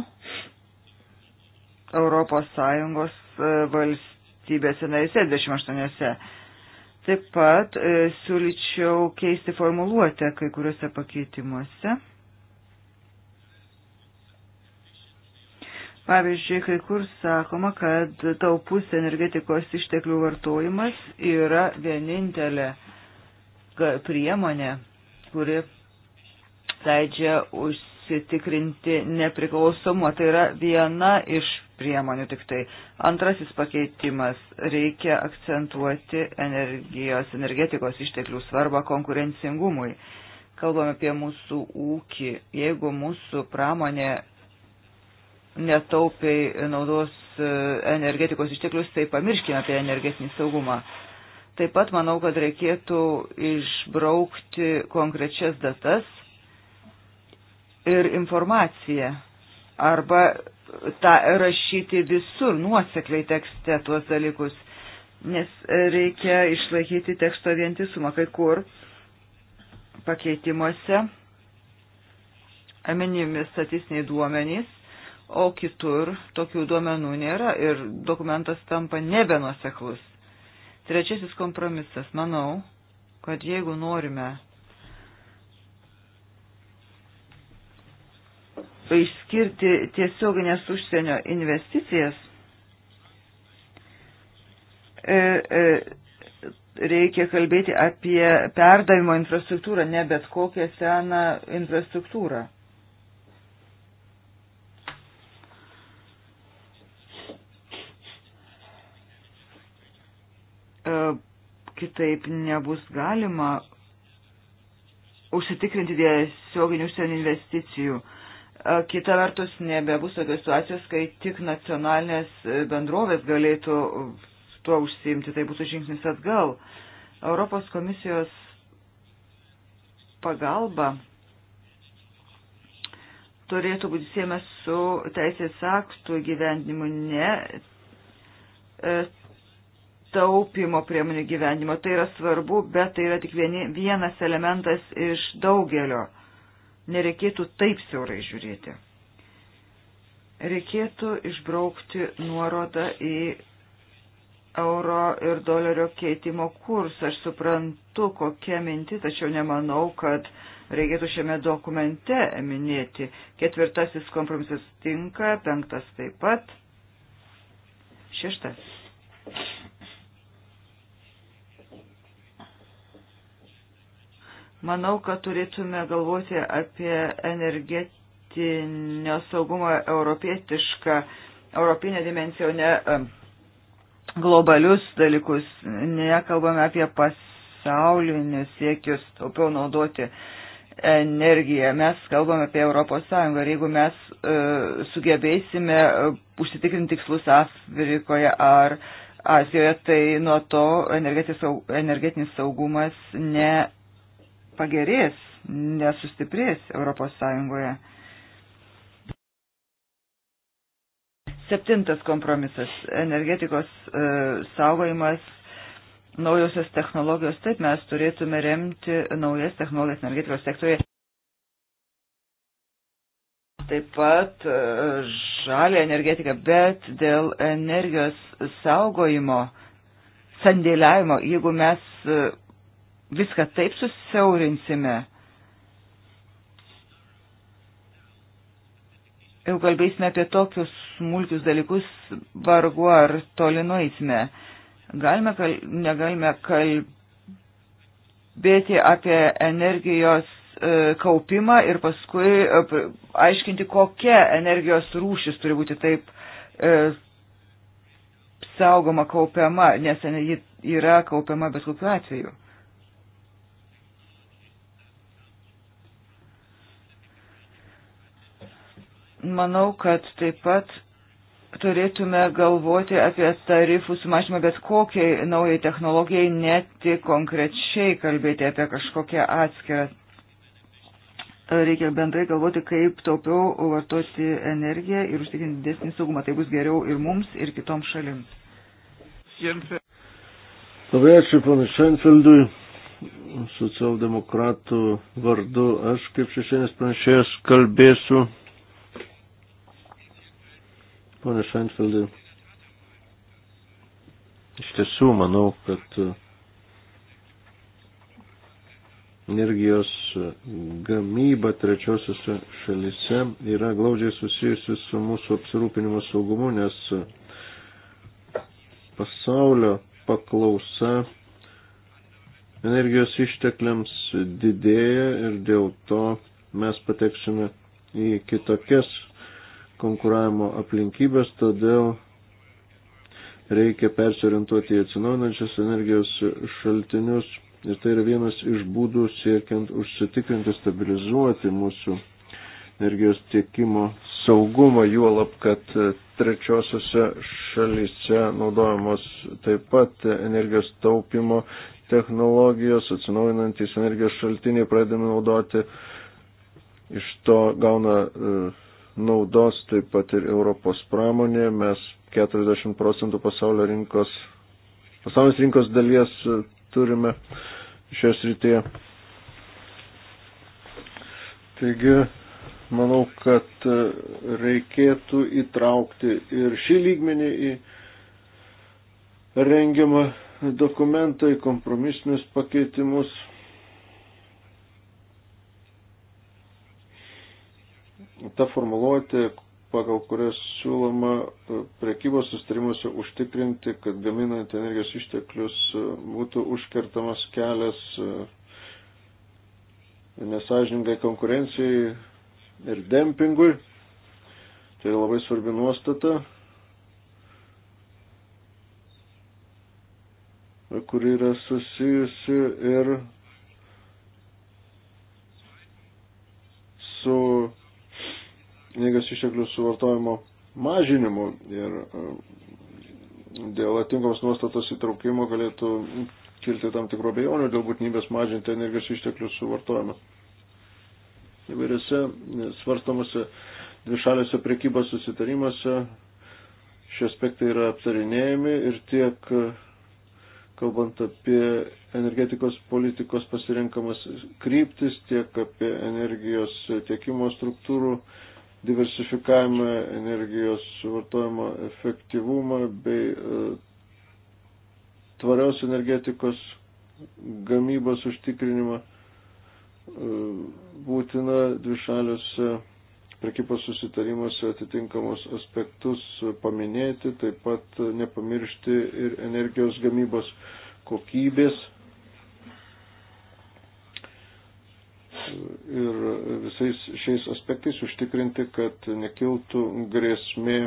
Europos Sąjungos e, valstybėse narėse 28. Taip pat e, siūlyčiau keisti formuluotę kai kuriuose pakeitimuose. Pavyzdžiui, kai kur sakoma, kad taupus energetikos išteklių vartojimas yra vienintelė priemonė, kuri leidžia užsitikrinti nepriklausomą. Tai yra viena iš priemonių tik tai. Antrasis pakeitimas - reikia akcentuoti energijos, energetikos išteklių svarbą konkurencingumui. Kalbame apie mūsų ūkį. Jeigu mūsų pramonė netaupiai naudos e, energetikos išteklius, tai pamirškime apie energetinį saugumą. Taip pat manau, kad reikėtų išbraukti konkrečias datas ir informaciją arba ta, rašyti visur nuosekliai tekste tuos dalykus, nes reikia išlaikyti teksto vientisumą kai kur pakeitimuose minimi statistiniai duomenys, o kitur tokių duomenų nėra ir dokumentas tampa nebenuoseklus. Trečiasis kompromisas. Manau, kad jeigu norime išskirti tiesioginės užsienio investicijas, e, e, reikia kalbėti apie perdavimo infrastruktūrą, ne bet kokią seną infrastruktūrą. E, kitaip nebus galima užsitikrinti tiesioginių užsienio investicijų. Kita vertus, nebebus tokios situacijos, kai tik nacionalinės e, bendrovės galėtų tuo užsiimti, tai būtų žingsnis atgal. Europos komisijos pagalba turėtų būti siejama su teisės aktų gyvendimu, ne e, taupimo priemonių gyvenimo. Tai yra svarbu, bet tai yra tik vieni, vienas elementas iš daugelio nereikėtų taip siaurai žiūrėti. Reikėtų išbraukti nuorodą į euro ir dolerio keitimo kursą. Aš suprantu, kokia minti, tačiau nemanau, kad reikėtų šiame dokumente minėti. Ketvirtasis kompromisas tinka, penktas taip pat. Šeštas. Manau, kad turėtume galvoti apie energetinio saugumo europietišką, europinę dimensiją, o ne globalius dalykus. Nekalbame apie pasaulinius siekius taupiau naudoti energiją. Mes kalbame apie Europos Sąjungą ir jeigu mes e, sugebėsime e, užsitikrinti tikslus Afrikoje ar Azijoje, tai nuo to energetinis saugumas ne pagerės, nesustiprės Europos Sąjungoje. Septintas kompromisas - energetikos e, saugojimas, naujosios technologijos. Taip mes turėtume remti naujas technologijas energetikos sektorėje. Taip pat e, žalia energetika, bet dėl energijos saugojimo, sandėliavimo, jeigu mes e, viską taip susiaurinsime, jeigu kalbėsime apie tokius smulkius dalykus, vargu ar toli nueisime. Galime, kal, negalime kalbėti apie energijos e, kaupimą ir paskui e, aiškinti, kokia energijos rūšis turi būti taip e, saugoma, kaupiama, nes ji yra kaupiama bet kokiu atveju. Manau, kad taip pat turėtume galvoti apie tarifų sumažimą bet kokiai naujai technologijai, ne tik konkrečiai kalbėti apie kažkokią atskirą. Reikia bendrai galvoti, kaip taupiau vartoti energiją ir užtikrinti didesnį saugumą. Tai bus geriau ir mums, ir kitoms šalims. Labai ačiū panu Šenfeldui, socialdemokratų vardu. Aš kaip šešienis pranešėjas kalbėsiu Pone Šenfeldai, iš tiesų manau, kad uh, energijos uh, gamyba trečiosiuose šalise yra glaudžiai susijusi su mūsų apsirūpinimo saugumu, nes uh, pasaulio paklausa energijos ištekliams didėja ir dėl to mes pateksime į kitokias konkuravimo aplinkybės, todėl reikia persiorientuoti į atsinaujinančias energijos šaltinius ir tai yra vienas iš būdų siekiant užsitikrinti, stabilizuoti mūsų energijos tiekimo saugumą, juolab, kad trečiosiose šalyse naudojamos taip pat energijos taupimo technologijos, atsinaujinantys energijos šaltiniai pradedami naudoti, iš to gauna uh, naudos taip pat ir Europos pramonė. Mes 40 procentų pasaulio rinkos, pasaulios rinkos dalies e, turime šioje srityje. Taigi, manau, kad e, reikėtų įtraukti ir šį lygmenį į rengiamą dokumentą, į kompromisinius pakeitimus. ta formuluotė, pagal kurias siūloma e, prekybos sustarimuose užtikrinti, kad gaminant energijos išteklius e, būtų užkertamas kelias e, nesažininkai konkurencijai ir dempingui. Tai yra labai svarbi nuostata, kuri yra susijusi ir su energijos išteklių suvartojimo mažinimu ir e, dėl atinkamos nuostatos įtraukimo galėtų kilti tam tikro bejonių dėl būtinybės mažinti energijos išteklių suvartojimą. Įvairiose e, svarstomose dvišaliuose prekybos susitarimuose šie aspektai yra aptarinėjami ir tiek e, kalbant apie energetikos politikos pasirinkamas kryptis, tiek apie energijos tiekimo struktūrų diversifikavimą, energijos suvartojimo efektyvumą bei e, tvarios energetikos gamybos užtikrinimą e, būtina dvišaliuose prekybos susitarimuose atitinkamus aspektus paminėti, taip pat nepamiršti ir energijos gamybos kokybės ir visais šiais aspektais užtikrinti, kad nekiltų grėsmė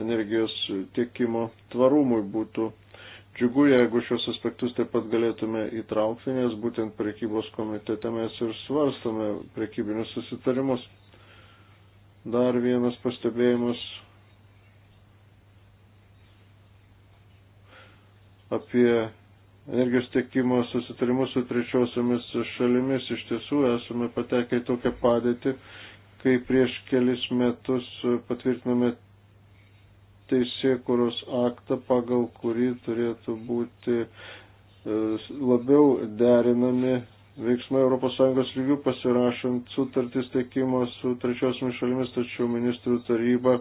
energijos tiekimo tvarumui būtų džiugu, jeigu šios aspektus taip pat galėtume įtraukti, nes būtent prekybos komitete mes ir svarstame prekybinius susitarimus. Dar vienas pastebėjimas apie energijos tiekimo susitarimus su trečiosiomis šalimis. Iš tiesų esame patekę į tokią padėtį, kai prieš kelis metus patvirtiname teisėkuros aktą, pagal kurį turėtų būti e, labiau derinami veiksmai ES lygių pasirašant sutartis tiekimo su trečiosiomis šalimis, tačiau ministrų taryba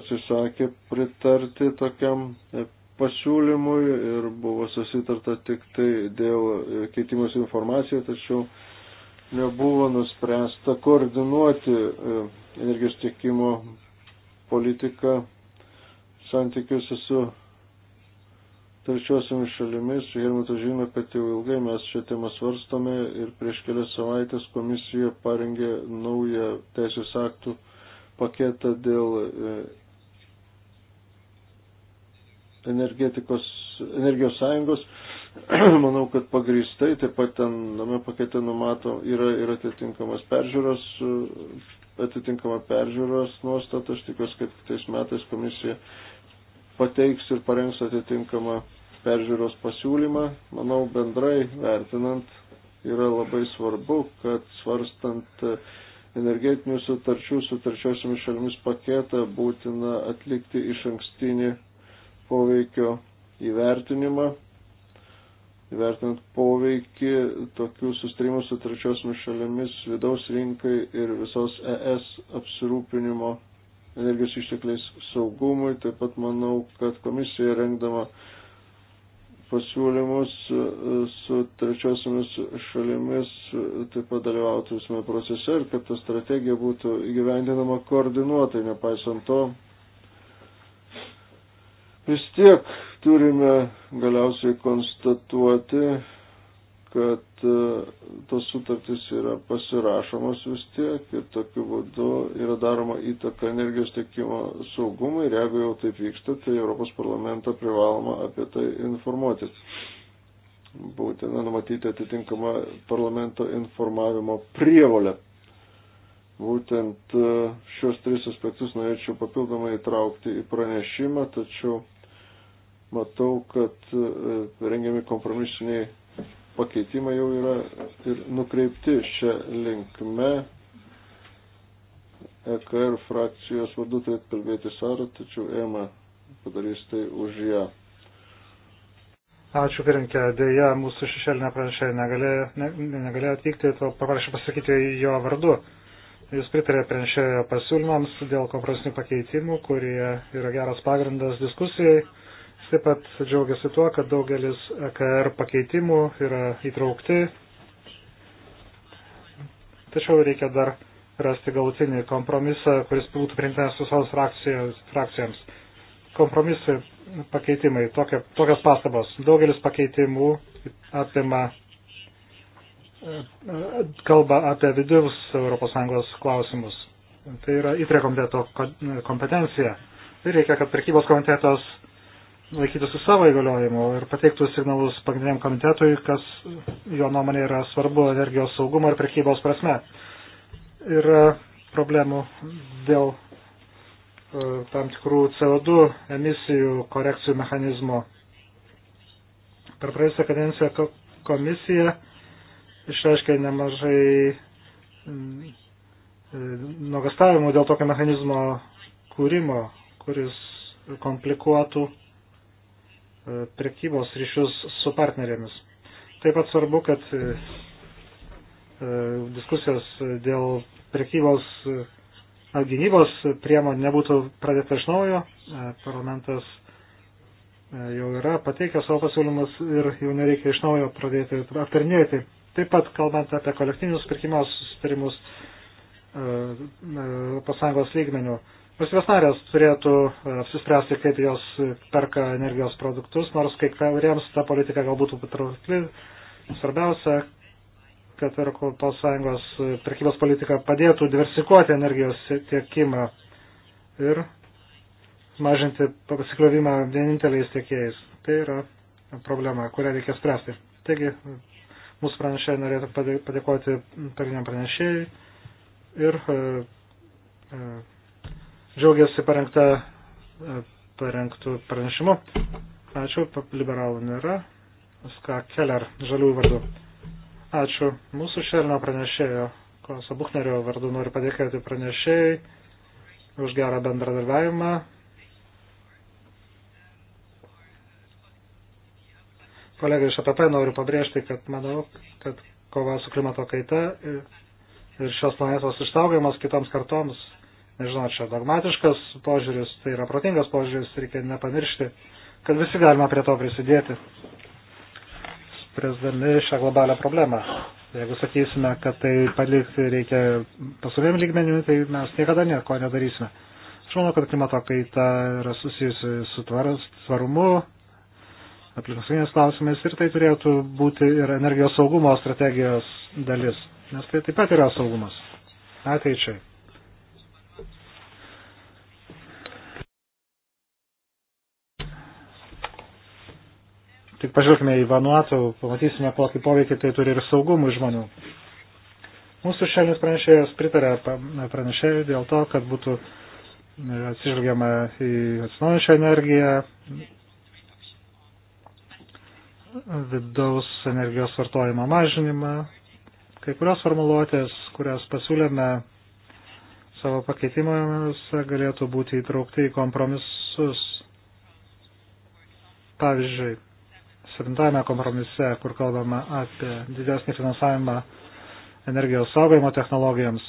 atsisakė pritarti tokiam pasiūlymui ir buvo susitarta tik tai dėl keitimus informaciją, tačiau nebuvo nuspręsta koordinuoti e, energijos tiekimo politiką santykiuose su trečiosiomis šalimis. Helmutas žino, kad jau ilgai mes šią temą svarstome ir prieš kelias savaitės komisija parengė naują teisės aktų paketą dėl e, energetikos, energijos sąjungos. Manau, kad pagristai, taip pat ten tame pakete numato yra ir atitinkamas peržiūros, atitinkama peržiūros nuostata. Aš tikiuosi, kad kitais metais komisija pateiks ir parengs atitinkamą peržiūros pasiūlymą. Manau, bendrai vertinant yra labai svarbu, kad svarstant energetinių sutarčių su trečiosiomis šalimis paketą būtina atlikti iš ankstinį poveikio įvertinimą, įvertinant poveikį tokių sustarimų su trečiosiomis šalimis vidaus rinkai ir visos ES apsirūpinimo energijos ištekliais saugumui. Taip pat manau, kad komisija rengdama pasiūlymus e, su trečiosiomis šalimis e, taip pat dalyvautų visame procese ir kad ta strategija būtų įgyvendinama koordinuotai, nepaisant to, Vis tiek turime galiausiai konstatuoti, kad e, tos sutartys yra pasirašomos vis tiek ir tokiu būdu yra daroma įtaka energijos tiekimo saugumui ir jeigu jau taip vyksta, tai Europos parlamentą privaloma apie tai informuoti. Būtina numatyti atitinkamą parlamento informavimo prievolę. Būtent e, šios tris aspektus norėčiau papildomai įtraukti į pranešimą, tačiau matau, kad e, rengiami kompromisiniai pakeitimai jau yra ir nukreipti šią linkme. EKR frakcijos vardu turėtų kalbėti Sara, tačiau Ema padarys tai už ją. Ačiū, pirinkė. Deja, mūsų šešėlinė pranešė negalėjo, ne, negalėjo atvykti, to paprašė pasakyti jo vardu. Jis pritarė pranešėjo pasiūlymams dėl kompromisinių pakeitimų, kurie yra geras pagrindas diskusijai taip pat džiaugiasi tuo, kad daugelis EKR pakeitimų yra įtraukti, tačiau reikia dar rasti galutinį kompromisą, kuris būtų priimtinas visoms frakcijoms. Kompromisai pakeitimai, tokia, tokios pastabos. Daugelis pakeitimų apima kalba apie vidus ES klausimus. Tai yra įtrė komiteto kompetencija. Tai reikia, kad prekybos komitetas laikytųsi savo įgaliojimų ir pateiktų signalus pagrindiniam komitetui, kas jo nuomonė yra svarbu energijos saugumo ir prekybos prasme. Yra problemų dėl e, tam tikrų CO2 emisijų korekcijų mechanizmo. Per praėjusią kadenciją komisija išreiškė nemažai mm, e, nuogastavimų dėl tokio mechanizmo kūrimo, kuris komplikuotų E, prekybos ryšius su partnerėmis. Taip pat svarbu, kad e, e, diskusijos dėl prekybos gynybos priemonių nebūtų pradėta iš naujo. Parlamentas jau yra pateikęs savo pasiūlymus ir jau nereikia iš naujo pradėti aptarnėti. Taip pat, kalbant apie kolektyvinius pirkimo susitarimus pasąjungos lygmenių, Valstybės narės turėtų e, apsispręsti, kaip jos perka energijos produktus, nors kai kuriems ta politika galbūt patraukli. Svarbiausia, kad Europos Sąjungos prekybos politika padėtų diversifikuoti energijos tiekimą ir mažinti pasikliovimą vieninteliais tiekėjais. Tai yra problema, kurią reikia spręsti. Taigi, mūsų pranešėjai norėtų padėkoti periniam pranešėjai ir e, e, džiaugiasi parengta, e, parengtų pranešimu. Ačiū, liberalų nėra. Ska Keller, žaliųjų vardu. Ačiū. Mūsų šelino pranešėjo, Koso Buchnerio vardu noriu padėkėti pranešėjai už gerą bendradarbiavimą. Kolegai iš APP noriu pabrėžti, kad manau, kad kova su klimato kaita ir šios planetos išsaugojimas kitoms kartoms nežinau, čia dogmatiškas požiūris, tai yra protingas požiūris, reikia nepamiršti, kad visi galima prie to prisidėti, spręsdami šią globalią problemą. Jeigu sakysime, kad tai palikti reikia pasaulėm lygmenių, tai mes niekada nieko nedarysime. Aš manau, kad klimato kaita yra susijusi su tvaras, tvarumu, aplinkosauginės klausimais ir tai turėtų būti ir energijos saugumo strategijos dalis, nes tai taip pat yra saugumas ateičiai. tik pažvelgime į Vanuatų, pamatysime, kokį poveikį tai turi ir saugumui žmonių. Mūsų šalinis pranešėjas pritarė pranešėjui dėl to, kad būtų e, atsižvelgiama į atsinaujančią energiją, vidaus energijos vartojimo mažinimą. Kai kurios formuluotės, kurias pasiūlėme savo pakeitimams, galėtų būti įtraukti į kompromisus. Pavyzdžiui, septintame kompromise, kur kalbama apie didesnį finansavimą energijos saugojimo technologijoms,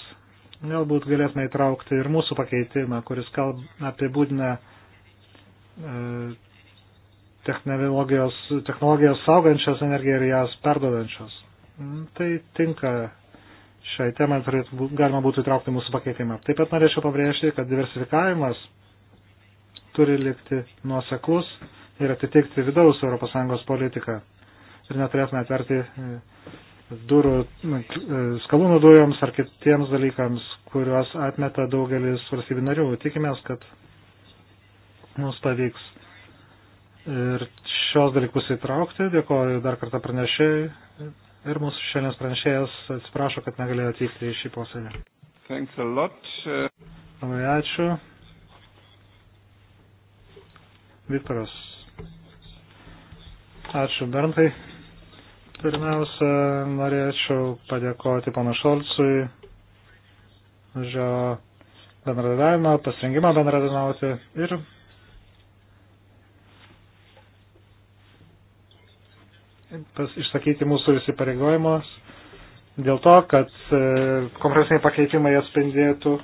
galbūt galėtume įtraukti ir mūsų pakeitimą, kuris kalb apibūdina e, technologijos, technologijos saugančios energiją ir jas perdodančios. Mm, tai tinka šiai temai, turėtų, galima būtų įtraukti mūsų pakeitimą. Taip pat norėčiau pabrėžti, kad diversifikavimas turi likti nuoseklus ir atitikti vidaus ES politiką. Ir neturėtume atverti e, durų e, skalūnų dujoms ar kitiems dalykams, kuriuos atmeta daugelis valstybių narių. Tikimės, kad mums pavyks ir šios dalykus įtraukti. Dėkoju dar kartą pranešėjai ir mūsų šiandienos pranešėjas atsiprašo, kad negalėjo atvykti į šį posėdį. Thanks a lot. Labai ačiū. Viktoras. Ačiū, Berntai. Pirmiausia, norėčiau padėkoti pana Šolcui už jo bendradavimą, pasirengimą bendradavimauti ir pas, išsakyti mūsų įsipareigojimus dėl to, kad e, kompresiniai pakeitimai atspindėtų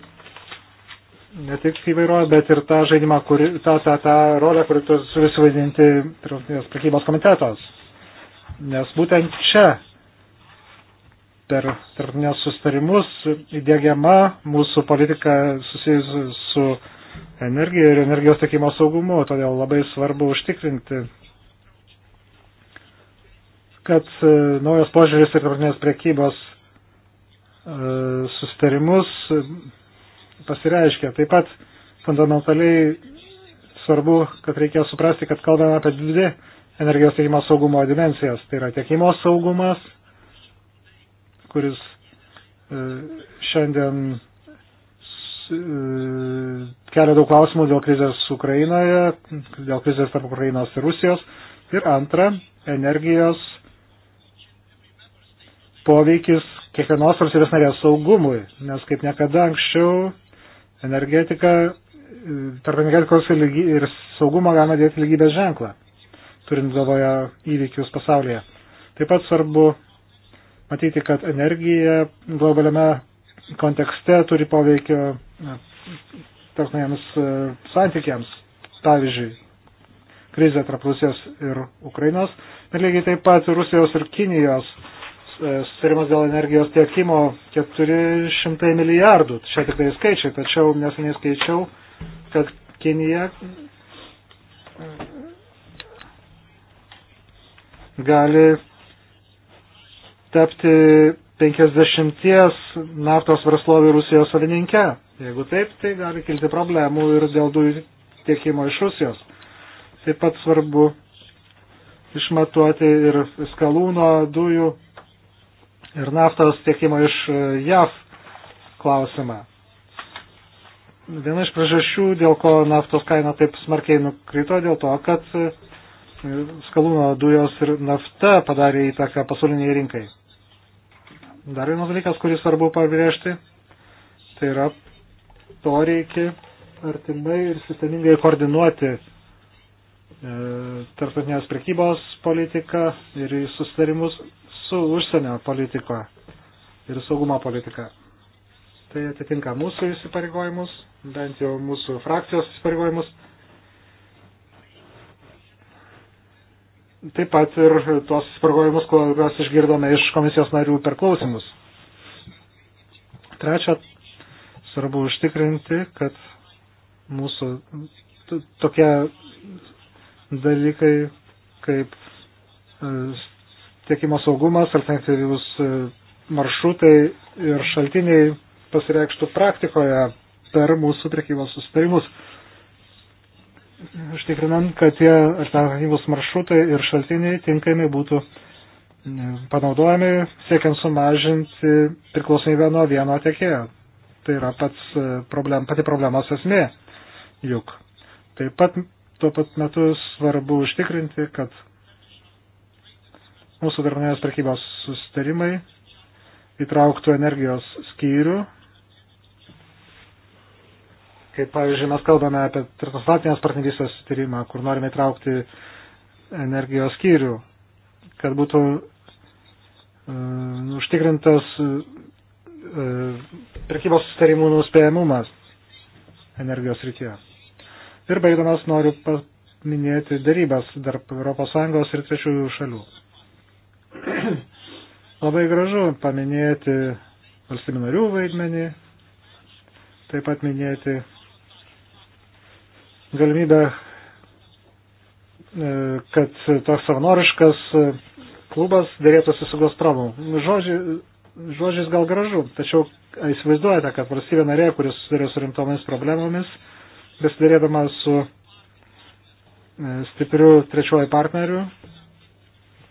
ne tik įvairovę, bet ir tą žaidimą, kuri, tą, tą, tą rolę, kurį turi suvaidinti Tarptautinės prekybos komitetas. Nes būtent čia per tarptautinės sustarimus įdėgiama mūsų politika susijusi su energija ir energijos tiekimo saugumu, todėl labai svarbu užtikrinti, kad e, naujas požiūris ir tarptautinės prekybos e, sustarimus pasireiškia. Taip pat fundamentaliai svarbu, kad reikia suprasti, kad kalbame apie dvi energijos tiekimo saugumo dimensijas. Tai yra tiekimo saugumas, kuris e, šiandien e, kelia daug klausimų dėl krizės Ukrainoje, dėl krizės tarp Ukrainos ir Rusijos. Ir antra, energijos poveikis kiekvienos valstybės narės saugumui, nes kaip niekada anksčiau Energetika, tarp energetikos ir saugumo galima dėti lygybės ženklą, turint galvoje įvykius pasaulyje. Taip pat svarbu matyti, kad energija globaliame kontekste turi poveikio tarptautiniams e, santykiams. Pavyzdžiui, krizė tarp Rusijos ir Ukrainos, bet lygiai taip pat Rusijos ir Kinijos E, sutarimas dėl energijos tiekimo 400 milijardų. Čia tik tai skaičiai, tačiau neseniai skaičiau, kad Kinija gali tapti 50 naftos verslovių Rusijos savininke. Jeigu taip, tai gali kilti problemų ir dėl dujų tiekimo iš Rusijos. Taip pat svarbu išmatuoti ir skalūno dujų ir naftos tiekimo iš e, JAV klausimą. Viena iš priežasčių, dėl ko naftos kaina taip smarkiai nukrito, dėl to, kad e, skalūno dujos ir nafta padarė įtaką pasauliniai rinkai. Dar vienas dalykas, kurį svarbu pabrėžti, tai yra poreikį artimai ir sistemingai koordinuoti e, tarptautinės prekybos politiką ir susitarimus su užsienio politika ir saugumo politika. Tai atitinka mūsų įsipareigojimus, bent jau mūsų frakcijos įsipareigojimus. Taip pat ir tuos įsipareigojimus, kuriuos išgirdome iš komisijos narių per klausimus. Trečia, svarbu užtikrinti, kad mūsų tokie dalykai kaip e, tiekimo saugumas, alternatyvus e, maršrutai ir šaltiniai pasireikštų praktikoje per mūsų prekybos sustarimus. Užtikrinant, kad tie alternatyvus maršrutai ir šaltiniai tinkami būtų panaudojami, siekiant sumažinti priklausomybę nuo vieno tiekėjo. Tai yra pats e, problem, pati problemos esmė. Juk taip pat tuo pat metu svarbu užtikrinti, kad mūsų tarptautinės prekybos sustarimai įtrauktų energijos skyrių. Kaip pavyzdžiui, mes kalbame apie transatlantinės partnerystės sustarimą, kur norime įtraukti energijos skyrių, kad būtų uh, užtikrintas uh, prekybos sustarimų nuspėjamumas energijos rytyje. Ir baigdamas noriu paminėti darybas tarp ES ir trečiųjų šalių. Labai gražu paminėti valstybių narių vaidmenį, taip pat minėti galimybę, e, kad toks savanoriškas e, klubas dėrėtųsi su Gazpromu. Žodžiai, žodžiais gal gražu, tačiau įsivaizduojate, kad valstybė narė, kuris susiduria su rimtomis problemomis, besidėrėdama su e, stipriu trečiuoju partneriu,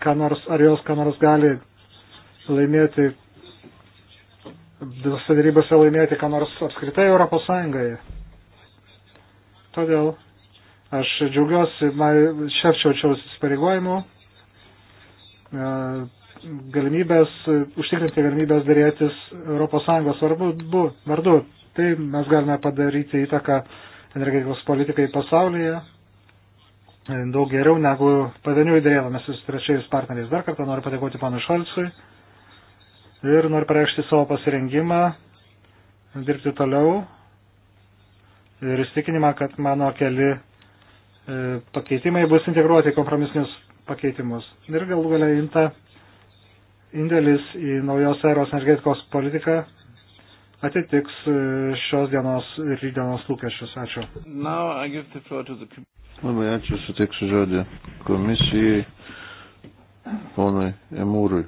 ką nors, ar jos ką nors gali laimėti, visose darybose laimėti ką nors apskritai Europos Sąjungoje. Todėl aš džiaugiuosi Šefčiaučiaus įsipareigojimu e, galimybės, užtikrinti galimybės dėrėtis ES vardu. Tai mes galime padaryti įtaką energetikos politikai pasaulyje daug geriau negu pavieniui dėrėdamės su trečiais partneriais. Dar kartą noriu padėkoti panui Šalcui ir noriu pareikšti savo pasirengimą dirbti toliau ir įstikinimą, kad mano keli e, pakeitimai bus integruoti į kompromisinius pakeitimus. Ir galų galia inta indėlis į naujos eros energetikos politiką atitiks e, šios dienos ir rydienos lūkesčius. Ačiū. Labai ačiū, suteiksiu žodį komisijai, ponui Emūrui.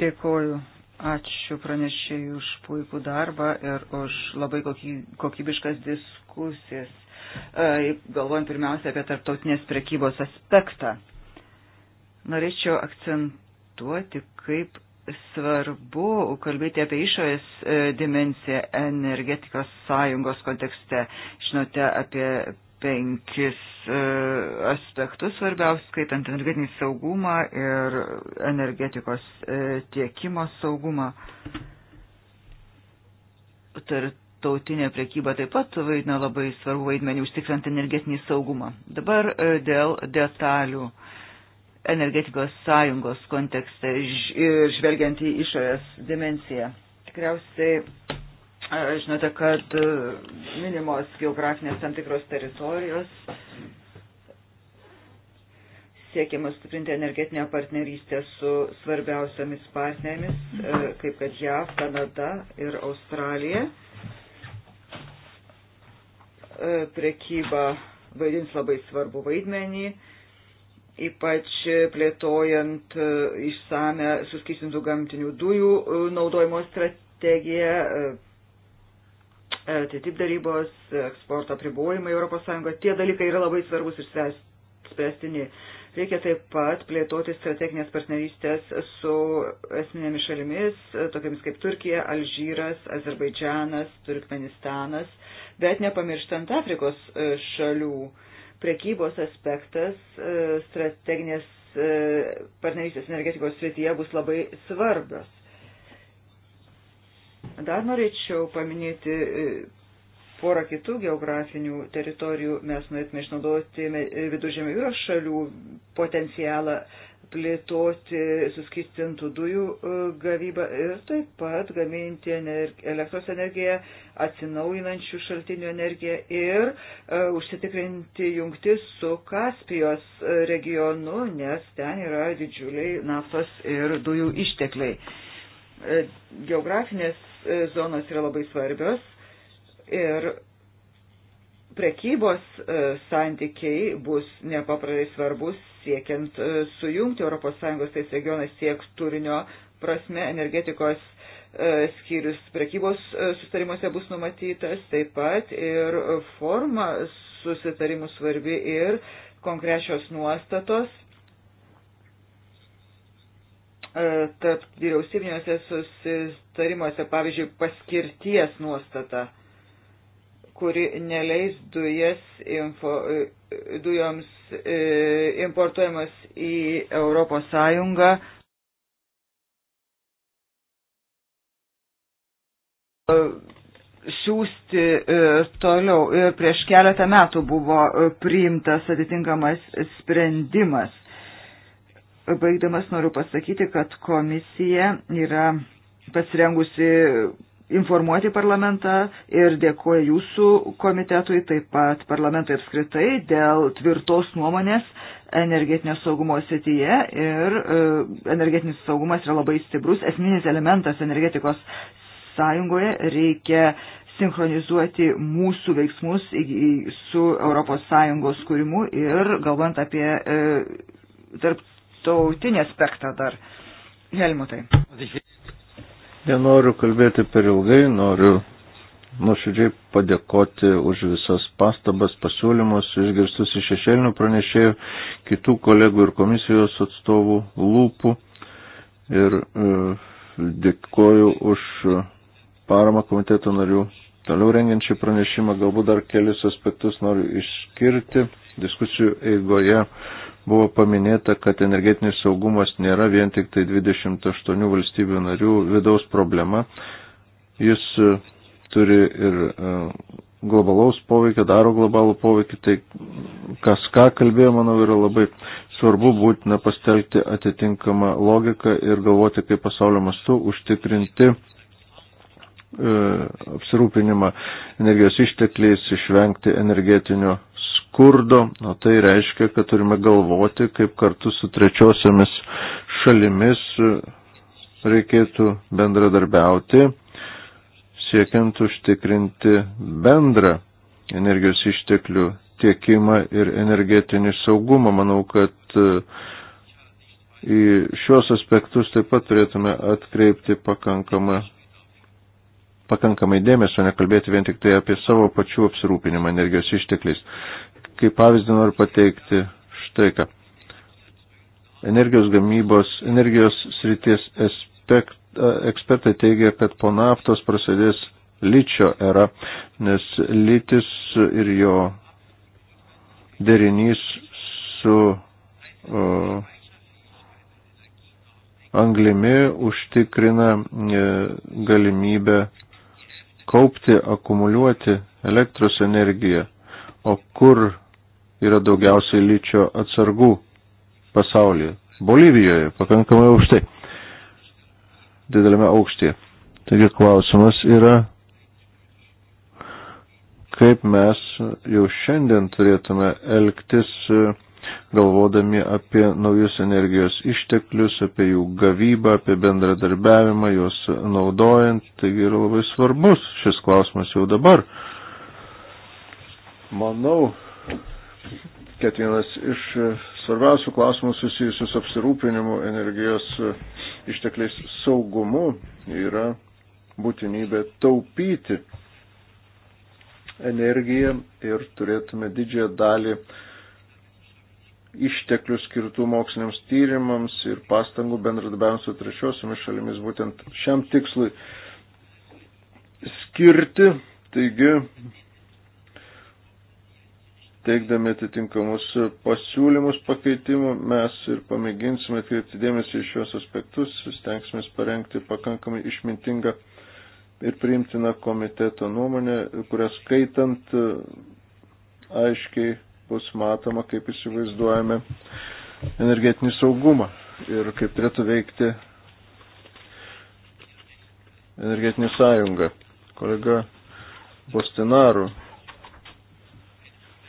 Dėkoju. Ačiū pranešėjai už puikų darbą ir už labai kokybiškas diskusijas, e, galvojant pirmiausia apie tarptautinės prekybos aspektą. Norėčiau akcentuoti, kaip svarbu kalbėti apie išorės e, dimenciją energetikos sąjungos kontekste. Žinote apie penkis e, aspektus svarbiausius, skaitant energetinį saugumą ir energetikos e, tiekimo saugumą. Tartautinė prekyba taip pat vaidina labai svarbu vaidmenį užtikrinant energetinį saugumą. Dabar dėl detalių energetikos sąjungos kontekste ir žvelgiant į išorės dimenciją. Tikriausiai žinote, kad e, minimos geografinės tam tikros teritorijos siekiama stiprinti energetinę partnerystę su svarbiausiamis partnerėmis, e, kaip kad JAV, Kanada ir Australija. E, prekyba vaidins labai svarbu vaidmenį ypač plėtojant e, išsame suskistintų gamtinių dujų e, naudojimo strategiją, e, tai taip darybos, eksporto pribojimai ES, tie dalykai yra labai svarbus ir spręstini. Reikia taip pat plėtoti strateginės partnerystės su esminėmis šalimis, tokiamis kaip Turkija, Alžyras, Azerbaidžianas, Turkmenistanas, bet nepamirštant Afrikos šalių prekybos aspektas e, strateginės e, partnerystės energetikos srityje bus labai svarbios. Dar norėčiau paminėti e, porą kitų geografinių teritorijų. Mes norėtume išnaudoti viduržėmio jūros šalių potencialą plėtoti suskistintų dujų e, gavybą ir taip pat gaminti energi elektros energiją, atsinaujinančių šaltinių energiją ir uh, užsitikrinti jungtis su Kaspijos regionu, nes ten yra didžiuliai naftos ir dujų ištekliai. E, geografinės zonos yra labai svarbios ir prekybos santykiai bus nepaprastai svarbus siekiant e, sujungti ES tais regionais tiek turinio prasme energetikos e, skyrius prekybos e, sustarimuose bus numatytas, taip pat ir forma susitarimų svarbi ir konkrečios nuostatos tarp vyriausybiniuose susitarimuose, pavyzdžiui, paskirties nuostata, kuri neleis dujas info, dujoms E, importuojamos į Europos Sąjungą siūsti e, toliau. Ir prieš keletą metų buvo e, priimtas atitinkamas sprendimas. Baigdamas noriu pasakyti, kad komisija yra pasirengusi informuoti parlamentą ir dėkuoju jūsų komitetui, taip pat parlamentui apskritai dėl tvirtos nuomonės energetinio saugumo srityje ir e, energetinis saugumas yra labai stiprus, esminis elementas energetikos sąjungoje reikia sinchronizuoti mūsų veiksmus su ES kūrimu ir galvant apie e, tarptautinį aspektą dar. Helmutai. Nenoriu kalbėti per ilgai, noriu nuoširdžiai padėkoti už visas pastabas, pasiūlymus, išgirstus iš šešėlinių pranešėjų, kitų kolegų ir komisijos atstovų lūpų. Ir e, dėkoju už e, paramą komiteto narių Toliau rengiančią pranešimą galbūt dar kelis aspektus noriu išskirti. Diskusijų eigoje buvo paminėta, kad energetinis saugumas nėra vien tik tai 28 valstybių narių vidaus problema. Jis e, turi ir e, globalaus poveikio, daro globalų poveikį, tai kas ką kalbėjo, manau, yra labai svarbu būtina pastelgti atitinkamą logiką ir galvoti, kaip pasaulio mastu užtikrinti E, apsirūpinimą energijos ištekliais, išvengti energetinio skurdo, o tai reiškia, kad turime galvoti, kaip kartu su trečiosiamis šalimis e, reikėtų bendradarbiauti, siekiant užtikrinti bendrą energijos išteklių tiekimą ir energetinį saugumą. Manau, kad e, į šios aspektus taip pat turėtume atkreipti pakankamą pakankamai dėmesio, nekalbėti vien tik tai apie savo pačių apsirūpinimą energijos ištekliais. Kaip pavyzdį noriu pateikti štai ką. Energijos gamybos, energijos srities aspekt, ekspertai teigia, kad po naftos prasidės ličio era, nes lytis ir jo derinys su uh, anglimi užtikrina e, galimybę kaupti, akumuliuoti elektros energiją, o kur yra daugiausiai lyčio atsargų pasaulyje. Bolivijoje pakankamai aukštai, didelėme aukštyje. Taigi klausimas yra, kaip mes jau šiandien turėtume elgtis galvodami apie naujus energijos išteklius, apie jų gavybą, apie bendradarbiavimą, juos naudojant. Taigi yra labai svarbus šis klausimas jau dabar. Manau, kad vienas iš svarbiausių klausimų susijusius apsirūpinimu energijos ištekliais saugumu yra būtinybė taupyti energiją ir turėtume didžiąją dalį išteklių skirtų moksliniams tyrimams ir pastangų bendradarbiavimams su trečiosiomis šalimis būtent šiam tikslui skirti. Taigi, teikdami atitinkamus pasiūlymus pakeitimų, mes ir pamėginsime atkreipti dėmesį į šios aspektus, stengsime parengti pakankamai išmintingą ir priimtiną komiteto nuomonę, kurią skaitant aiškiai bus matoma, kaip įsivaizduojame energetinį saugumą ir kaip turėtų veikti energetinė sąjunga. Kolega Bostinaru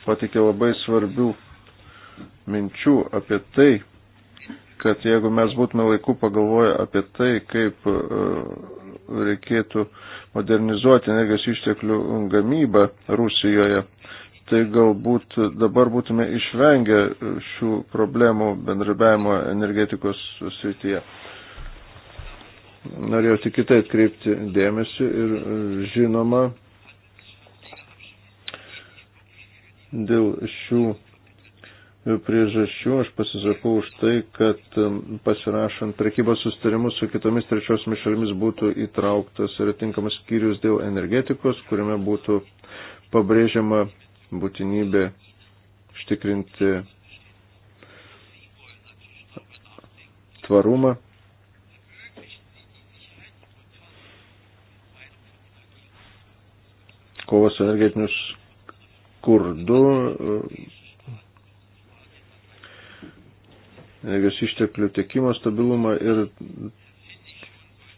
patikė labai svarbių minčių apie tai, kad jeigu mes būtume laiku pagalvoję apie tai, kaip e, reikėtų modernizuoti energijos išteklių gamybą Rusijoje, tai galbūt dabar būtume išvengę šių problemų bendrabiavimo energetikos srityje. Norėjau tik kitai atkreipti dėmesį ir žinoma, dėl šių priežasčių aš pasisakau už tai, kad um, pasirašant prekybos sustarimus su kitomis trečiosiomis šalimis būtų įtrauktas ir tinkamas skyrius dėl energetikos, kuriame būtų pabrėžiama būtinybė ištikrinti tvarumą. Kovos energetinius kurdų energijos išteklių tiekimo stabilumą ir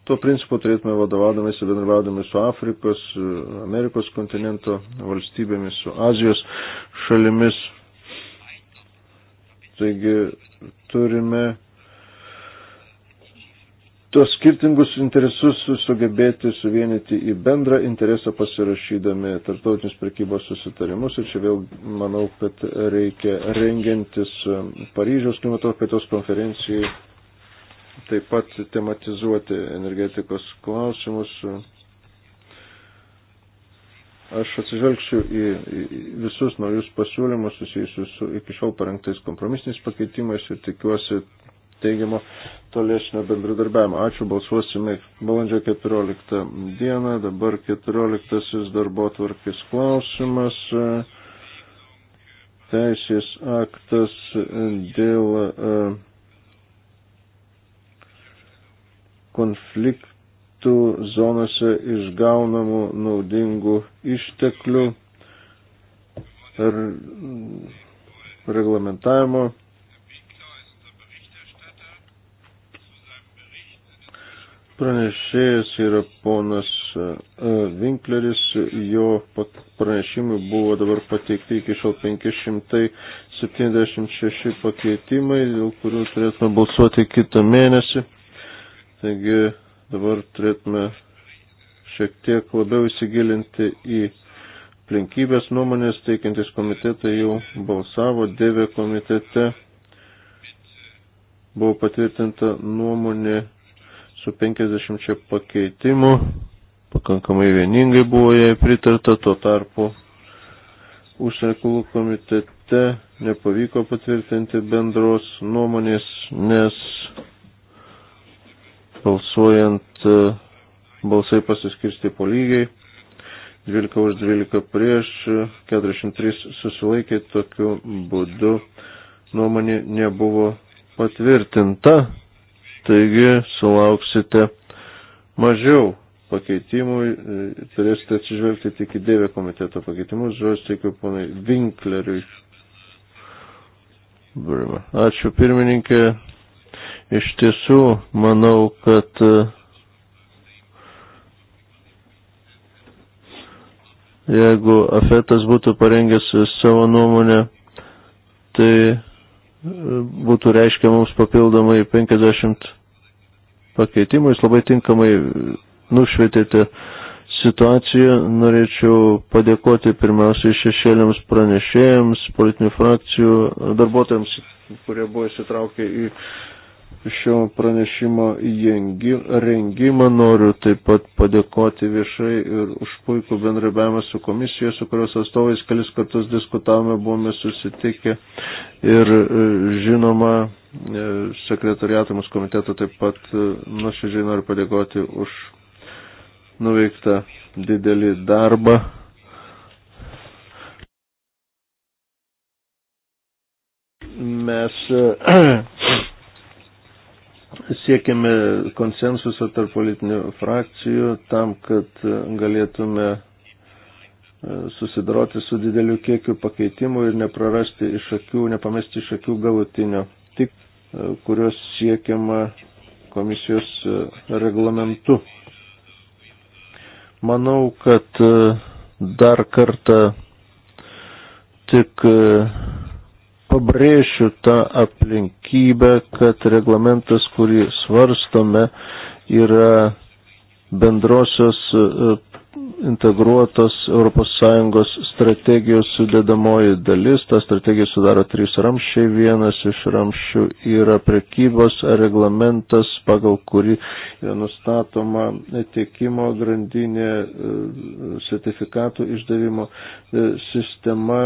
Tuo principu turėtume vadovaudomėsi, bendravaudami su Afrikos, Amerikos kontinento valstybėmis, su Azijos šalimis. Taigi turime tuos skirtingus interesus sugebėti suvienyti į bendrą interesą pasirašydami tarptautinius prekybos susitarimus. Ir čia vėl manau, kad reikia rengiantis Paryžiaus klimato kaitos konferencijai taip pat tematizuoti energetikos klausimus. Aš atsižvelgsiu į visus naujus pasiūlymus susijusius su iki šiol parengtais kompromisiniais pakeitimais ir tikiuosi teigiamo tolesnio bendradarbiavimo. Ačiū, balsuosime balandžio 14 dieną, dabar 14 darbo tvarkis klausimas, teisės aktas dėl e, konfliktų zonose išgaunamų naudingų išteklių ir reglamentavimo. Pranešėjas yra ponas Vinkleris, e, jo pranešimui buvo dabar pateikti iki šiol 576 pakeitimai, dėl kurių turėtume balsuoti kitą mėnesį. Taigi dabar turėtume šiek tiek labiau įsigilinti į aplinkybės nuomonės, teikiantis komitetai jau balsavo, dėvė komitete buvo patvirtinta nuomonė su 50 pakeitimu, pakankamai vieningai buvo jai pritarta, tuo tarpu užsienio komitete nepavyko patvirtinti bendros nuomonės, nes Balsuojant e, balsai pasiskirsti po lygiai. 12 už 12 prieš, 43 e, susilaikė tokiu būdu. Nuomonė nebuvo patvirtinta, taigi sulauksite mažiau pakeitimų, e, turėsite atsižvelgti tik į dėvę komiteto pakeitimus, žodžiu, teikiu ponai Vinkleriui. Ačiū pirmininkė, Iš tiesų, manau, kad e, jeigu Afetas būtų parengęs savo nuomonę, tai e, būtų reiškia mums papildomai 50 pakeitimų. Jūs labai tinkamai nušvietėte situaciją. Norėčiau padėkoti pirmiausiai šešėliams pranešėjams, politinių frakcijų, darbuotojams, kurie buvo įsitraukę į šio pranešimo rengimą. Noriu taip pat padėkoti viešai ir už puikų bendrabiavimą su komisija, su kurios atstovais kelis kartus diskutavome, buvome susitikę ir e, žinoma e, sekretariatą mūsų komiteto taip pat e, nuoširdžiai noriu padėkoti už nuveiktą didelį darbą. Mes siekiame konsensuso tarp politinių frakcijų tam, kad galėtume e, susidaroti su dideliu kiekiu pakeitimų ir neprarasti iš akių, nepamesti iš akių galutinio, tik e, kurios siekiama komisijos e, reglamentu. Manau, kad dar kartą tik pabrėšiu tą aplinkybę, kad reglamentas, kurį svarstome, yra bendrosios e, integruotos ES strategijos sudėdamoji dalis. Ta strategija sudaro trys ramščiai. Vienas iš ramščių yra prekybos reglamentas, pagal kurį yra nustatoma tiekimo grandinė e, sertifikatų išdavimo e, sistema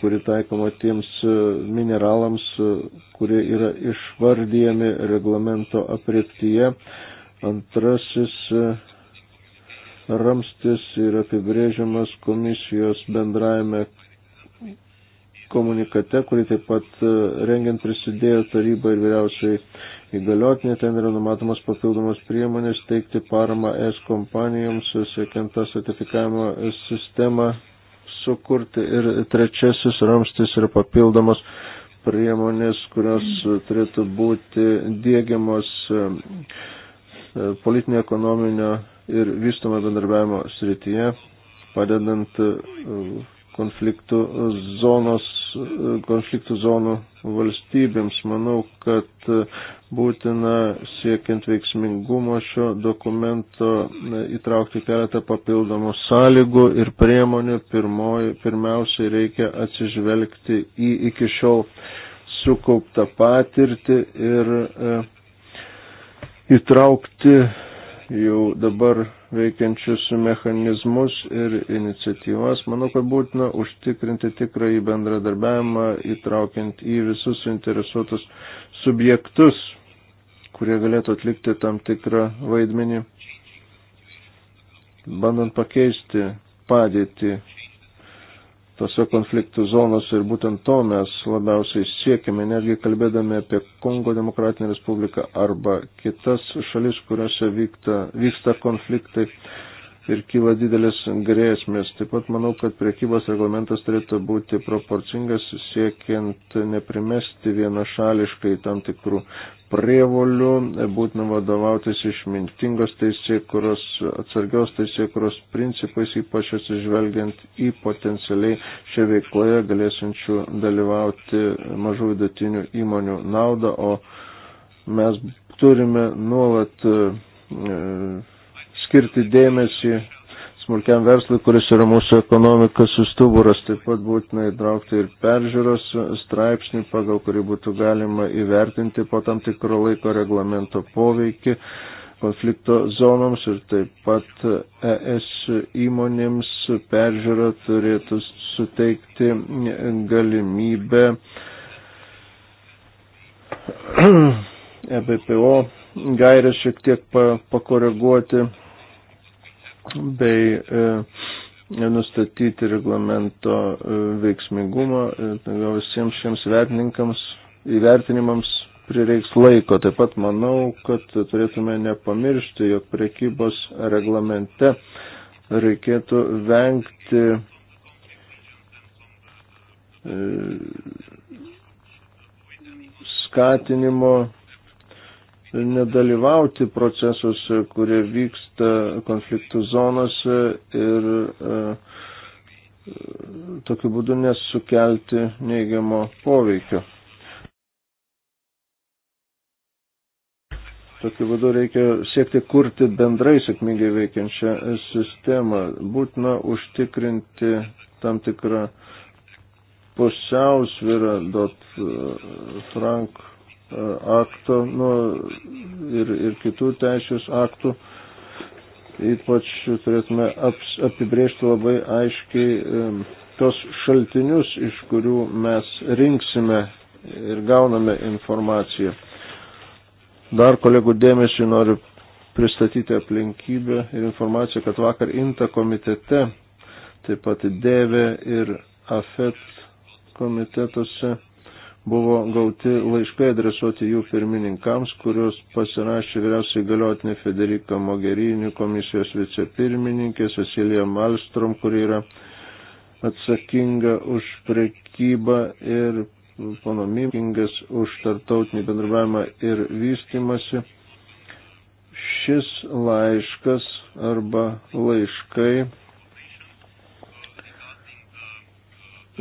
kuri taikoma tiems e, mineralams, e, kurie yra išvardyjami reglamento apriektyje. Antrasis e, ramstis yra apibrėžiamas komisijos bendrajame komunikate, kurį taip pat rengiant prisidėjo taryba ir vyriausiai įgaliotinė. Ten yra numatomas papildomas priemonės teikti paramą S kompanijoms, siekiant tą sertifikavimo sistemą sukurti ir trečiasis ramstis ir papildomos priemonės, kurios turėtų būti dėgiamos e, politinio, ekonominio ir vystomo bendarbiavimo srityje, padedant e, konfliktų, zonos, konfliktų zonų valstybėms. Manau, kad būtina siekiant veiksmingumo šio dokumento įtraukti keletą papildomų sąlygų ir priemonių. Pirmoji, pirmiausiai reikia atsižvelgti į iki šiol sukauptą patirtį ir e, įtraukti jau dabar veikiančius mechanizmus ir iniciatyvas. Manau, kad būtina užtikrinti tikrąjį bendradarbiavimą, įtraukiant į visus suinteresuotus subjektus, kurie galėtų atlikti tam tikrą vaidmenį, bandant pakeisti padėtį tose konfliktų zonose ir būtent to mes labiausiai siekime, netgi kalbėdami apie Kongo demokratinę respubliką arba kitas šalis, kuriuose vyksta, vyksta konfliktai ir kyla didelis grėsmės. Taip pat manau, kad priekybos reglamentas turėtų būti proporcingas, siekiant neprimesti vienašališkai tam tikrų prievolių, būtina vadovautis išmintingos teisėkuros, atsargios teisėkuros principais, ypač atsižvelgiant į potencialiai šią veikloje galėsinčių dalyvauti mažų vidutinių įmonių naudą, o mes turime nuolat e, skirti dėmesį smulkiam verslui, kuris yra mūsų ekonomikos sustuburas. Taip pat būtina įtraukti ir peržiūros straipsnį, pagal kurį būtų galima įvertinti po tam tikro laiko reglamento poveikį konflikto zonoms ir taip pat ES įmonėms peržiūra turėtų suteikti galimybę EBPO gairę šiek tiek pakoreguoti bei e, nustatyti reglamento e, veiksmingumą. E, tai visiems šiems įvertinimams prireiks laiko. Taip pat manau, kad turėtume nepamiršti, jog priekybos reglamente reikėtų vengti skatinimo nedalyvauti procesuose, kurie vyksta konfliktų zonose ir e, tokiu būdu nesukelti neigiamo poveikio. Tokiu būdu reikia siekti kurti bendrai sėkmingai veikiančią sistemą. Būtina užtikrinti tam tikrą pusiausvyrą. Dot e, Frank akto nu, ir, ir kitų teisės aktų. Ypač turėtume aps, apibrėžti labai aiškiai tos šaltinius, iš kurių mes rinksime ir gauname informaciją. Dar kolegų dėmesį noriu pristatyti aplinkybę ir informaciją, kad vakar INTA komitete, taip pat DEVE ir AFET komitetuose buvo gauti laiškai adresuoti jų pirmininkams, kuriuos pasirašė vyriausiai galiotinė Federika Mogherini, komisijos vicepirmininkė Cecilija Malstrom, kuri yra atsakinga už prekybą ir ponomimingas už tartautinį bendravimą ir vystimasi. Šis laiškas arba laiškai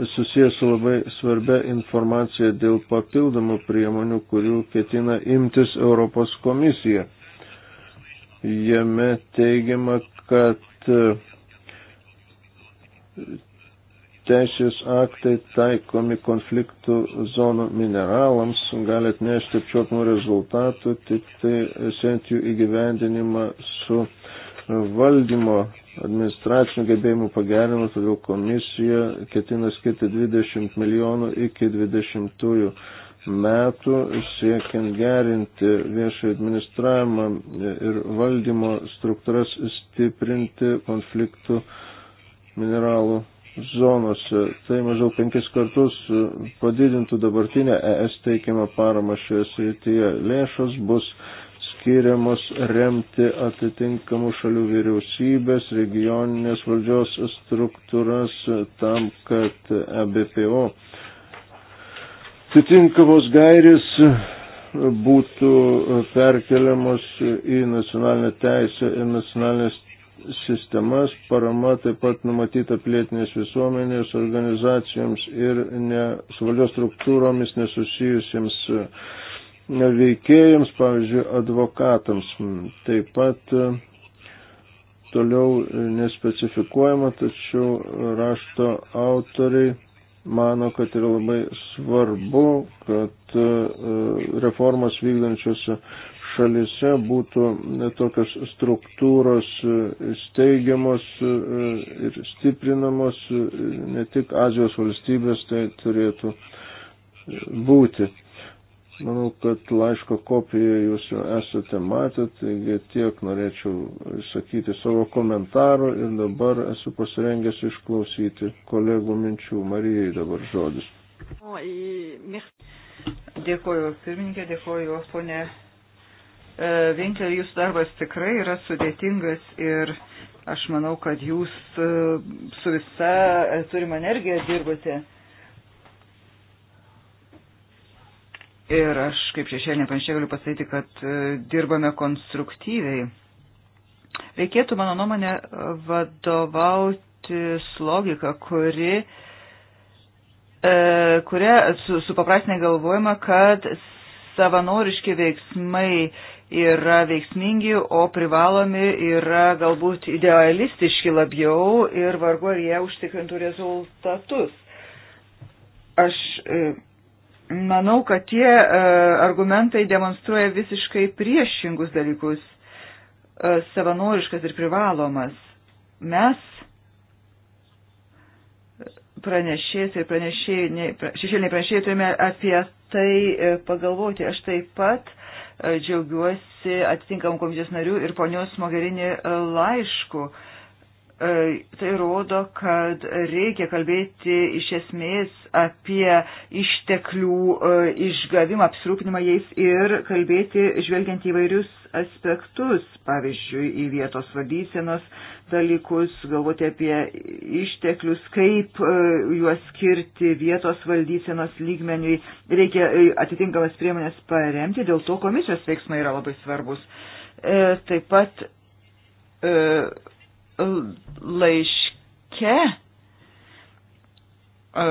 susijęs su labai svarbia informacija dėl papildomų priemonių, kurių ketina imtis Europos komisija. Jame teigiama, kad e, teisės aktai taikomi konfliktų zonų mineralams gali atnešti apčiopimų rezultatų, tik tai sent jų įgyvendinimą su valdymo administracinių gebėjimų pagerinimą, todėl komisija ketina skirti 20 milijonų iki 20 metų siekiant gerinti viešą administravimą ir valdymo struktūras stiprinti konfliktų mineralų zonose. Tai maždaug penkis kartus padidintų dabartinę ES teikiamą paramą šioje srityje. Lėšos bus skiriamos remti atitinkamų šalių vyriausybės, regioninės valdžios struktūras tam, kad EBPO atitinkamos gairės būtų perkeliamos į nacionalinę teisę ir nacionalinės sistemas, parama taip pat numatyta plėtinės visuomenės organizacijoms ir ne, su valdžios struktūromis nesusijusiems uh, veikėjams, pavyzdžiui, advokatams. Taip pat e, toliau e, nespecifikuojama, tačiau rašto autoriai mano, kad yra labai svarbu, kad e, reformas vykdančiose šalise būtų tokios struktūros steigiamos ir stiprinamos, ne tik Azijos valstybės tai turėtų būti. Manau, kad laiško kopiją jūs jau esate matę, taigi tiek norėčiau išsakyti savo komentarų ir dabar esu pasirengęs išklausyti kolegų minčių. Marijai dabar žodis. Dėkuoju, pirmininkė, dėkuoju, ponė. E, Vinklė, jūsų darbas tikrai yra sudėtingas ir aš manau, kad jūs e, su visa e, turima energija dirbate Ir aš kaip šešėlinė panšė galiu pasakyti, kad e, dirbame konstruktyviai. Reikėtų, mano nuomonė, vadovautis logika, kuri, e, kuria su, supaprastinė galvojama, kad savanoriški veiksmai yra veiksmingi, o privalomi yra galbūt idealistiški labiau ir vargu ar jie užtikrintų rezultatus. Aš e, Manau, kad tie e, argumentai demonstruoja visiškai priešingus dalykus e, - savanoriškas ir privalomas. Mes pranešėjai ir pranešėjai, šešėliniai pranešėjai turime apie tai e, pagalvoti. Aš taip pat džiaugiuosi atitinkamų komisijos narių ir ponios Mogherini laišku. E, tai rodo, kad reikia kalbėti iš esmės apie išteklių e, išgavimą, apsirūpinimą jais ir kalbėti žvelgiant įvairius aspektus, pavyzdžiui, į vietos valdysenos dalykus, galvoti apie išteklius, kaip e, juos skirti vietos valdysenos lygmeniui. Reikia atitinkamas priemonės paremti, dėl to komisijos veiksmai yra labai svarbus. Taip pat laiške e,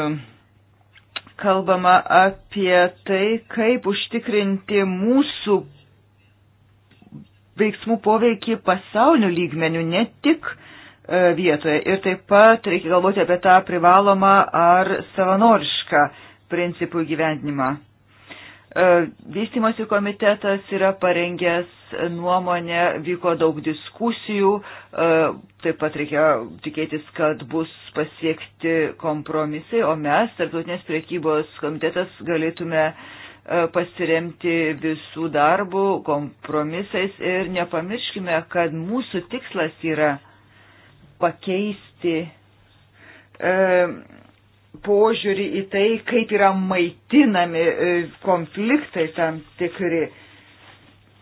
kalbama apie tai, kaip užtikrinti mūsų veiksmų poveikį pasaulio lygmenių, ne tik e, vietoje. Ir taip pat reikia galvoti apie tą privalomą ar savanorišką principų gyvendinimą. E, vystimosi komitetas yra parengęs nuomonė, vyko daug diskusijų, e, taip pat reikia tikėtis, kad bus pasiekti kompromisai, o mes, Tarptautinės priekybos komitetas, galėtume e, pasiremti visų darbų, kompromisais ir nepamirškime, kad mūsų tikslas yra pakeisti e, požiūrį į tai, kaip yra maitinami e, konfliktai tam tikri. E,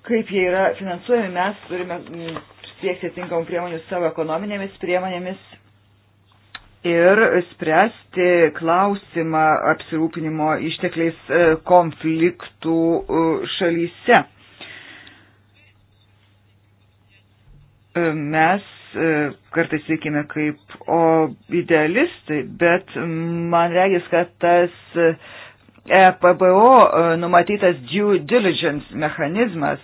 kaip jie yra finansuojami, mes turime mm, siekti tinkamų priemonių savo ekonominėmis priemonėmis ir spręsti klausimą apsirūpinimo ištekliais e, konfliktų e, šalyse. E, mes kartais veikime kaip o idealistai, bet man regis, kad tas uh, E PBO e, numatytas due diligence mechanizmas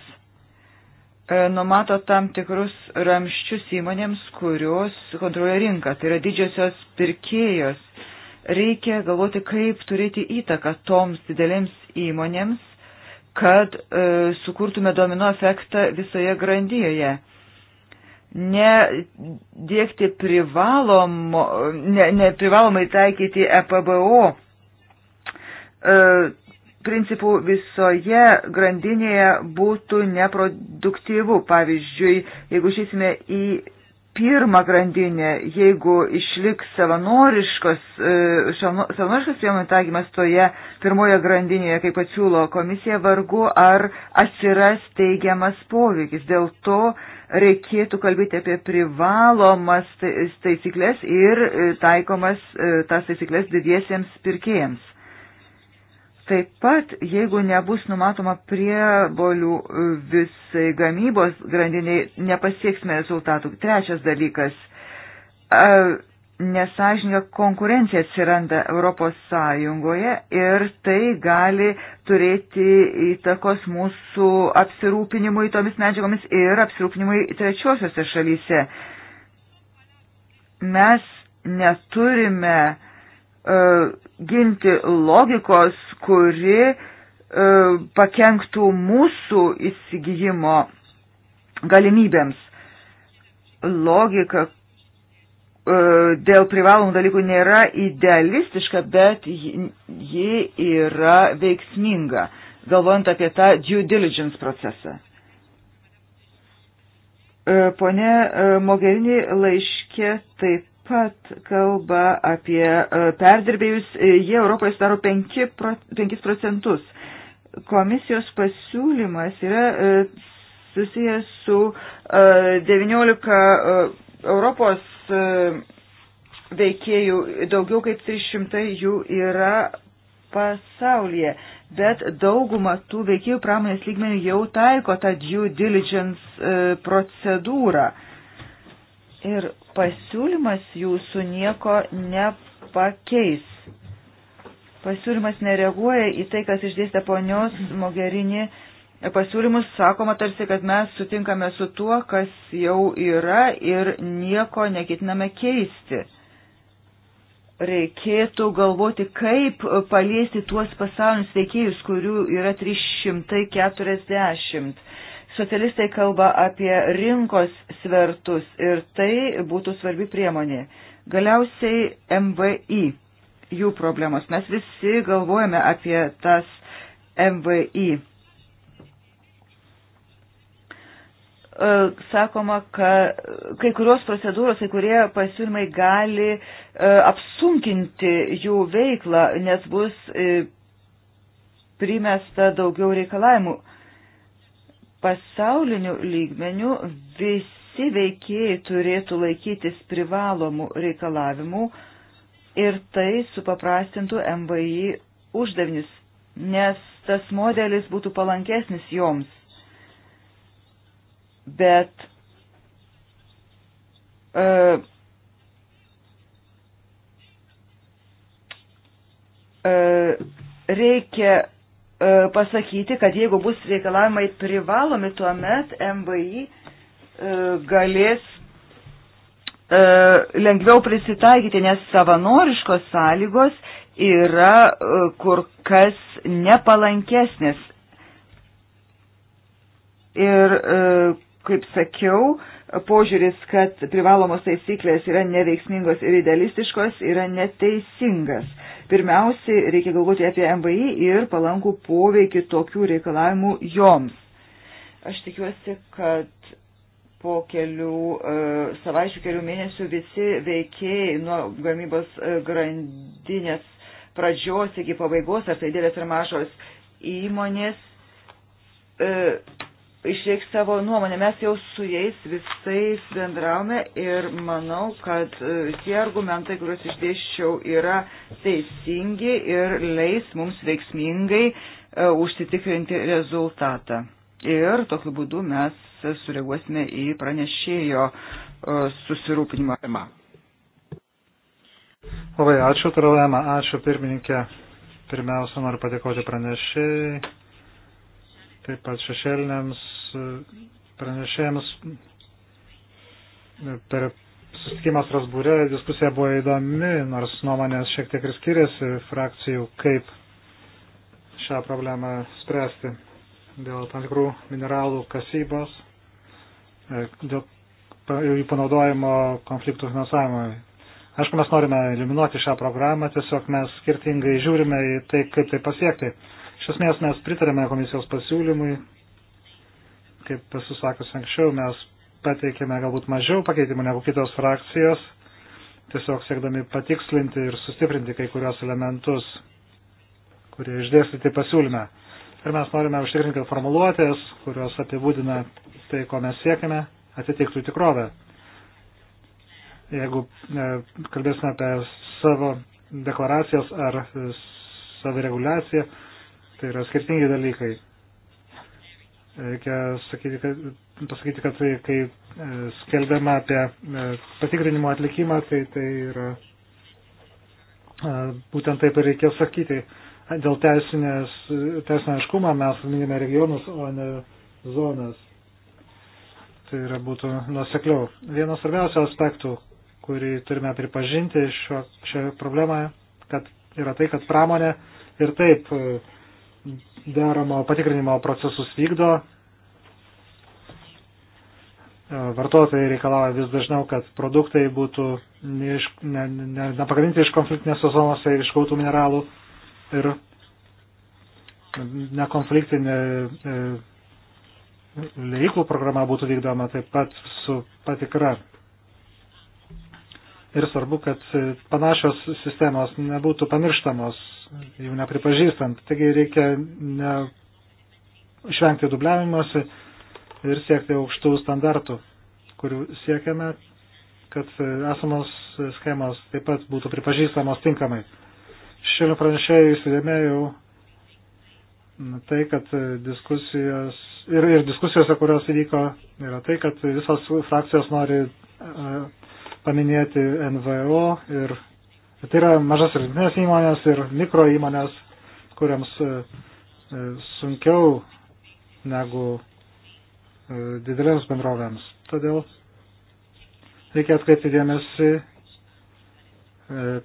e, numato tam tikrus ramščius įmonėms, kurios kontroliuoja rinką, tai yra didžiosios pirkėjos. Reikia galvoti, kaip turėti įtaką toms didelėms įmonėms, kad e, sukurtume domino efektą visoje grandijoje. Ne dėkti privalomo, ne, ne privalomai taikyti EPBO E, principų visoje grandinėje būtų neproduktyvu. Pavyzdžiui, jeigu žiūrėsime į pirmą grandinę, jeigu išliks savanoriškos, e, savanoriškas priemonių taikymas toje pirmoje grandinėje, kaip atsiūlo komisija, vargu ar atsiras teigiamas poveikis. Dėl to reikėtų kalbėti apie privalomas tai-, taisyklės ir e, taikomas tas taisyklės didiesiems pirkėjams. Taip pat, jeigu nebus numatoma priebolių e, visai gamybos grandiniai, nepasieksime rezultatų. Trečias dalykas nesažininga konkurencija atsiranda Europos Sąjungoje ir tai gali turėti įtakos mūsų apsirūpinimui tomis medžiagomis ir apsirūpinimui trečiosiose šalyse. Mes neturime E, ginti logikos, kuri e, pakenktų mūsų įsigijimo galimybėms. Logika e, dėl privalomų dalykų nėra idealistiška, bet ji yra veiksminga, galvojant apie tą due diligence procesą. Pone Mogerini laiškė taip pat kalba apie e, perdirbėjus, e, jie Europoje sudaro 5 procentus. Komisijos pasiūlymas yra e, susijęs su 19 Europos veikėjų, daugiau kaip 300 jų yra pasaulyje, bet dauguma tų veikėjų pramonės lygmenių jau taiko tą due diligence procedūrą. Uh, Ir pasiūlymas jūsų nieko nepakeis. Pasiūlymas nereaguoja į tai, kas išdėstė ponios Mogerini pasiūlymus, sakoma tarsi, kad mes sutinkame su tuo, kas jau yra ir nieko neketiname keisti. Reikėtų galvoti, kaip paliesti tuos pasaulinius veikėjus, kurių yra 340 Socialistai kalba apie rinkos svertus ir tai būtų svarbi priemonė. Galiausiai MVI, jų problemos. Mes visi galvojame apie tas MVI. E, sakoma, kad kai kurios procedūros, kai kurie pasiūlymai gali e, apsunkinti jų veiklą, nes bus e, primesta daugiau reikalavimų. Pasauliniu lygmeniu visi veikėjai turėtų laikytis privalomų reikalavimų ir tai supaprastintų MVI uždavinius, nes tas modelis būtų palankesnis joms. Bet uh, uh, reikia E, pasakyti, kad jeigu bus reikalavimai privalomi, tuomet MVI e, galės e, lengviau prisitaikyti, nes savanoriškos sąlygos yra kur kas nepalankesnės. Ir, kaip sakiau, požiūris, kad privalomos taisyklės yra neveiksmingos ir idealistiškos, yra neteisingas. Pirmiausiai reikia galvoti apie MVI ir palankų poveikį tokių reikalavimų joms. Aš tikiuosi, kad po kelių e, savaičių, kelių mėnesių visi veikėjai nuo gamybos e, grandinės pradžios iki pabaigos, ar tai dėlės ir mažos įmonės, e, išreikš savo nuomonę. Mes jau su jais visais bendraume ir manau, kad e, tie argumentai, kuriuos išdėščiau, yra teisingi ir leis mums veiksmingai e, užsitikrinti rezultatą. Ir tokiu būdu mes sureaguosime į pranešėjo e, susirūpinimą. Labai ačiū, Karolema, ačiū pirmininkė. Pirmiausia, noriu padėkoti pranešėjai taip pat šešėliniams e, pranešėjams e, per susitikimas Rasbūrė diskusija buvo įdomi, nors nuomonės šiek tiek ir skiriasi frakcijų, kaip šią problemą spręsti dėl tam tikrų mineralų kasybos, e, dėl jų panaudojimo konfliktų finansavimui. Aišku, mes norime eliminuoti šią programą, tiesiog mes skirtingai žiūrime į tai, kaip tai pasiekti. Iš esmės mes pritarėme komisijos pasiūlymui. Kaip esu sakus anksčiau, mes pateikėme galbūt mažiau pakeitimų negu kitos frakcijos, tiesiog siekdami patikslinti ir sustiprinti kai kurios elementus, kurie išdėstyti pasiūlyme. Ir mes norime užtikrinti, kad formuluotės, kurios apibūdina tai, ko mes siekime, atitiktų tikrovę. Jeigu e, kalbėsime apie savo deklaracijas ar savireguliaciją, Tai yra skirtingi dalykai. Reikia sakyti, kad, pasakyti, kad tai, kai e, skelbiama apie e, patikrinimo atlikimą, tai tai yra e, būtent taip ir reikia sakyti. Dėl teisinės, teisinio aiškumo mes minime regionus, o ne zonas. Tai yra būtų nusekliau. Vienas svarbiausių aspektų, kurį turime pripažinti šio, šioje problemoje, kad yra tai, kad pramonė ir taip uh, deramo patikrinimo procesus vykdo. E, vartotojai reikalauja vis dažniau, kad produktai būtų neiš, ne, ne, nepagaminti iš konfliktinės zonos ir iškautų mineralų ir nekonfliktinė e, leiklų programa būtų vykdoma taip pat su patikra. Ir svarbu, kad panašios sistemos nebūtų pamirštamos jų nepripažįstant. Taigi reikia ne, išvengti dubliavimuose ir siekti aukštų standartų, kurių siekiame, kad esamos schemos taip pat būtų pripažįstamos tinkamai. Šiandien pranešėjai įsidėmėjau tai, kad diskusijos ir, ir diskusijose, kurios įvyko, yra tai, kad visos frakcijos nori paminėti NVO ir Tai yra mažas ir vidinės įmonės ir mikro įmonės, kuriams e, e, sunkiau negu e, didelėms bendrovėms. Todėl reikia atkreipti dėmesį,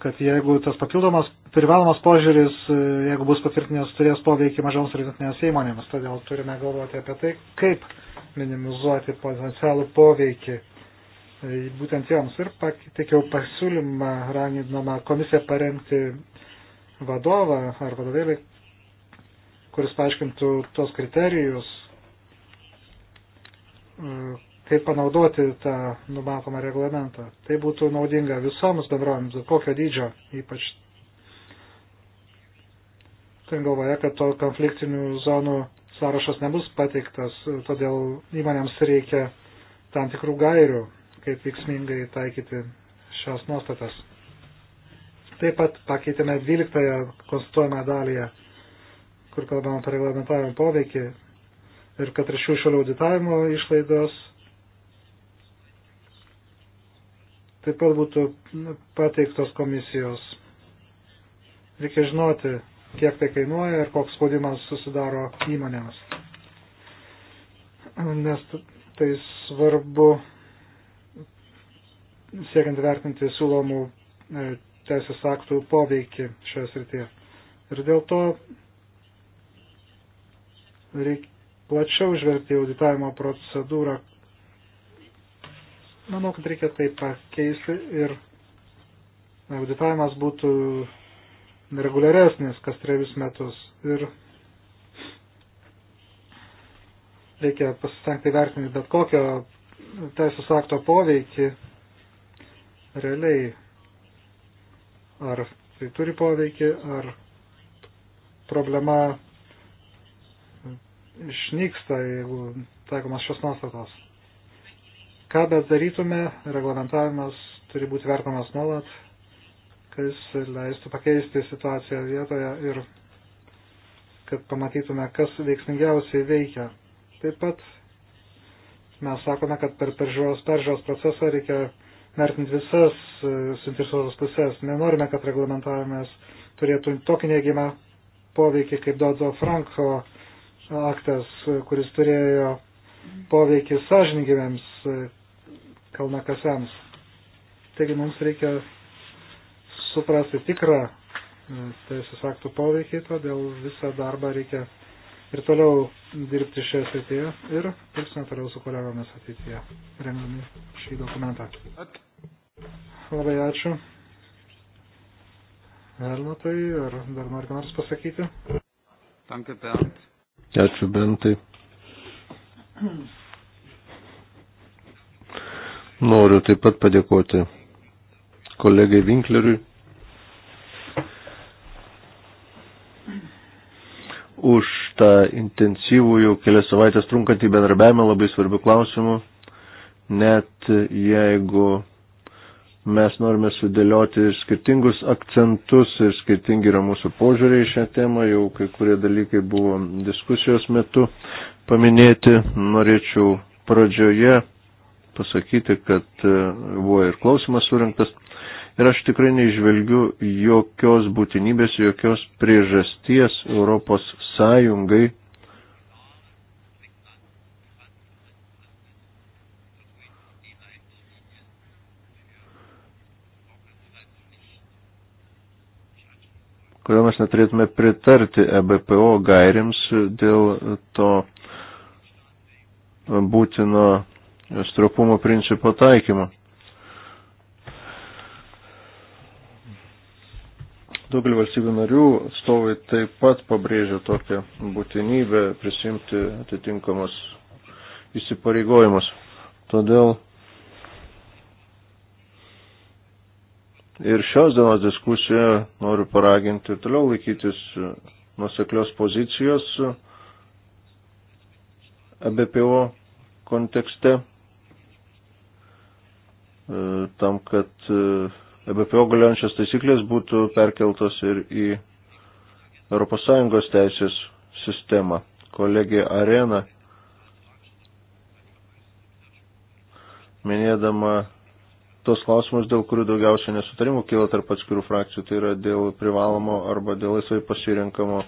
kad jeigu tas papildomas privalomas požiūris, jeigu bus patvirtinęs, turės poveikį mažoms ir vidutinės įmonėms. Todėl turime galvoti apie tai, kaip minimizuoti potencialų poveikį Tai būtent joms ir pateikiau pasiūlymą, raginama komisija parengti vadovą ar vadovėlį, kuris paaiškintų tos kriterijus, e, kaip panaudoti tą numatomą reglamentą. Tai būtų naudinga visoms bendrovėms, kokio dydžio ypač. Ten galvoja, kad to konfliktinių zonų sąrašas nebus pateiktas, todėl įmonėms reikia tam tikrų gairių kaip veiksmingai taikyti šios nuostatas. Taip pat pakeitėme 12 konstituojamą dalyje, kur kalbama apie reglamentavimo poveikį ir kad ir šių šalių auditavimo išlaidos taip pat būtų pateiktos komisijos. Reikia žinoti, kiek tai kainuoja ir koks spaudimas susidaro įmonėms. Nes tai svarbu siekiant vertinti siūlomų e, teisės aktų poveikį šioje srityje. Ir dėl to reikia plačiau žvelgti auditavimo procedūrą. Manau, kad reikia tai pakeisti ir auditavimas būtų reguliaresnis kas trejus metus. Ir reikia pasistengti vertinti bet kokio teisės akto poveikį realiai, ar tai turi poveikį, ar problema išnyksta, jeigu taikomas šios nuostatos. Ką bet darytume, reglamentavimas turi būti vertamas nuolat, kad jis leistų pakeisti situaciją vietoje ir kad pamatytume, kas veiksmingiausiai veikia. Taip pat mes sakome, kad per peržiūros, peržiūros procesą reikia vertinti visas e, suinteresuotas pusės. Nenorime, kad reglamentavimas turėtų tokį neigiamą poveikį kaip Dodo Franko aktas, kuris turėjo poveikį sąžininkėms e, kalnakasiams. Taigi mums reikia suprasti tikrą e, teisės aktų poveikį, todėl visą darbą reikia ir toliau dirbti šioje srityje ir dirbsime toliau su kolegomis ateityje, rengdami šį dokumentą. Labai ačiū. Helmutai, ar dar nori ką nors pasakyti? Danke, Bernd. Ačiū, Bentai. Noriu taip pat padėkoti kolegai Vinkleriui už tą intensyvų jau kelias savaitės trunkantį bendrabiavimą labai svarbių klausimų, net jeigu mes norime sudėlioti ir skirtingus akcentus ir skirtingi yra mūsų požiūriai šią temą, jau kai kurie dalykai buvo diskusijos metu paminėti, norėčiau pradžioje pasakyti, kad e, buvo ir klausimas surinktas Ir aš tikrai neižvelgiu jokios būtinybės, jokios priežasties Europos Sąjungai kodėl mes neturėtume pritarti EBPO gairiams dėl to būtino stropumo principo taikymo. Daugelį valstybių narių atstovai taip pat pabrėžia tokią būtinybę prisimti atitinkamas įsipareigojimus. Todėl ir šios dienos diskusiją noriu paraginti ir toliau laikytis nuseklios pozicijos ABPO kontekste e, tam, kad e, BPO galiojančios taisyklės būtų perkeltos ir į ES teisės sistemą. Kolegė Arena, minėdama tos klausimus, dėl kurių daugiausiai nesutarimų kyla tarp atskirų frakcijų, tai yra dėl privalomo arba dėl laisvai pasirinkamo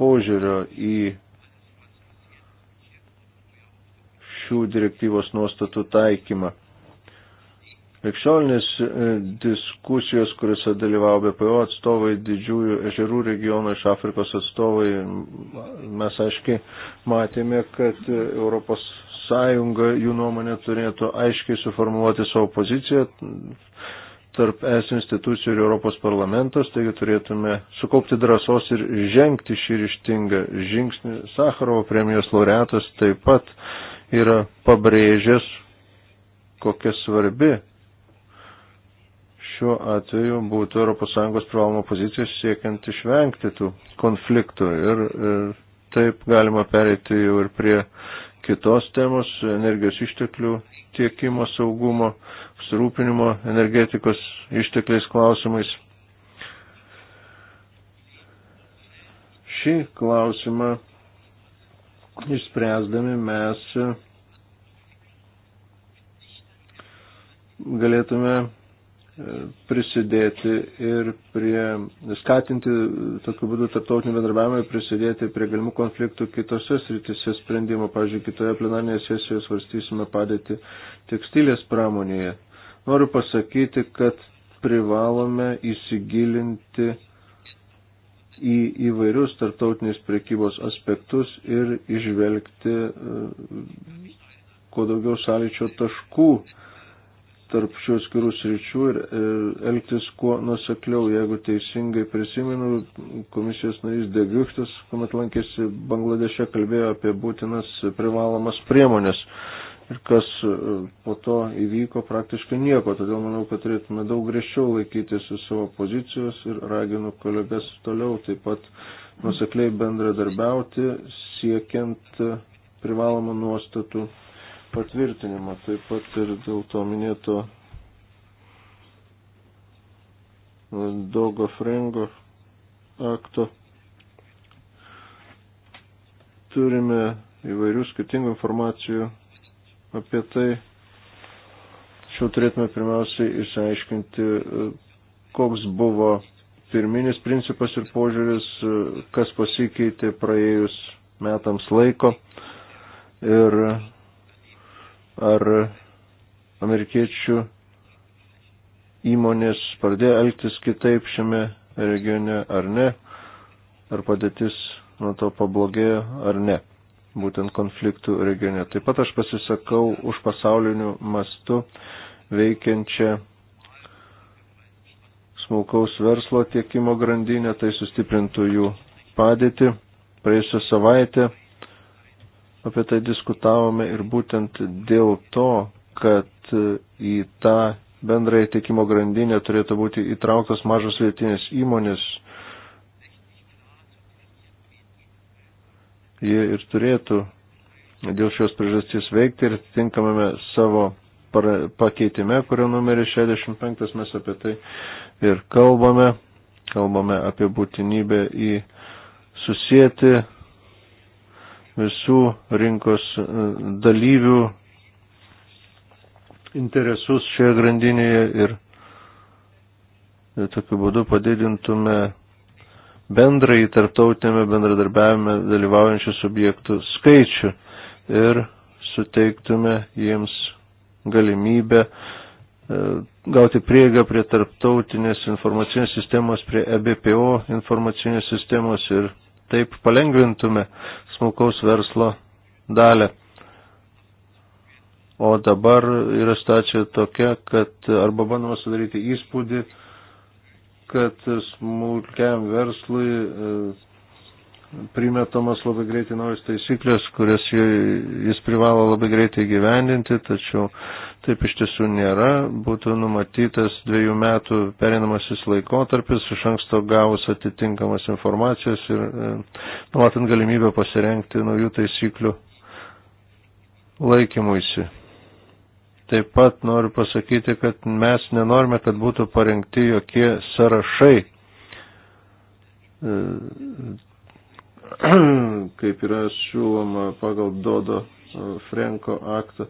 požiūrio į šių direktyvos nuostatų taikymą. Likščiolinės e, diskusijos, kuriuose dalyvavo BPO atstovai, didžiųjų ežerų regionų iš Afrikos atstovai, mes aiškiai matėme, kad Europos Sąjunga jų nuomonė turėtų aiškiai suformuoti savo poziciją tarp es institucijų ir Europos parlamentos, taigi turėtume sukaupti drąsos ir žengti šį ryštingą žingsnį. Sakarovo premijos laureatas taip pat yra pabrėžęs, kokia svarbi šiuo atveju būtų ES privaloma pozicija siekiant išvengti tų konfliktų. Ir, ir taip galima pereiti jau ir prie kitos temos - energijos išteklių tiekimo saugumo, apsirūpinimo energetikos ištekliais klausimais. Šį klausimą išspręsdami mes galėtume prisidėti ir prie skatinti tokiu būdu tarptautinį bendrabiavimą ir prisidėti prie galimų konfliktų kitose sritise sprendimo. Pavyzdžiui, kitoje plenarnėje sesijoje svarstysime padėti tekstilės pramonėje. Noriu pasakyti, kad privalome įsigilinti į įvairius tarptautinės priekybos aspektus ir išvelgti e, kuo daugiau sąlyčio taškų tarp šių skirų sričių ir e, elgtis kuo nusekliau. Jeigu teisingai prisimenu, komisijos narys Degiuchtas, kuomet lankėsi Bangladeše, kalbėjo apie būtinas privalomas priemonės. Ir kas e, po to įvyko praktiškai nieko, todėl manau, kad turėtume daug griežčiau laikytis savo pozicijos ir raginu kolegas toliau taip pat nusekliai bendradarbiauti, siekiant e, privalomų nuostatų patvirtinimą. Taip pat ir dėl to minėto Dogo Frengo akto turime įvairių skirtingų informacijų apie tai. Šiuo turėtume pirmiausiai išsiaiškinti, koks buvo pirminis principas ir požiūris, kas pasikeitė praėjus metams laiko ir ar amerikiečių įmonės pradėjo elgtis kitaip šiame regione ar ne, ar padėtis nuo to pablogėjo ar ne, būtent konfliktų regione. Taip pat aš pasisakau už pasaulinių mastų veikiančią smulkaus verslo tiekimo grandinę, tai sustiprintų jų padėtį. Praėjusią savaitę apie tai diskutavome ir būtent dėl to, kad į tą bendrąją tiekimo grandinę turėtų būti įtrauktos mažos vietinės įmonės. Jie ir turėtų dėl šios priežasties veikti ir tinkamame savo pakeitime, kurio numeris 65 mes apie tai ir kalbame. Kalbame apie būtinybę į susijęti visų rinkos e, dalyvių interesus šioje grandinėje ir e, tokiu būdu padidintume bendrai tarptautinėme bendradarbiavime dalyvaujančių subjektų skaičių ir suteiktume jiems galimybę e, gauti prieigą prie tarptautinės informacinės sistemos, prie EBPO informacinės sistemos ir taip palengvintume smulkaus verslo dalę. O dabar yra stačia tokia, kad arba bandoma sudaryti įspūdį, kad smulkiam verslui e, primetamas labai greitai naujas taisyklės, kurias jis privalo labai greitai gyvendinti, tačiau taip iš tiesų nėra. Būtų numatytas dviejų metų perinamasis laikotarpis, iš anksto gavus atitinkamas informacijos ir e, numatant galimybę pasirengti naujų taisyklių laikymuisi. Taip pat noriu pasakyti, kad mes nenorime, kad būtų parengti jokie sąrašai e, kaip yra siūloma pagal Dodo e, Frenko aktą.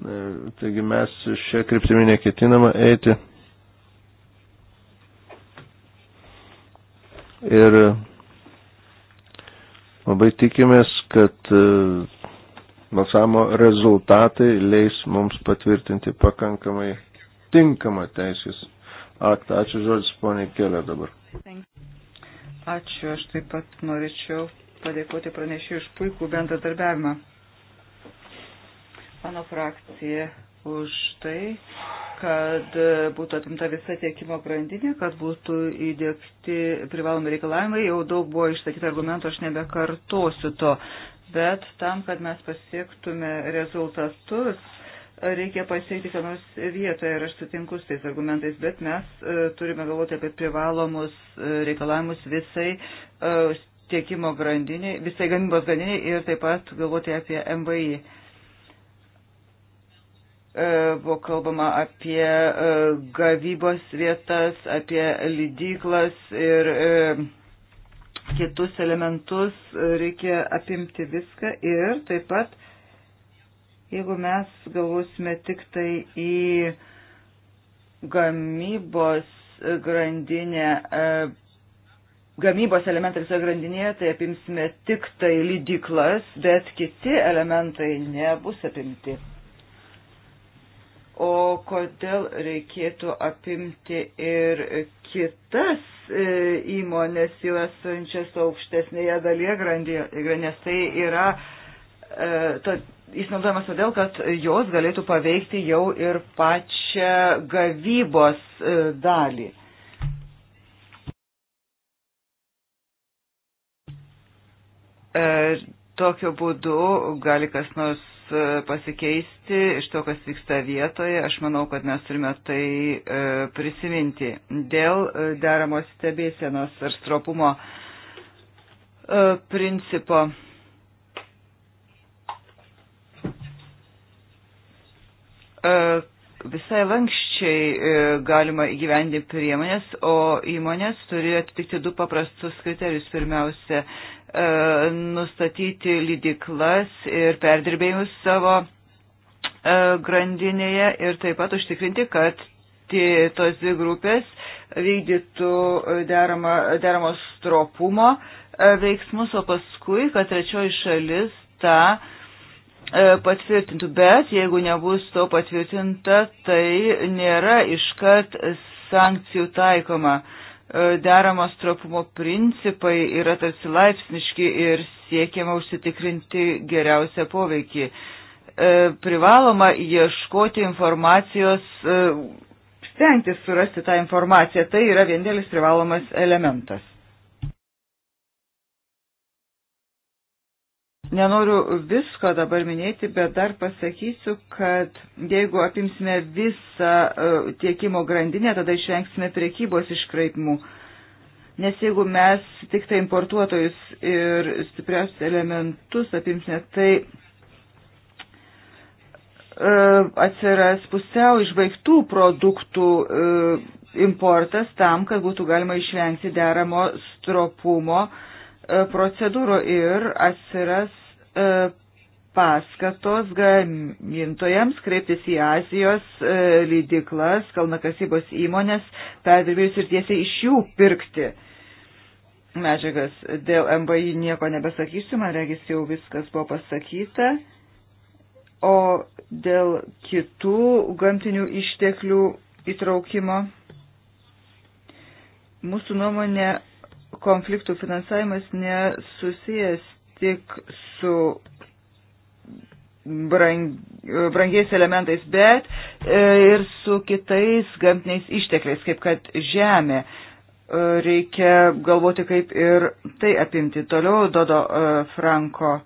E, taigi mes šią kryptimį neketinamą eiti. Ir labai tikimės, kad e, balsavimo rezultatai leis mums patvirtinti pakankamai tinkamą teisės aktą. Ačiū žodis, ponė Kelė dabar. Ačiū, aš taip pat norėčiau padėkoti pranešėjui už puikų bendradarbiavimą. Mano frakcija už tai, kad būtų atimta visa tiekimo grandinė, kad būtų įdėkti privalomi reikalavimai. Jau daug buvo išsakyta argumentų, aš nebekartosiu to bet tam, kad mes pasiektume rezultatus, reikia pasiekti ką nors vietoje ir aš sutinku su tais argumentais, bet mes e, turime galvoti apie privalomus e, reikalavimus visai e, tiekimo grandiniai, visai gamybos grandiniai ir taip pat galvoti apie MVI. E, buvo kalbama apie e, gavybos vietas, apie lydyklas ir e, kitus elementus, e, reikia apimti viską ir taip pat, jeigu mes galvosime tik tai į gamybos grandinę, e, gamybos elementai visoje grandinėje, tai apimsime tik tai lydiklas, bet kiti elementai nebus apimti. O kodėl reikėtų apimti ir kitas E, įmonės jau esančias aukštesnėje dalyje grandyje, nes tai yra, e, to, jis naudojamas todėl, kad jos galėtų paveikti jau ir pačią gavybos e, dalį. Tokiu būdu gali kas nors E, pasikeisti iš to, kas vyksta vietoje. Aš manau, kad mes turime tai e, prisiminti. Dėl e, deramos stebėsienos ir stropumo principo. Visai lankščiai sparčiai e, galima įgyvendinti priemonės, o įmonės turi atitikti du paprastus kriterijus. Pirmiausia, e, nustatyti lydiklas ir perdirbėjimus savo e, grandinėje ir taip pat užtikrinti, kad tos dvi grupės vykdytų derama, deramos stropumo veiksmus, o paskui, kad trečioji šalis tą E, patvirtintų, bet jeigu nebus to patvirtinta, tai nėra iškart sankcijų taikoma. E, deramos trapumo principai yra tarsi laipsniški ir siekiama užsitikrinti geriausią poveikį. E, privaloma ieškoti informacijos, stengtis surasti tą informaciją, tai yra vienintelis privalomas elementas. Nenoriu visko dabar minėti, bet dar pasakysiu, kad jeigu apimsime visą e, tiekimo grandinę, tada išvengsime priekybos iškraipimų. Nes jeigu mes tik tai importuotojus ir stipriausius elementus apimsime, tai e, atsiras pusiau išbaigtų produktų e, importas tam, kad būtų galima išvengti deramo stropumo procedūrų ir atsiras E, paskatos gamintojams kreiptis į Azijos e, lydiklas, kalnakasybos įmonės, perdirbėjus ir tiesiai iš jų pirkti medžiagas. Dėl MBI nieko nebesakysiu, man regis jau viskas buvo pasakyta. O dėl kitų gamtinių išteklių įtraukimo, mūsų nuomonė, konfliktų finansavimas nesusijęs tik su brang, brangiais elementais, bet e, ir su kitais gamtiniais ištekliais, kaip kad žemė. E, reikia galvoti, kaip ir tai apimti. Toliau Dodo e, Franko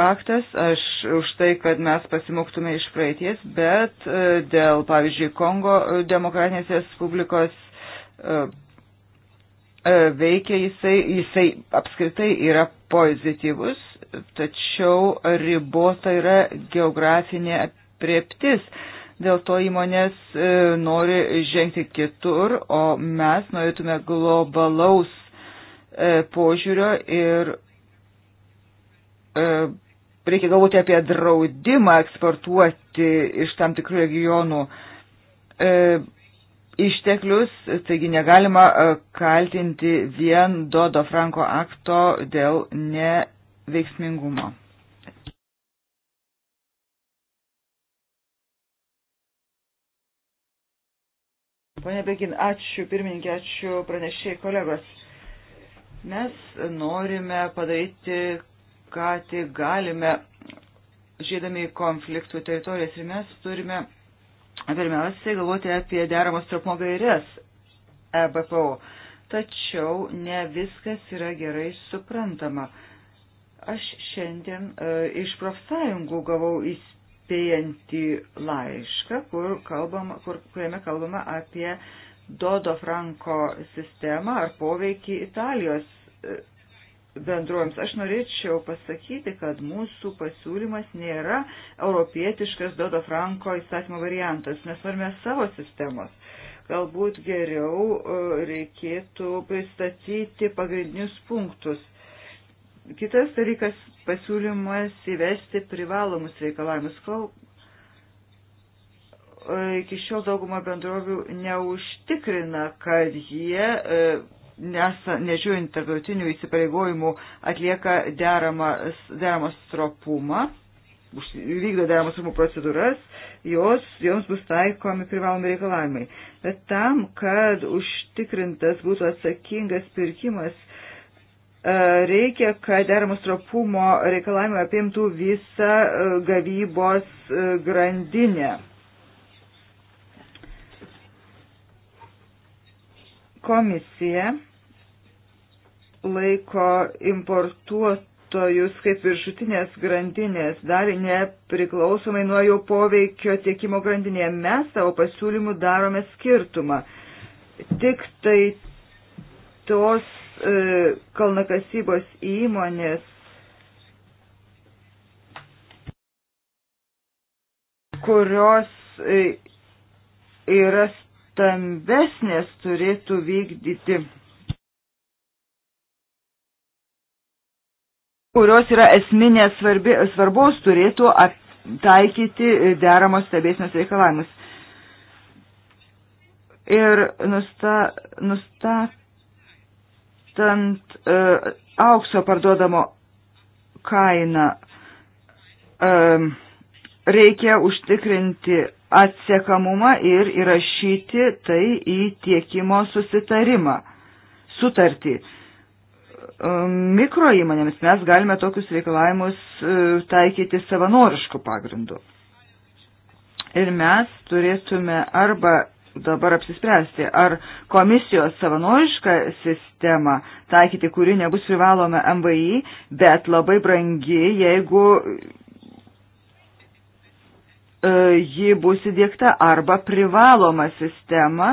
aktas, aš už tai, kad mes pasimoktume iš praeities, bet dėl, pavyzdžiui, Kongo demokratinės respublikos veikia jisai, jisai apskritai yra pozityvus, tačiau ribota yra geografinė prieptis. Dėl to įmonės e, nori žengti kitur, o mes norėtume globalaus e, požiūrio ir e, reikia galvoti apie draudimą eksportuoti iš tam tikrų regionų. E, išteklius, taigi negalima e, kaltinti vien Dodo Franko akto dėl neveiksmingumo. Pane Bekin, ačiū pirmininkė, ačiū pranešiai kolegos. Mes norime padaryti, ką tik galime, žiedami konfliktų teritorijas ir mes turime pirmiausiai galvoti apie deramos trukmo gairias EBPO. Tačiau ne viskas yra gerai suprantama. Aš šiandien e, iš profsąjungų gavau įspėjantį laišką, kur kalbama, kur, kuriame kalbama apie Dodo Franko sistemą ar poveikį Italijos e, bendruojams. Aš norėčiau pasakyti, kad mūsų pasiūlymas nėra europietiškas Dodo Franko įstatymo variantas. Mes norime savo sistemos. Galbūt geriau e, reikėtų pristatyti pagrindinius punktus. Kitas dalykas - pasiūlymas įvesti privalomus reikalavimus. Kol e, iki šiol dauguma bendrovių neužtikrina, kad jie e, nesa, nežiūrint tarptautinių įsipareigojimų, atlieka deramą, deramą stropumą, vykdo deramas rūmų procedūras, jos, joms bus taikomi privalomi reikalavimai. Bet tam, kad užtikrintas būtų atsakingas pirkimas, e, reikia, kad deramos trapumo reikalavimai apimtų visą e, gavybos e, grandinę. Komisija laiko importuotojus kaip viršutinės grandinės dalį nepriklausomai nuo jau poveikio tiekimo grandinėje. Mes savo pasiūlymų darome skirtumą. Tik tai tos e, kalnakasybos įmonės kurios e, yra stambesnės turėtų vykdyti kurios yra esminės svarbi, svarbos, turėtų taikyti e, deramos stebėsinos reikalavimus. Ir nusta, nustatant uh, aukso parduodamo kainą, uh, reikia užtikrinti atsekamumą ir įrašyti tai į tiekimo susitarimą, sutartį. Uh, Um, mikro įmonėms mes galime tokius reikalavimus e, taikyti savanoriškų pagrindų. Ir mes turėtume arba dabar apsispręsti, ar komisijos savanorišką sistemą taikyti, kuri nebus privaloma MVI, bet labai brangi, jeigu e, ji bus įdėkta, arba privaloma sistema,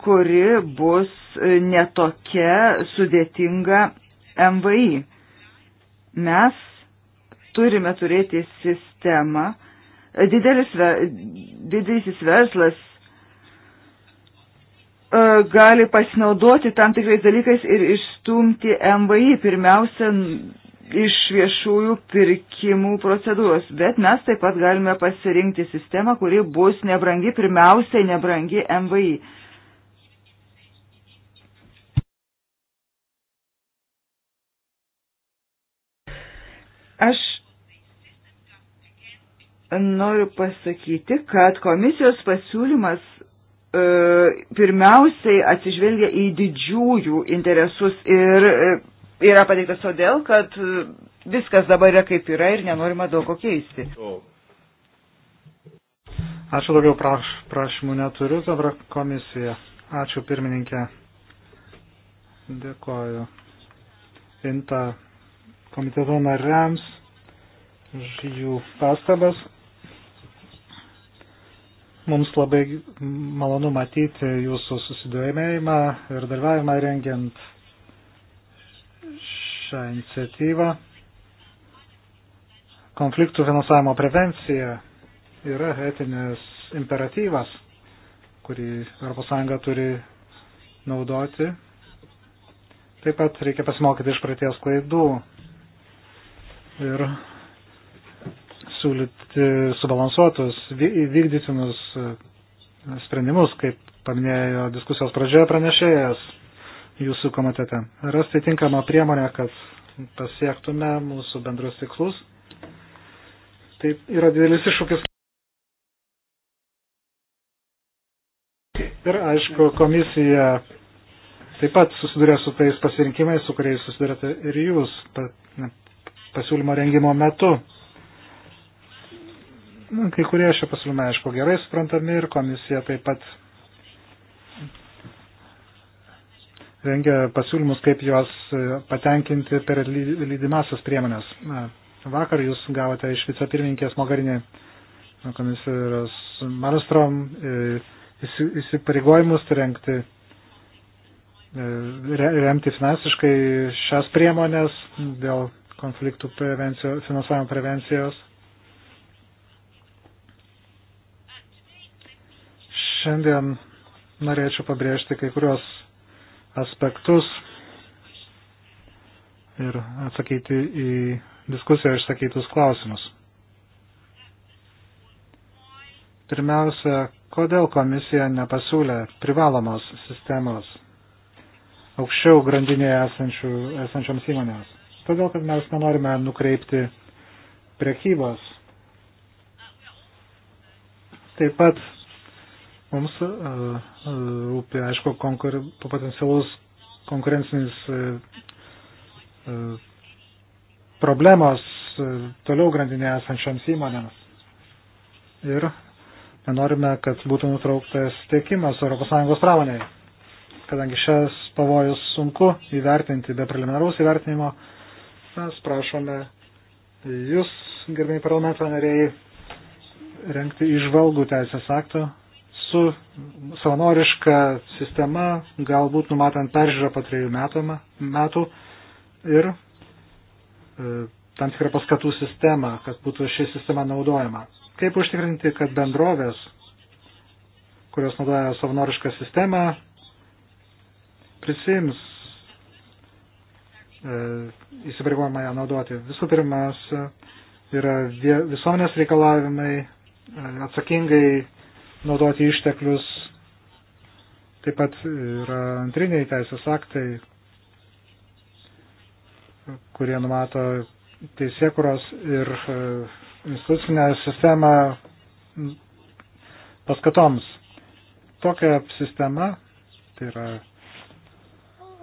kuri bus e, netokia sudėtinga MVI. Mes turime turėti sistemą. Didelis, didysis verslas e, gali pasinaudoti tam tikrais dalykais ir išstumti MVI pirmiausia iš viešųjų pirkimų procedūros. Bet mes taip pat galime pasirinkti sistemą, kuri bus nebrangi, pirmiausiai nebrangi MVI. Aš noriu pasakyti, kad komisijos pasiūlymas e, pirmiausiai atsižvelgia į didžiųjų interesus ir e, yra pateiktas todėl, kad e, viskas dabar yra kaip yra ir nenorima daug ko keisti. Ačiū daugiau praš, prašymų neturiu, dabar komisija. Ačiū pirmininkė. Dėkoju. Inta komiteto nariams už jų pastabas. Mums labai malonu matyti jūsų susidomėjimą ir dalyvavimą rengiant šią iniciatyvą. Konfliktų finansavimo prevencija yra etinės imperatyvas, kurį ES turi naudoti. Taip pat reikia pasimokyti iš praeities klaidų ir siūlyti subalansuotus, vykdytinus e, sprendimus, kaip paminėjo diskusijos pradžioje pranešėjas jūsų komitete. Rasti tinkamą priemonę, kad pasiektume mūsų bendrus tikslus. Tai yra didelis iššūkis. Ir aišku, komisija taip pat susiduria su tais pasirinkimais, su kuriais susidurėte ir jūs pasiūlymo rengimo metu. Kai kurie šio pasiūlyme, aišku, gerai suprantami ir komisija taip pat rengia pasiūlymus, kaip juos e, patenkinti per lydimasias priemonės. Vakar jūs gavote iš vicepirmininkės Mogarinė komisijos Marstrom e, įsipareigojimus rengti, e, remti finansiškai šias priemonės dėl konfliktų prevencijos, finansavimo prevencijos. Šiandien norėčiau pabrėžti kai kurios aspektus ir atsakyti į diskusiją išsakytus klausimus. Pirmiausia, kodėl komisija nepasiūlė privalomos sistemos aukščiau grandinėje esančių, esančioms įmonėms? Todėl, kad mes nenorime nukreipti prekybos. Taip pat mums e, e, rūpi, aišku, konkur, potencialus konkurencinis e, problemos toliau grandinėje esančioms įmonėms. Ir nenorime, kad būtų nutrauktas tiekimas ES pramonėje, kadangi šias pavojus sunku įvertinti be preliminaraus įvertinimo Mes prašome Jūs, gerbėjai parlamento nariai, renkti išvalgų teisės akto su savanoriška sistema, galbūt numatant peržiūrą po trejų metų ir e, tam tikrą paskatų sistemą, kad būtų ši sistema naudojama. Kaip užtikrinti, kad bendrovės, kurios naudoja savanorišką sistemą, prisims E, įsipareigojimą ją naudoti. Visų pirmas yra visuomenės reikalavimai e, atsakingai naudoti išteklius, taip pat yra antriniai teisės aktai, kurie numato teisėkuros ir e, institucinę sistemą paskatoms. Tokia sistema, tai yra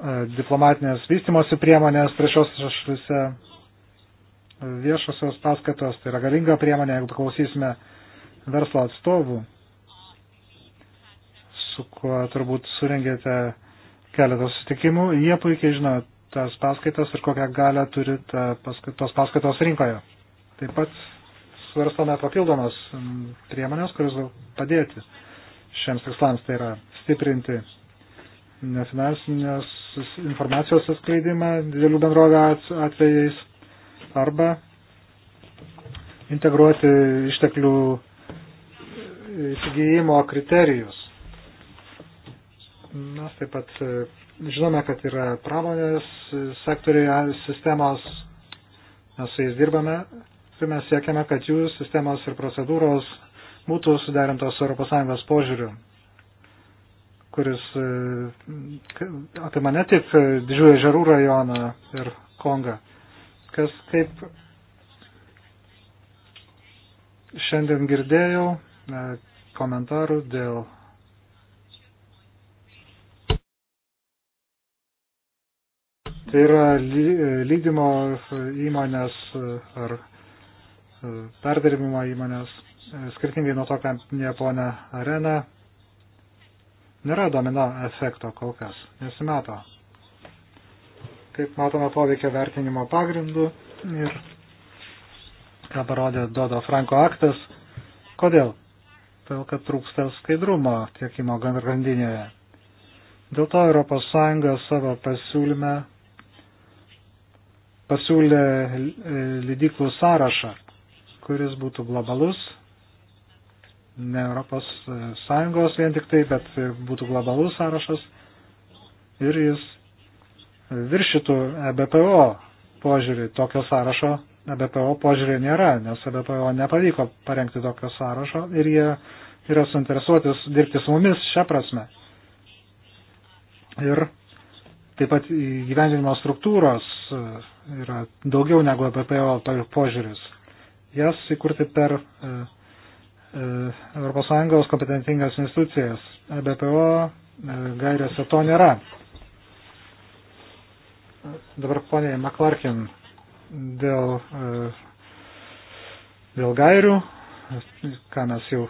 E, diplomatinės vystimosi priemonės trečiosios šalise, e, viešosios paskatos, tai yra galinga priemonė, jeigu paklausysime verslo atstovų, su kuo turbūt surengėte keletą sutikimų, jie puikiai žino tas paskaitas ir kokią galę turi ta paska, tos paskaitos rinkoje. Taip pat svarstome papildomas priemonės, kuris gal padėti šiems tikslams, tai yra stiprinti nefinansinės informacijos atskleidimą didelių bendrovė atvejais arba integruoti išteklių įsigijimo kriterijus. Mes taip pat e, žinome, kad yra pramonės sektoriai sistemos, mes su jais dirbame ir mes siekiame, kad jų sistemos ir procedūros būtų suderintos su ES požiūriu kuris e, apima ne tik e, didžiųjų žerų rajoną ir Kongą. Kas kaip šiandien girdėjau e, komentarų dėl Tai yra lydimo įmonės ar perdarimimo įmonės, skirtingai nuo to, ką minėjo ponia Arena, Nėra domino efekto kol kas, nesimato. Kaip matome poveikio vertinimo pagrindų ir ką parodė Dodo Franko aktas. Kodėl? Todėl, kad trūksta skaidrumo tiekimo grandinėje. Dėl to ES savo pasiūlyme pasiūlė lydiklų e, sąrašą, kuris būtų globalus ne Europos e, Sąjungos vien tik tai, bet būtų globalus sąrašas ir jis viršytų EBPO požiūrį. Tokio sąrašo EBPO požiūrį nėra, nes EBPO nepavyko parengti tokio sąrašo ir jie yra suinteresuotis dirbti su mumis šią prasme. Ir taip pat įgyvendinimo struktūros e, yra daugiau negu EBPO požiūris. Jas įkurti per uh, ES kompetentingas institucijas. E BPO e, gairėse to nėra. Dabar poniai Maklarkin dėl, e, dėl gairių, ką mes jau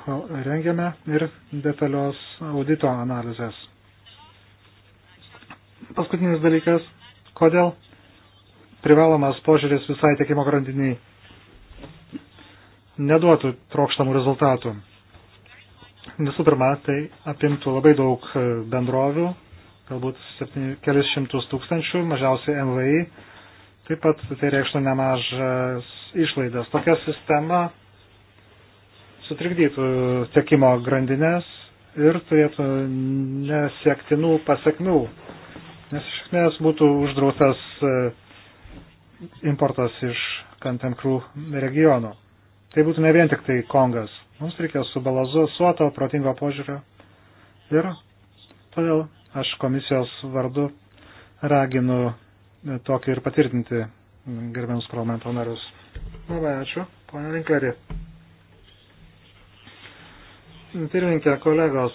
rengiame, ir detalios audito analizės. Paskutinis dalykas, kodėl privalomas požiūris visai tiekimo grandiniai neduotų trokštamų rezultatų. Visų pirma, tai apimtų labai daug e, bendrovių, galbūt 7, kelis šimtus tūkstančių, mažiausiai MVI. Taip pat tai reikštų nemažas išlaidas. Tokia sistema sutrikdytų tiekimo grandinės ir turėtų nesiektinų pasiekmių, nes iš esmės būtų uždrautas e, importas iš Kantemkrų regiono tai būtų ne vien tik tai Kongas. Mums reikia subalansuoto, protingo požiūrio. Ir todėl aš komisijos vardu raginu tokį ir patvirtinti gerbiamus parlamento narius. Labai ačiū, ponia Rinkleri. Pirmininkė, kolegos,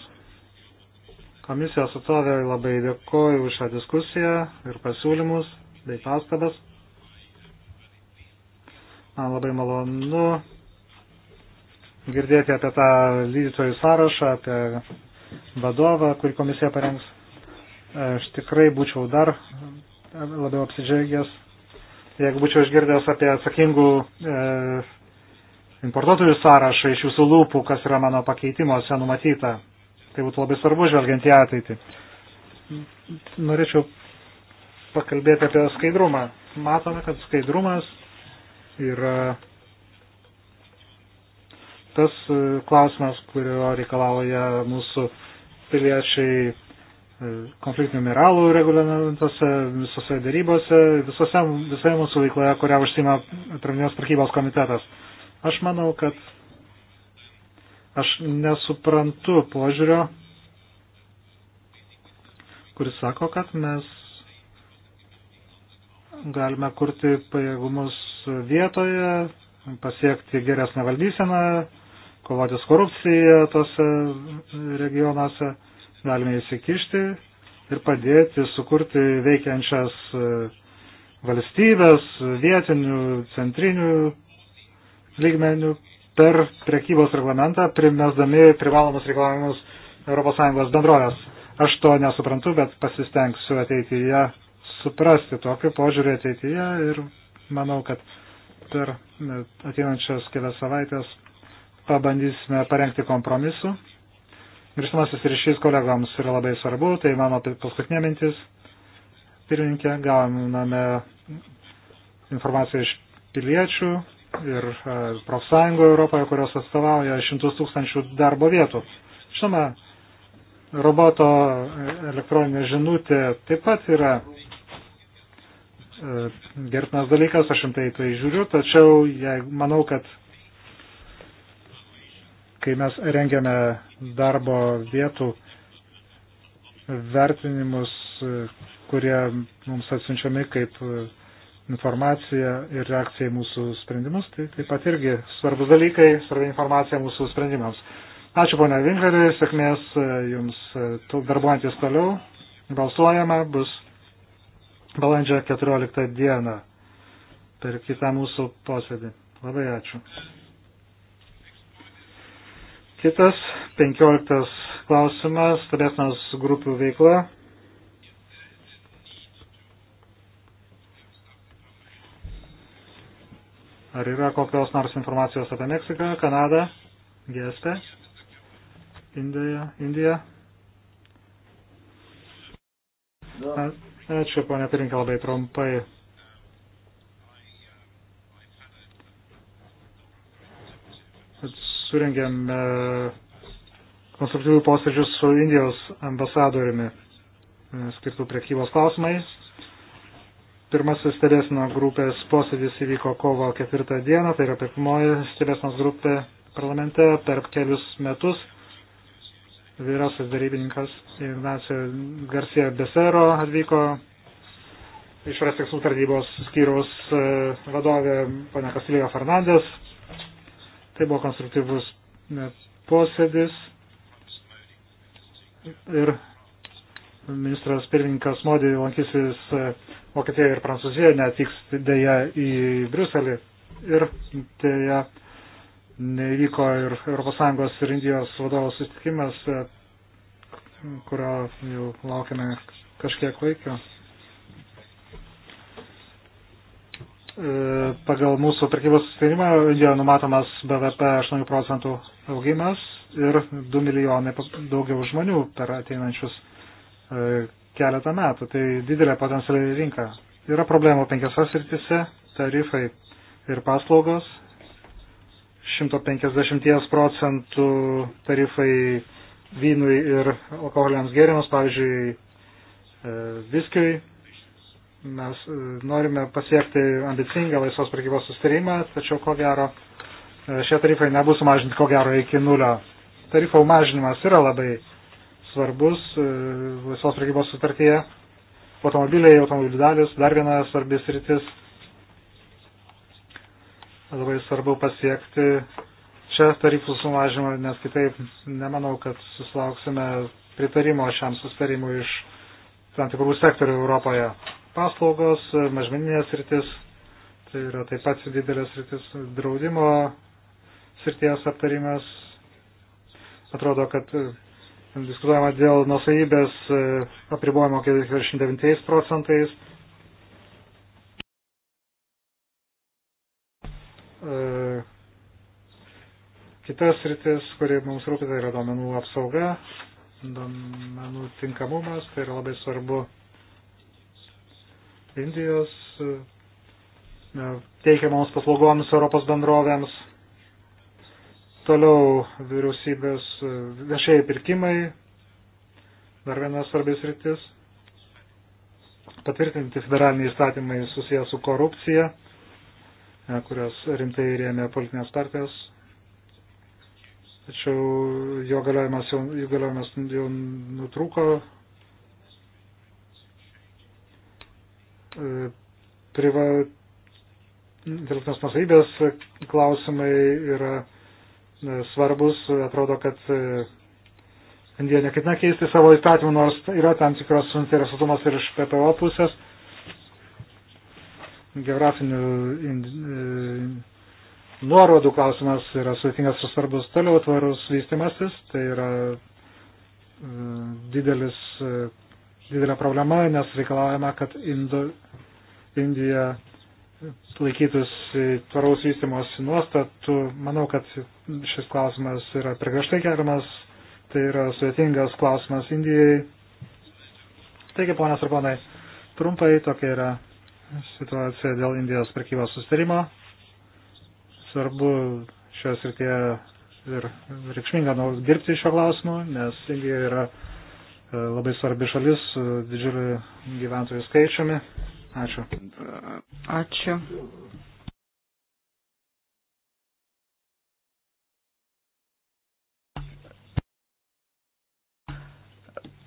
komisijos atstovė labai dėkoju už šią diskusiją ir pasiūlymus bei pastabas. Man labai malonu girdėti apie tą lydytojų sąrašą, apie vadovą, kurį komisija parengs. Aš tikrai būčiau dar labiau apsidžiaugęs, jeigu būčiau išgirdęs apie atsakingų e, importuotojų sąrašą iš jūsų lūpų, kas yra mano pakeitimuose numatyta. Tai būtų labai svarbu žvelgiant į ateitį. Norėčiau pakalbėti apie skaidrumą. Matome, kad skaidrumas yra tas e, klausimas, kurio reikalauja mūsų piliečiai e, konfliktinių mineralų reglamentuose, visose darybose, visose, visoje mūsų veikloje, kurią užsima atraminės prekybos komitetas. Aš manau, kad aš nesuprantu požiūrio, kuris sako, kad mes galime kurti pajėgumus vietoje, pasiekti geresnę valdyseną, kovoti su korupcija tose regionuose, galime įsikišti ir padėti sukurti veikiančias e, valstybės, vietinių, centrinių lygmenių per prekybos reglamentą, primesdami privalomus reikalavimus ES bendrovės. Aš to nesuprantu, bet pasistengsiu ateityje suprasti tokiu požiūrį ateityje ir manau, kad per e, ateinančias kelias savaitės pabandysime parengti kompromisu. Grįžtamasis ryšys kolegoms yra labai svarbu, tai mano paskutinė mintis. Pirmininkė, gauname informaciją iš piliečių ir e, profsąjungų Europoje, kurios atstovauja šimtus tūkstančių darbo vietų. Žinoma, roboto e, elektroninė žinutė taip pat yra e, gertinas dalykas, aš rimtai tai žiūriu, tačiau jei, manau, kad kai mes rengiame darbo vietų vertinimus, kurie mums atsiunčiami kaip informacija ir reakcija į mūsų sprendimus, tai taip pat irgi svarbus dalykai, svarbi informacija mūsų sprendimams. Ačiū ponia Vingarė, sėkmės jums darbuojantis toliau. Balsuojama bus balandžio 14 dieną per kitą mūsų posėdį. Labai ačiū. Kitas, penkioliktas klausimas, stebėsinos grupių veikla. Ar yra kokios nors informacijos apie Meksiką, Kanadą, GSP, Indiją, Indiją? Ačiū, ponia Pirinkė, labai trumpai. surengėme konstruktyvių posėdžių su Indijos ambasadoriumi e, skirtų priekybos klausimais. Pirmasis stebėsino grupės posėdis įvyko kovo ketvirtą dieną, tai yra pirmoji stebėsinos grupė parlamente per kelius metus. Vyriausias darybininkas Ignacio Garcia Besero atvyko išorės tikslų tarnybos skyriaus e, vadovė pana Kasilijo Fernandės, Tai buvo konstruktyvus posėdis ir ministras pirmininkas Modi lankysis e, Vokietijoje ir Prancūzijoje, netiks dėja į Briuselį ir dėja nevyko ir ES ir Indijos vadovo susitikimas, e, kurio jau laukime kažkiek laikio. E, pagal mūsų prekybos susitarimą Indijoje numatomas BVP 8 procentų augimas ir 2 milijonai daugiau žmonių per ateinančius e, keletą metų. Tai didelė potencialiai rinka. Yra problemų penkiose sritise - tarifai ir paslaugos. 150 procentų tarifai vynui ir alkoholiams gėrimams, pavyzdžiui, e, viskiui mes e, norime pasiekti ambicingą laisvos prekybos sustarimą, tačiau ko gero e, šie tarifai nebus sumažinti ko gero iki nulio. Tarifo mažinimas yra labai svarbus e, laisvos prekybos sutartyje. Automobiliai, automobilių dalis, dar viena svarbis rytis. Labai svarbu pasiekti čia tarifų sumažinimą, nes kitaip nemanau, kad susilauksime pritarimo šiam sustarimui iš tam tikrų sektorių Europoje paslaugos, mažmeninės rytis, tai yra taip pat didelės rytis draudimo srities aptarimas. Atrodo, kad e, diskutuojama dėl nusavybės e, apribojimo 49 procentais. E, Kitas rytis, kuri mums rūpita, yra domenų apsauga, domenų tinkamumas, tai yra labai svarbu Indijos teikiamoms paslaugoms Europos bendrovėms. Toliau vyriausybės e, viešieji pirkimai, dar vienas svarbis rytis. Patvirtinti federaliniai įstatymai susijęs su korupcija, e, kurios rimtai rėmė politinės partijos. Tačiau jo galiojimas jau, jo galiojimas jau nutrūko priva, intelektinės nusavybės klausimai yra e, svarbus. Atrodo, kad e, Indija neketina keisti savo įstatymų, nors yra tam tikros suinteresuotumas ir iš PPO pusės geografinių e, nuorodų klausimas yra sudėtingas ir svarbus toliau tvarus vystimasis, tai yra didelis, didelė problema, nes reikalavime, kad Indo, Indija laikytus tvaraus vystimos nuostatų. Manau, kad šis klausimas yra prigraštai keliamas, tai yra sudėtingas klausimas Indijai. Taigi, ponas ir ponai, trumpai tokia yra situacija dėl Indijos prekybos sustarimo. Svarbu šios rytėje ir reikšminga dirbti šio klausimu, nes Indija yra e, labai svarbi šalis su didžiuliu gyventojų skaičiumi. Ačiū. Ačiū.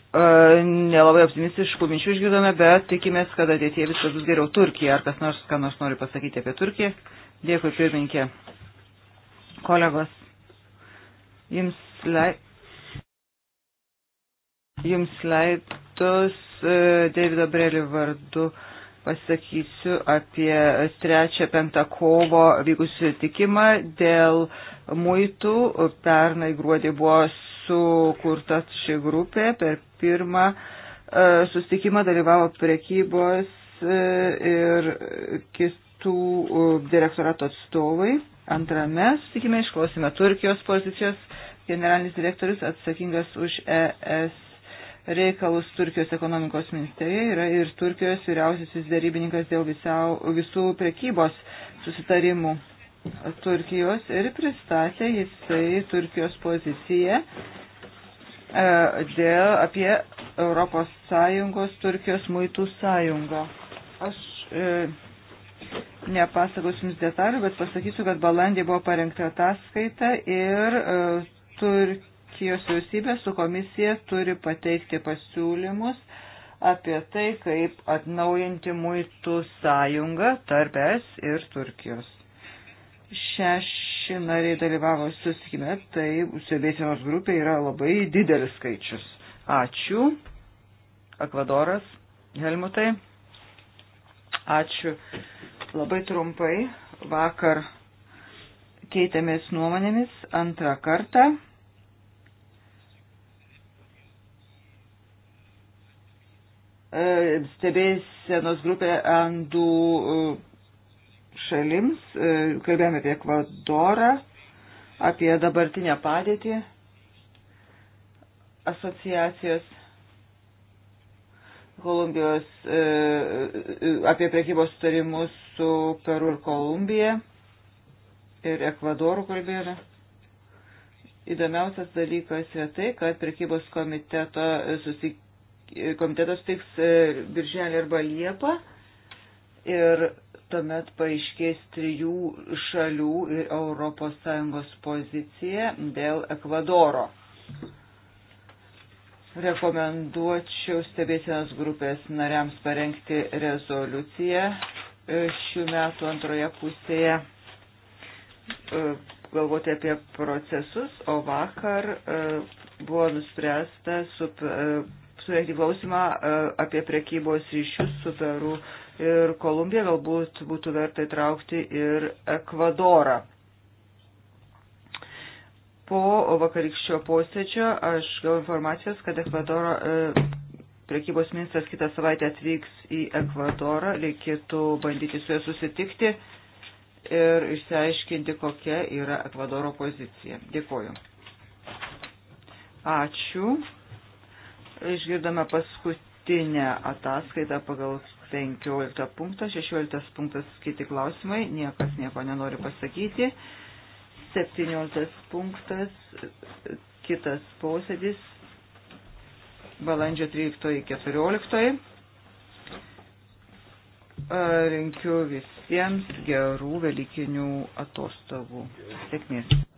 E, nelabai optimistiškų minčių išgirdome, bet tikimės, kad ateitie viskas bus geriau Turkija. Ar kas nors, ką nors nori pasakyti apie Turkiją? Dėkui, pirmininkė. Kolegos, jums, lei... jums leidus e, Davido Brelį vardu pasakysiu apie trečią penktą kovo vykusių tikimą dėl muitų. Pernai gruodį buvo sukurta ši grupė. Per pirmą e, sustikimą dalyvavo prekybos e, ir kitų e, direktorato atstovai. Antrame sustikime išklausime Turkijos pozicijos generalinis direktorius atsakingas už ES reikalus Turkijos ekonomikos ministerija yra ir Turkijos vyriausiasis darybininkas dėl visiau, visų prekybos susitarimų Turkijos ir pristatė jisai Turkijos poziciją e, dėl apie Europos Sąjungos Turkijos muitų sąjungą. Aš e, nepasakosiu jums detalių, bet pasakysiu, kad balandį buvo parengta ataskaita ir e, Turkijos Čekijos vyriausybė su komisija turi pateikti pasiūlymus apie tai, kaip atnaujinti muitų sąjungą tarp es ir Turkijos. Šeši nariai dalyvavo susikime, tai stebėsienos grupė yra labai didelis skaičius. Ačiū. Ekvadoras, Helmutai. Ačiū. Labai trumpai. Vakar keitėmės nuomonėmis antrą kartą. E, stebėsenos grupė Andų e, šalims, e, kalbėjome apie Ekvadorą, apie dabartinę padėtį asociacijos Kolumbijos, apie prekybos sutarimus su Peru ir Kolumbija ir Ekvadoru kalbėjome. Įdomiausias dalykas yra tai, kad prekybos komiteto susitikė komitetas tiks e, birželį arba liepą ir tuomet paaiškės trijų šalių ir ES pozicija dėl Ekvadoro. Rekomenduočiau stebėsienos grupės nariams parengti rezoliuciją e, šių metų antroje pusėje, e, galvoti apie procesus, o vakar buvo nuspręsta su surengti klausimą e, apie prekybos ryšius su Peru ir Kolumbija, galbūt būtų verta įtraukti ir Ekvadorą. Po vakarykščio posėdžio aš gavau informacijos, kad Ekvadoro e, prekybos ministras kitą savaitę atvyks į Ekvadorą, reikėtų bandyti su juo susitikti ir išsiaiškinti, kokia yra Ekvadoro pozicija. Dėkuoju. Ačiū. Išgirdome paskutinę ataskaitą pagal 15 punktą, 16 punktas kiti klausimai, niekas nieko nenori pasakyti. 17 punktas, kitas posėdis, balandžio 13-14. Linkiu visiems gerų velikinių atostogų. Sėkmės.